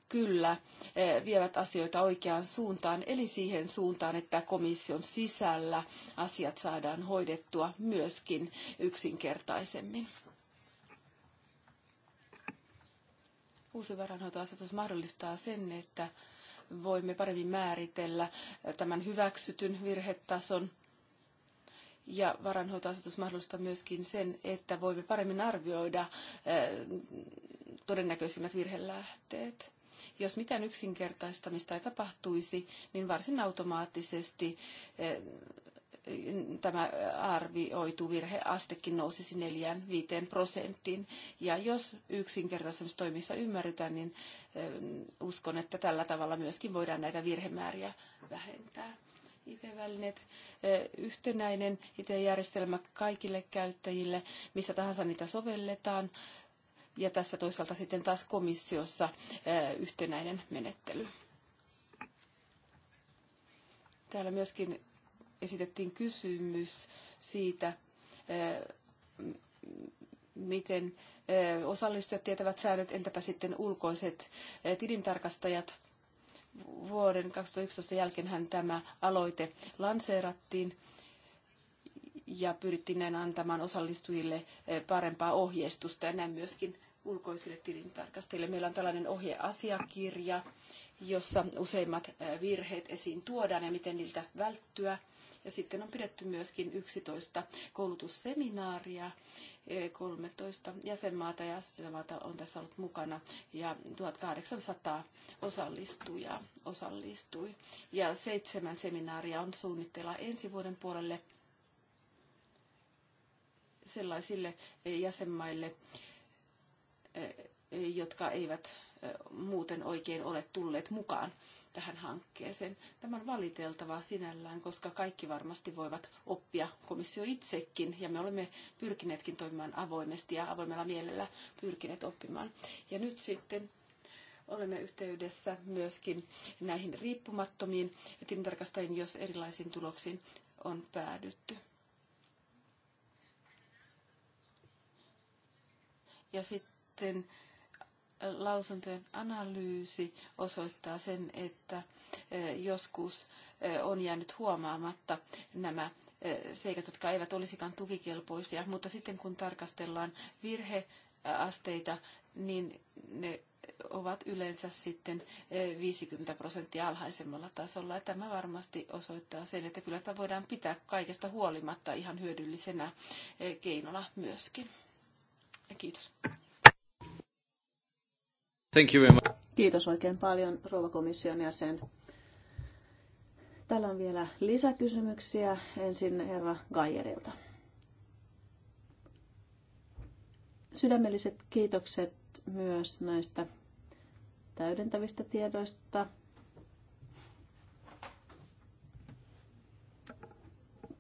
kyllä eh, vievät asioita oikeaan suuntaan, eli siihen suuntaan, että komission sisällä asiat saadaan hoidettua myöskin yksinkertaisemmin. Uusi varainhoitoasetus mahdollistaa sen, että voimme paremmin määritellä tämän hyväksytyn virhetason ja varainhoitoasetus mahdollistaa myöskin sen, että voimme paremmin arvioida todennäköisimmät virhelähteet. Jos mitään yksinkertaistamista ei tapahtuisi, niin varsin automaattisesti tämä arvioitu virheastekin nousisi 4-5 prosenttiin. Ja jos yksinkertaistamistoimissa ymmärrytään, niin uskon, että tällä tavalla myöskin voidaan näitä virhemääriä vähentää. IT-välineet, yhtenäinen IT-järjestelmä kaikille käyttäjille, missä tahansa niitä sovelletaan. Ja tässä toisaalta sitten taas komissiossa yhtenäinen menettely. Täällä myöskin esitettiin kysymys siitä, miten osallistujat tietävät säännöt, entäpä sitten ulkoiset tilintarkastajat vuoden 2011 jälkeenhän tämä aloite lanseerattiin ja pyrittiin näin antamaan osallistujille eh, parempaa ohjeistusta ja näin myöskin ulkoisille tilintarkastajille. Meillä on tällainen ohjeasiakirja, jossa useimmat eh, virheet esiin tuodaan ja miten niiltä välttyä. Ja sitten on pidetty myöskin 11 koulutusseminaaria, 13 jäsenmaata ja asetelmaata on tässä ollut mukana ja 1800 osallistujaa osallistui. Ja seitsemän seminaaria on suunnitteilla ensi vuoden puolelle sellaisille jäsenmaille, e, jotka eivät e, muuten oikein ole tulleet mukaan tähän hankkeeseen. Tämä on valiteltavaa sinällään, koska kaikki varmasti voivat oppia komissio itsekin, ja me olemme pyrkineetkin toimimaan avoimesti ja avoimella mielellä pyrkineet oppimaan. Ja nyt sitten olemme yhteydessä myöskin näihin riippumattomiin tilintarkastajiin, jos erilaisiin tuloksiin on päädytty. Ja sitten lausuntojen analyysi osoittaa sen, että eh, joskus eh, on jäänyt huomaamatta nämä eh, seikat, jotka eivät olisikaan tukikelpoisia, mutta sitten kun tarkastellaan virheasteita, niin ne ovat yleensä sitten 50 prosenttia alhaisemmalla tasolla. Ja tämä varmasti osoittaa sen, että kyllä tämä voidaan pitää kaikesta huolimatta ihan hyödyllisenä keinona myöskin. Kiitos. Thank you very much. Kiitos oikein paljon rouva komission jäsen. Täällä on vielä lisäkysymyksiä ensin herra Gajerilta. Sydämelliset kiitokset myös näistä täydentävistä tiedoista.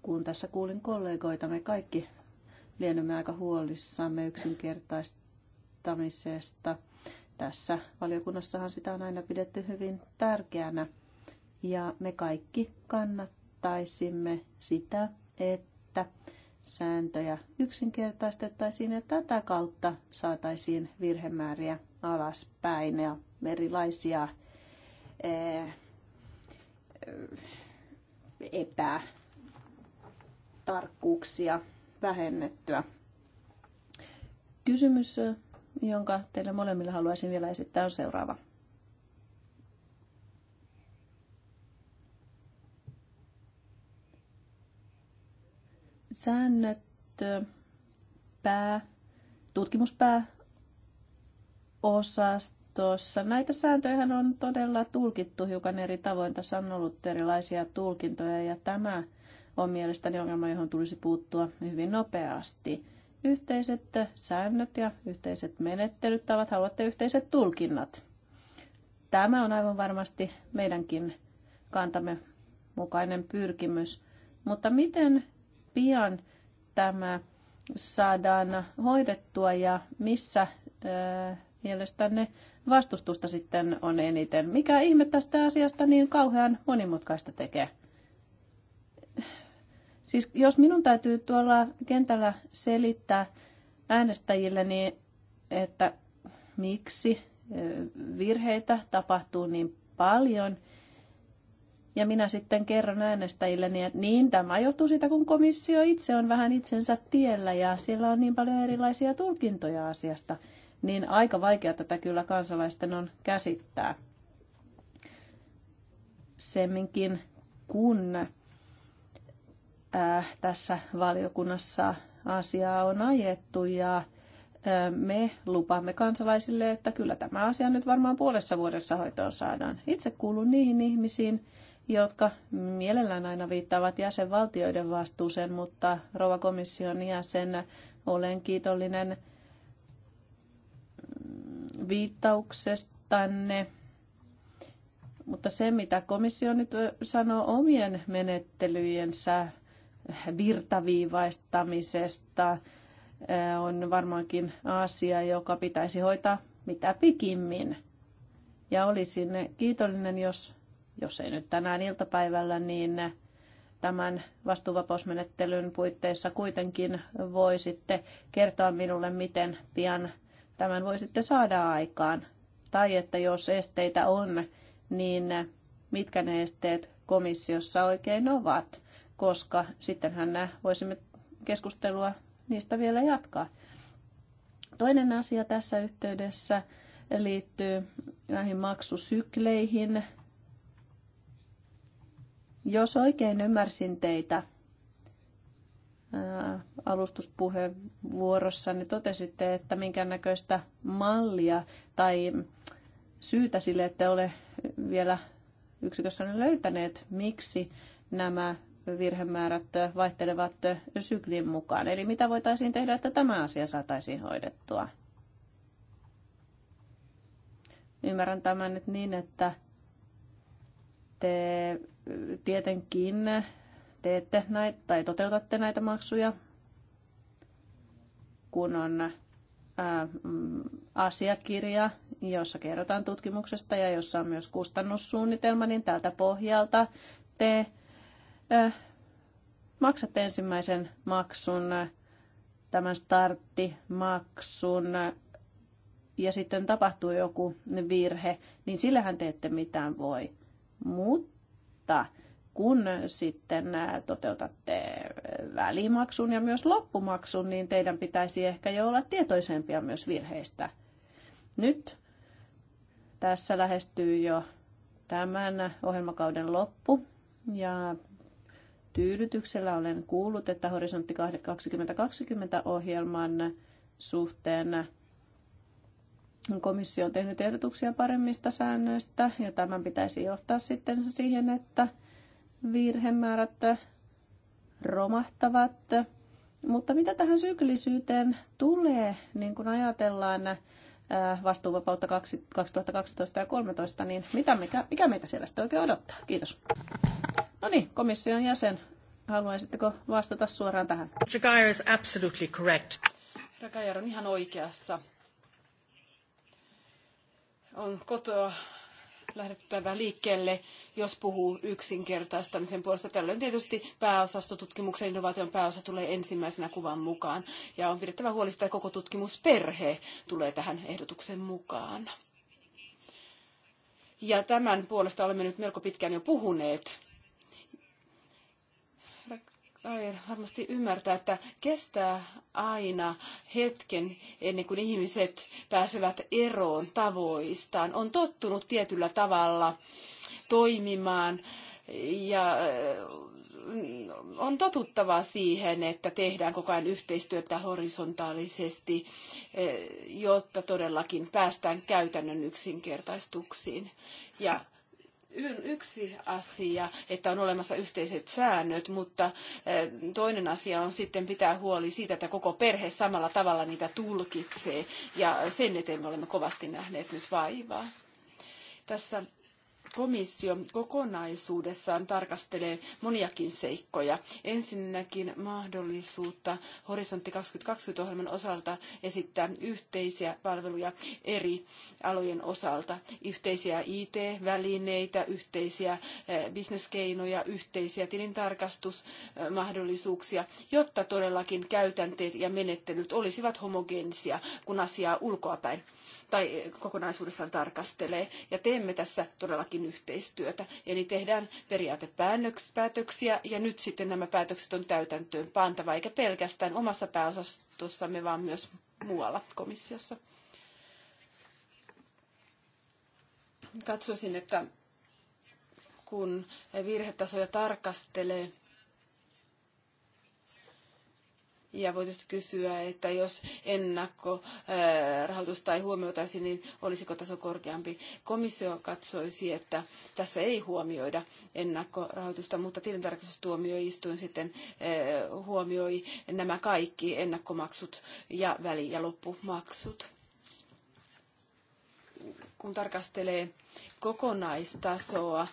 Kun tässä kuulin kollegoita, me kaikki lienemme aika huolissamme yksinkertaistamisesta – tässä valiokunnassahan sitä on aina pidetty hyvin tärkeänä. Ja me kaikki kannattaisimme sitä, että sääntöjä yksinkertaistettaisiin ja tätä kautta saataisiin virhemääriä alaspäin ja erilaisia eh, epätarkkuuksia vähennettyä. Kysymys jonka teille molemmille haluaisin vielä esittää, on seuraava. Säännöt pää, tutkimuspää osastossa. Näitä sääntöjä on todella tulkittu hiukan eri tavoin. Tässä on ollut erilaisia tulkintoja ja tämä on mielestäni ongelma, johon tulisi puuttua hyvin nopeasti yhteiset säännöt ja yhteiset menettelytavat, haluatte yhteiset tulkinnat. Tämä on aivan varmasti meidänkin kantamme mukainen pyrkimys. Mutta miten pian tämä saadaan hoidettua ja missä ää, mielestänne vastustusta sitten on eniten? Mikä ihme tästä asiasta niin kauhean monimutkaista tekee? Siis jos minun täytyy tuolla kentällä selittää äänestäjille, niin että miksi virheitä tapahtuu niin paljon, ja minä sitten kerron niin, että niin, tämä johtuu siitä, kun komissio itse on vähän itsensä tiellä ja siellä on niin paljon erilaisia tulkintoja asiasta, niin aika vaikea tätä kyllä kansalaisten on käsittää. Semminkin kun Äh, tässä valiokunnassa asiaa on ajettu ja äh, me lupaamme kansalaisille, että kyllä tämä asia nyt varmaan puolessa vuodessa hoitoon saadaan. Itse kuulun niihin ihmisiin, jotka mielellään aina viittaavat jäsenvaltioiden vastuuseen, mutta rouva komission jäsen, olen kiitollinen mm, viittauksestanne. Mutta se, mitä komissio nyt sanoo omien menettelyjensä virtaviivaistamisesta eh, on varmaankin asia, joka pitäisi hoitaa mitä pikimmin. Ja olisin kiitollinen, jos, jos ei nyt tänään iltapäivällä, niin tämän vastuuvapausmenettelyn puitteissa kuitenkin voisitte kertoa minulle, miten pian tämän voisitte saada aikaan. Tai että jos esteitä on, niin mitkä ne esteet komissiossa oikein ovat koska sittenhän voisimme keskustelua niistä vielä jatkaa. Toinen asia tässä yhteydessä liittyy näihin maksusykleihin. Jos oikein ymmärsin teitä ää, alustuspuheenvuorossa, niin totesitte, että minkäännäköistä mallia tai syytä sille, että ole vielä yksikössä löytäneet, miksi nämä virhemäärät vaihtelevat syklin mukaan. Eli mitä voitaisiin tehdä, että tämä asia saataisiin hoidettua? Ymmärrän tämän nyt niin, että te tietenkin teette näitä tai toteutatte näitä maksuja, kun on mm, asiakirja, jossa kerrotaan tutkimuksesta ja jossa on myös kustannussuunnitelma, niin tältä pohjalta te Äh, maksat ensimmäisen maksun, äh, tämän starttimaksun, äh, ja sitten tapahtuu joku virhe, niin sillähän te ette mitään voi. Mutta kun sitten toteutatte välimaksun ja myös loppumaksun, niin teidän pitäisi ehkä jo olla tietoisempia myös virheistä. Nyt tässä lähestyy jo tämän ohjelmakauden loppu ja tyydytyksellä olen kuullut, että Horisontti 2020-ohjelman suhteen komissio on tehnyt ehdotuksia paremmista säännöistä ja tämän pitäisi johtaa sitten siihen, että virhemäärät romahtavat. Mutta mitä tähän syklisyyteen tulee, niin kun ajatellaan äh, vastuuvapautta 2012 ja 2013, niin mitä, mikä, mikä meitä siellä sitten oikein odottaa? Kiitos. No niin, komission jäsen, haluaisitteko vastata suoraan tähän? Mr. is absolutely correct. on ihan oikeassa. On kotoa lähdettävä liikkeelle, jos puhuu yksinkertaistamisen puolesta. Tällöin tietysti pääosasto, tutkimuksen innovaation pääosa tulee ensimmäisenä kuvan mukaan. Ja on pidettävä huoli sitä, että koko tutkimusperhe tulee tähän ehdotuksen mukaan. Ja tämän puolesta olemme nyt melko pitkään jo puhuneet. Aion varmasti ymmärtää, että kestää aina hetken ennen kuin ihmiset pääsevät eroon tavoistaan. On tottunut tietyllä tavalla toimimaan ja äh, on totuttava siihen, että tehdään koko ajan yhteistyötä horisontaalisesti, äh, jotta todellakin päästään käytännön yksinkertaistuksiin. Ja yksi asia, että on olemassa yhteiset säännöt, mutta eh, toinen asia on sitten pitää huoli siitä, että koko perhe samalla tavalla niitä tulkitsee. Ja sen eteen me olemme kovasti nähneet nyt vaivaa. Tässä komissio kokonaisuudessaan tarkastelee moniakin seikkoja. Ensinnäkin mahdollisuutta Horisontti 2020-ohjelman osalta esittää yhteisiä palveluja eri alojen osalta. Yhteisiä IT-välineitä, yhteisiä eh, bisneskeinoja, yhteisiä tilintarkastusmahdollisuuksia, jotta todellakin käytänteet ja menettelyt olisivat homogeenisia, kun asiaa ulkoapäin tai kokonaisuudessaan tarkastelee. Ja teemme tässä todellakin yhteistyötä. Eli tehdään periaatepäätöksiä ja nyt sitten nämä päätökset on täytäntöön pantava, eikä pelkästään omassa pääosastossamme, vaan myös muualla komissiossa. Katsoisin, että kun virhetasoja tarkastelee, ja voi kysyä, että jos ennakkorahoitusta ei huomioitaisi, niin olisiko taso korkeampi. Komissio katsoisi, että tässä ei huomioida ennakkorahoitusta, mutta tilintarkastustuomioistuin sitten huomioi nämä kaikki ennakkomaksut ja väli- ja loppumaksut kun tarkastelee kokonaistasoa, äh,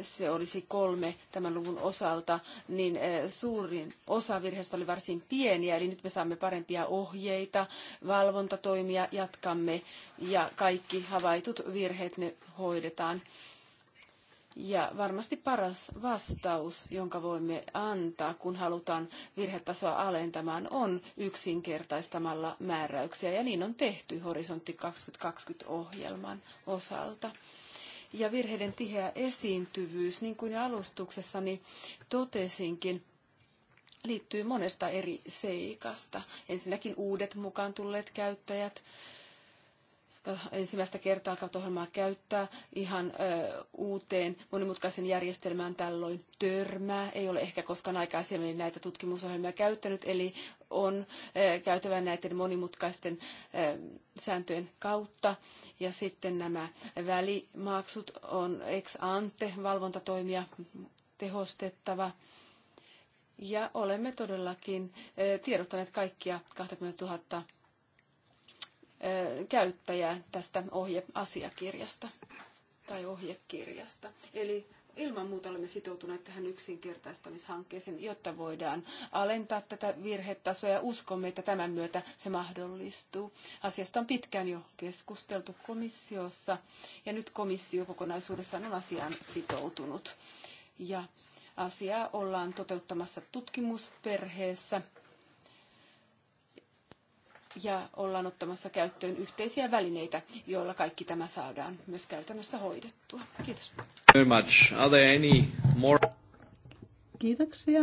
se olisi kolme tämän luvun osalta, niin äh, suurin osa virheistä oli varsin pieniä, eli nyt me saamme parempia ohjeita, valvontatoimia jatkamme ja kaikki havaitut virheet ne hoidetaan ja varmasti paras vastaus, jonka voimme antaa, kun halutaan virhetasoa alentamaan, on yksinkertaistamalla määräyksiä. Ja niin on tehty Horisontti 2020-ohjelman osalta. Ja virheiden tiheä esiintyvyys, niin kuin alustuksessani totesinkin, liittyy monesta eri seikasta. Ensinnäkin uudet mukaan tulleet käyttäjät, ensimmäistä kertaa alkavat ohjelmaa käyttää ihan ö, uuteen monimutkaisen järjestelmään tällöin törmää. Ei ole ehkä koskaan aikaisemmin näitä tutkimusohjelmia käyttänyt, eli on ö, käytävä näiden monimutkaisten ö, sääntöjen kautta. Ja sitten nämä välimaksut on ex ante valvontatoimia tehostettava. Ja olemme todellakin tiedottaneet kaikkia 20 000 käyttäjää tästä ohjeasiakirjasta tai ohjekirjasta. Eli ilman muuta olemme sitoutuneet tähän yksinkertaistamishankkeeseen, jotta voidaan alentaa tätä virhetasoa ja uskomme, että tämän myötä se mahdollistuu. Asiasta on pitkään jo keskusteltu komissiossa ja nyt komissio kokonaisuudessaan on asiaan sitoutunut. Ja asiaa ollaan toteuttamassa tutkimusperheessä ja ollaan ottamassa käyttöön yhteisiä välineitä, joilla kaikki tämä saadaan myös käytännössä hoidettua. Kiitos. Very much. Are there any more? Kiitoksia.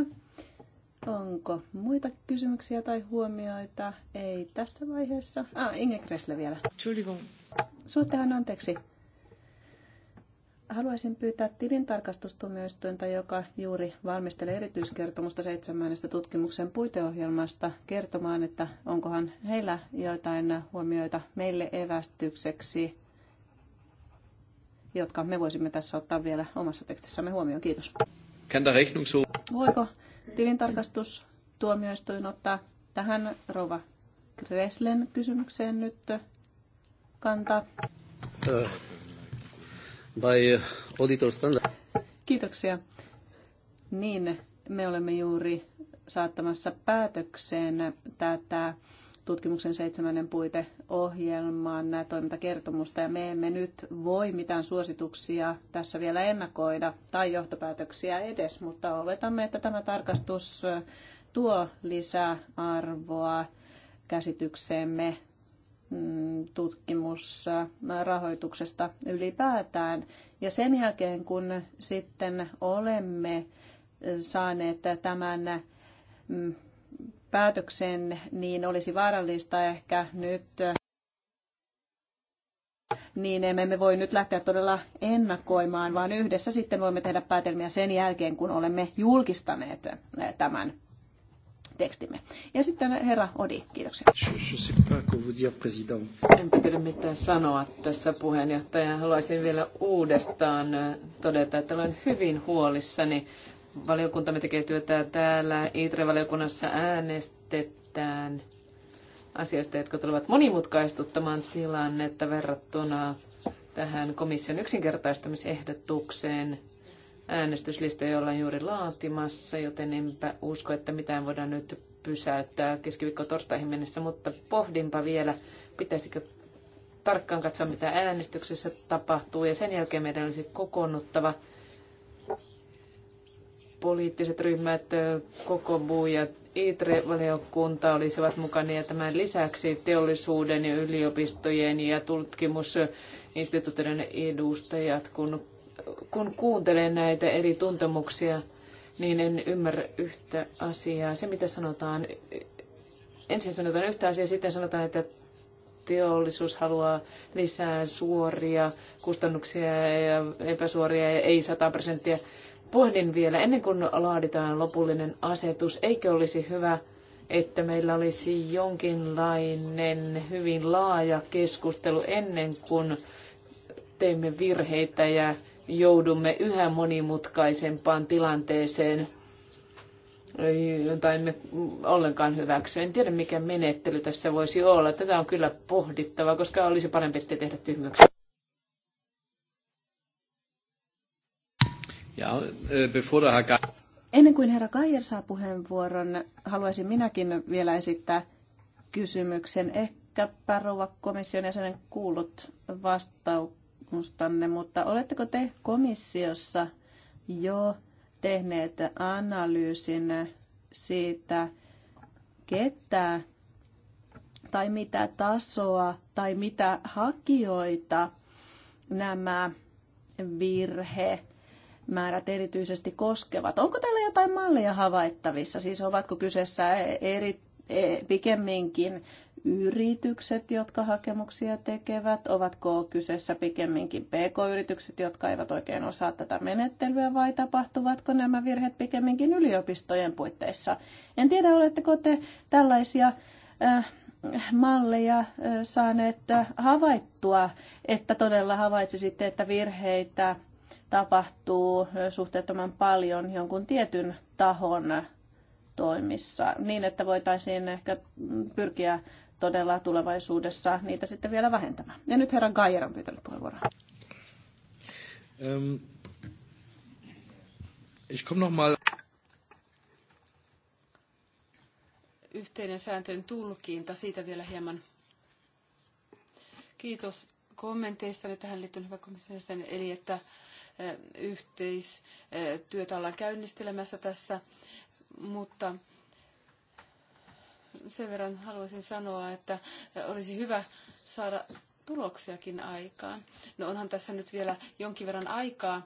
Onko muita kysymyksiä tai huomioita? Ei tässä vaiheessa. Ah, Inge Kressle vielä. Entschuldigung. Suuttehan anteeksi haluaisin pyytää tilintarkastustuomioistuinta, joka juuri valmistelee erityiskertomusta seitsemännestä tutkimuksen puiteohjelmasta, kertomaan, että onkohan heillä joitain huomioita meille evästykseksi, jotka me voisimme tässä ottaa vielä omassa tekstissämme huomioon. Kiitos. Voiko tilintarkastustuomioistuin ottaa tähän Rova Kreslen kysymykseen nyt kantaa? Äh by uh, auditor standard. Kiitoksia. Niin, me olemme juuri saattamassa päätökseen tätä tutkimuksen seitsemännen puiteohjelman toimintakertomusta ja me emme nyt voi mitään suosituksia tässä vielä ennakoida tai johtopäätöksiä edes, mutta oletamme, että tämä tarkastus tuo lisää arvoa käsitykseemme Mm, tutkimusrahoituksesta ylipäätään. Ja sen jälkeen, kun sitten olemme saaneet tämän mm, päätöksen, niin olisi vaarallista ehkä nyt niin emme me voi nyt lähteä todella ennakoimaan, vaan yhdessä sitten voimme tehdä päätelmiä sen jälkeen, kun olemme julkistaneet tämän tekstimme. Ja sitten herra Odi, kiitoksia. En tiedä mitään sanoa tässä puheenjohtaja. Haluaisin vielä uudestaan todeta, että olen hyvin huolissani. Valiokuntamme tekee työtä täällä. ITRE-valiokunnassa äänestetään asioista, jotka tulevat monimutkaistuttamaan tilannetta verrattuna tähän komission yksinkertaistamisehdotukseen – äänestyslista, jolla on juuri laatimassa, joten enpä usko, että mitään voidaan nyt pysäyttää keskiviikko torstaihin mennessä, mutta pohdinpa vielä, pitäisikö tarkkaan katsoa, mitä äänestyksessä tapahtuu, ja sen jälkeen meidän olisi kokoonnuttava poliittiset ryhmät, koko buu ja ITRE-valiokunta olisivat mukana ja tämän lisäksi teollisuuden ja yliopistojen ja tutkimusinstituutioiden edustajat, kun kun kuuntelen näitä eri tuntemuksia, niin en ymmärrä yhtä asiaa. Se, mitä sanotaan, ensin sanotaan yhtä asiaa, sitten sanotaan, että teollisuus haluaa lisää suoria kustannuksia ja epäsuoria ja ei 100 prosenttia. Pohdin vielä, ennen kuin laaditaan lopullinen asetus, eikö olisi hyvä, että meillä olisi jonkinlainen hyvin laaja keskustelu ennen kuin teemme virheitä ja joudumme yhä monimutkaisempaan tilanteeseen, jota emme ollenkaan hyväksy. En tiedä, mikä menettely tässä voisi olla. Tätä on kyllä pohdittava, koska olisi parempi, te tehdä tyhmyksiä. Ja, eh, bevor der Herr Ennen kuin herra Kaijer saa puheenvuoron, haluaisin minäkin vielä esittää kysymyksen. Ehkäpä rouva komission jäsenen kuullut vastauksen tutkimustanne, mutta oletteko te komissiossa jo tehneet analyysin siitä, ketä tai mitä tasoa tai mitä hakijoita nämä virhe määrät erityisesti koskevat. Onko täällä jotain malleja havaittavissa? Siis ovatko kyseessä eri, e, pikemminkin yritykset, jotka hakemuksia tekevät? Ovatko kyseessä pikemminkin pk-yritykset, jotka eivät oikein osaa tätä menettelyä vai tapahtuvatko nämä virheet pikemminkin yliopistojen puitteissa? En tiedä, oletteko te tällaisia äh, malleja äh, saaneet äh, havaittua, että todella havaitsisitte, että virheitä tapahtuu äh, suhteettoman paljon jonkun tietyn tahon toimissa, niin että voitaisiin ehkä mm, pyrkiä todella tulevaisuudessa niitä sitten vielä vähentämään. Ja nyt herra Gaier on pyytänyt puheenvuoroa. Ähm, yhteinen sääntöjen tulkinta, siitä vielä hieman. Kiitos kommenteistanne tähän liittyen, hyvä komissaari, eli että äh, yhteistyötä ollaan käynnistelemässä tässä, mutta sen verran haluaisin sanoa, että olisi hyvä saada tuloksiakin aikaan. No onhan tässä nyt vielä jonkin verran aikaa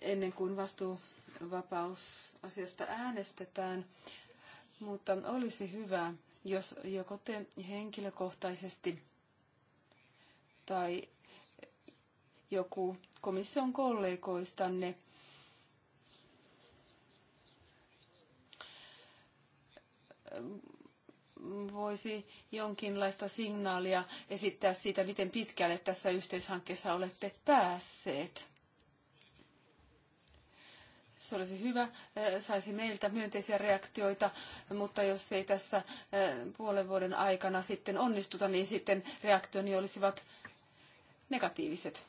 ennen kuin vastuuvapausasiasta äänestetään, mutta olisi hyvä, jos joko te henkilökohtaisesti tai joku komission kollegoistanne voisi jonkinlaista signaalia esittää siitä, miten pitkälle tässä yhteishankkeessa olette päässeet. Se olisi hyvä, äh, saisi meiltä myönteisiä reaktioita, mutta jos ei tässä äh, puolen vuoden aikana sitten onnistuta, niin sitten reaktioni olisivat negatiiviset.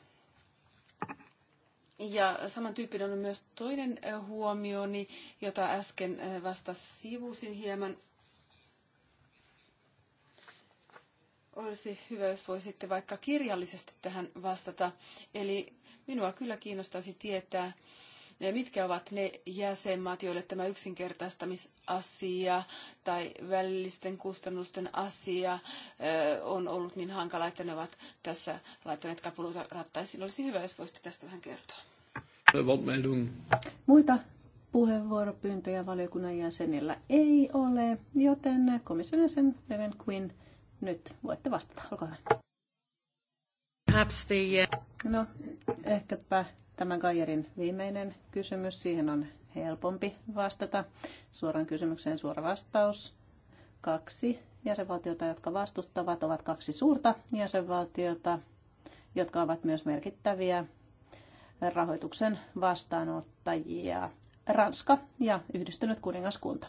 Ja samantyyppinen on myös toinen äh, huomioni, jota äsken vasta sivusin hieman. olisi hyvä, jos voisitte vaikka kirjallisesti tähän vastata. Eli minua kyllä kiinnostaisi tietää, eh, mitkä ovat ne jäsenmaat, joille tämä yksinkertaistamisasia tai välillisten kustannusten asia eh, on ollut niin hankala, että ne ovat tässä laittaneet kapuloita rattaisiin. Olisi hyvä, jos voisitte tästä vähän kertoa. Äh, Muita puheenvuoropyyntöjä valiokunnan jäsenillä ei ole, joten komission jäsen Leven Quinn nyt voitte vastata, olkaa hyvä. Perhaps the... Uh, no, ehkäpä tämän Kaijerin viimeinen kysymys. Siihen on helpompi vastata. Suoran kysymykseen suora vastaus. Kaksi jäsenvaltiota, jotka vastustavat, ovat kaksi suurta jäsenvaltiota, jotka ovat myös merkittäviä rahoituksen vastaanottajia. Ranska ja yhdistynyt kuningaskunta.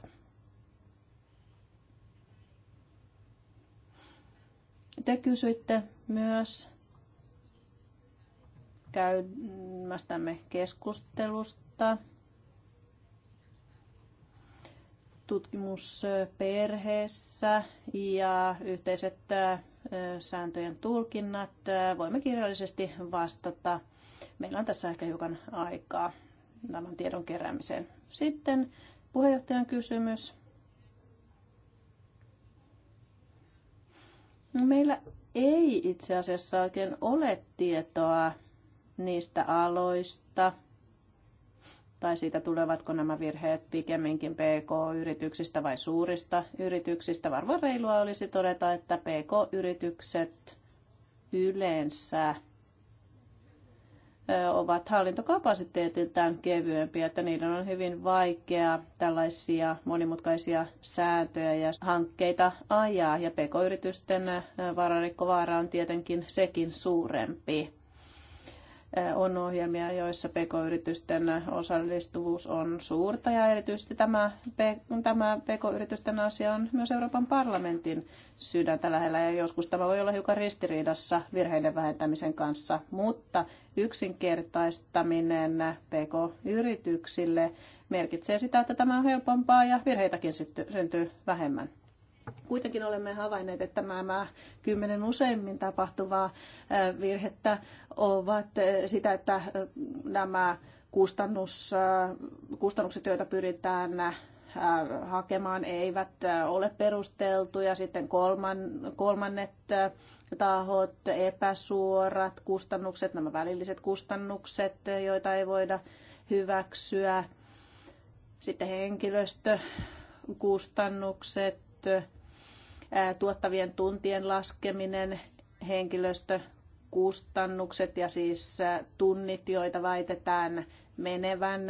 Te kysyitte myös käymästämme keskustelusta tutkimusperheessä ja yhteiset sääntöjen tulkinnat. Voimme kirjallisesti vastata. Meillä on tässä ehkä hiukan aikaa tämän tiedon keräämiseen. Sitten puheenjohtajan kysymys. No, meillä ei itse asiassa oikein ole tietoa niistä aloista, tai siitä tulevatko nämä virheet pikemminkin PK-yrityksistä vai suurista yrityksistä. Varmaan reilua olisi todeta, että PK-yritykset yleensä ovat hallintokapasiteetiltään kevyempiä, että niiden on hyvin vaikea tällaisia monimutkaisia sääntöjä ja hankkeita ajaa. Ja pk-yritysten vararikkovaara on tietenkin sekin suurempi. Eh, on ohjelmia, joissa pk-yritysten osallistuvuus on suurta ja erityisesti tämä, tämä pk-yritysten asia on myös Euroopan parlamentin sydäntä lähellä ja joskus tämä voi olla hiukan ristiriidassa virheiden vähentämisen kanssa, mutta yksinkertaistaminen pk-yrityksille merkitsee sitä, että tämä on helpompaa ja virheitäkin syntyy vähemmän. Kuitenkin olemme havainneet, että nämä kymmenen useimmin tapahtuvaa virhettä ovat sitä, että nämä kustannus, kustannukset, joita pyritään hakemaan eivät ole perusteltuja. Sitten kolman, kolmannet tahot, epäsuorat kustannukset, nämä välilliset kustannukset, joita ei voida hyväksyä. Sitten henkilöstökustannukset, tuottavien tuntien laskeminen, henkilöstökustannukset ja siis tunnit, joita väitetään menevän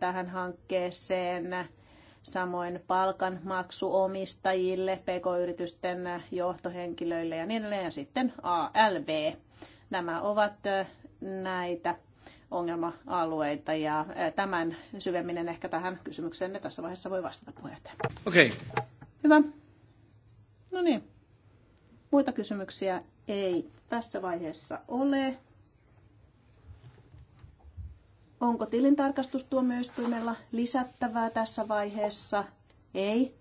tähän hankkeeseen, samoin palkanmaksu omistajille, pk-yritysten johtohenkilöille ja niin edelleen, ja sitten ALV. Nämä ovat näitä ongelma-alueita ja tämän syvemminen ehkä tähän kysymykseen tässä vaiheessa voi vastata puheenjohtaja. Okei. Okay. Hyvä. No niin. Muita kysymyksiä ei tässä vaiheessa ole. Onko tilintarkastustuomioistuimella lisättävää tässä vaiheessa? Ei.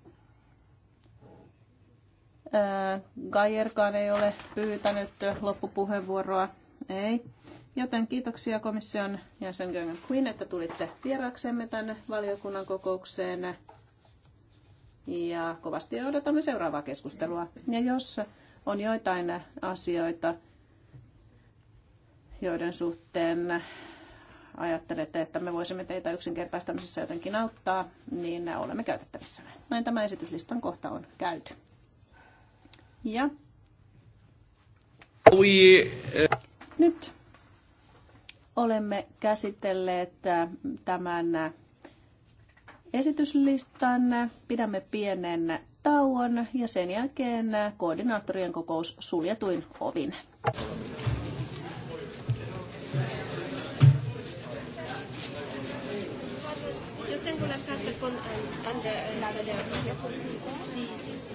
Gajerkaan ei ole pyytänyt loppupuheenvuoroa. Ei. Joten kiitoksia komission jäsen Göngen Queen, että tulitte vieraksemme tänne valiokunnan kokoukseen ja kovasti odotamme seuraavaa keskustelua. Ja jos on joitain asioita, joiden suhteen ajattelette, että me voisimme teitä yksinkertaistamisessa jotenkin auttaa, niin olemme käytettävissä. Näin tämä esityslistan kohta on käyty. Ja eh. nyt olemme käsitelleet tämän esityslistan, Pidämme pienen tauon ja sen jälkeen koordinaattorien kokous suljetuin ovin. tengo la carta con Anda Sí, sí, sí.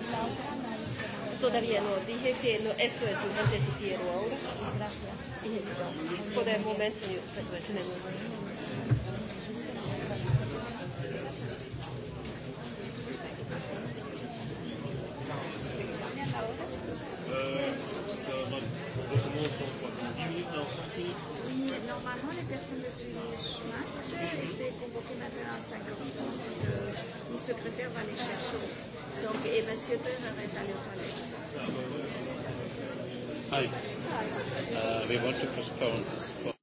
Todavía no. Dije que no, esto es un urgente si quiero ahora. Gracias. Y por el momento tenemos. Normalement, les personnes de ce match étaient convoquées maintenant à 5 heures. Le secrétaire va les chercher. Donc, et M. est allé Hi. Uh, we want to postpone this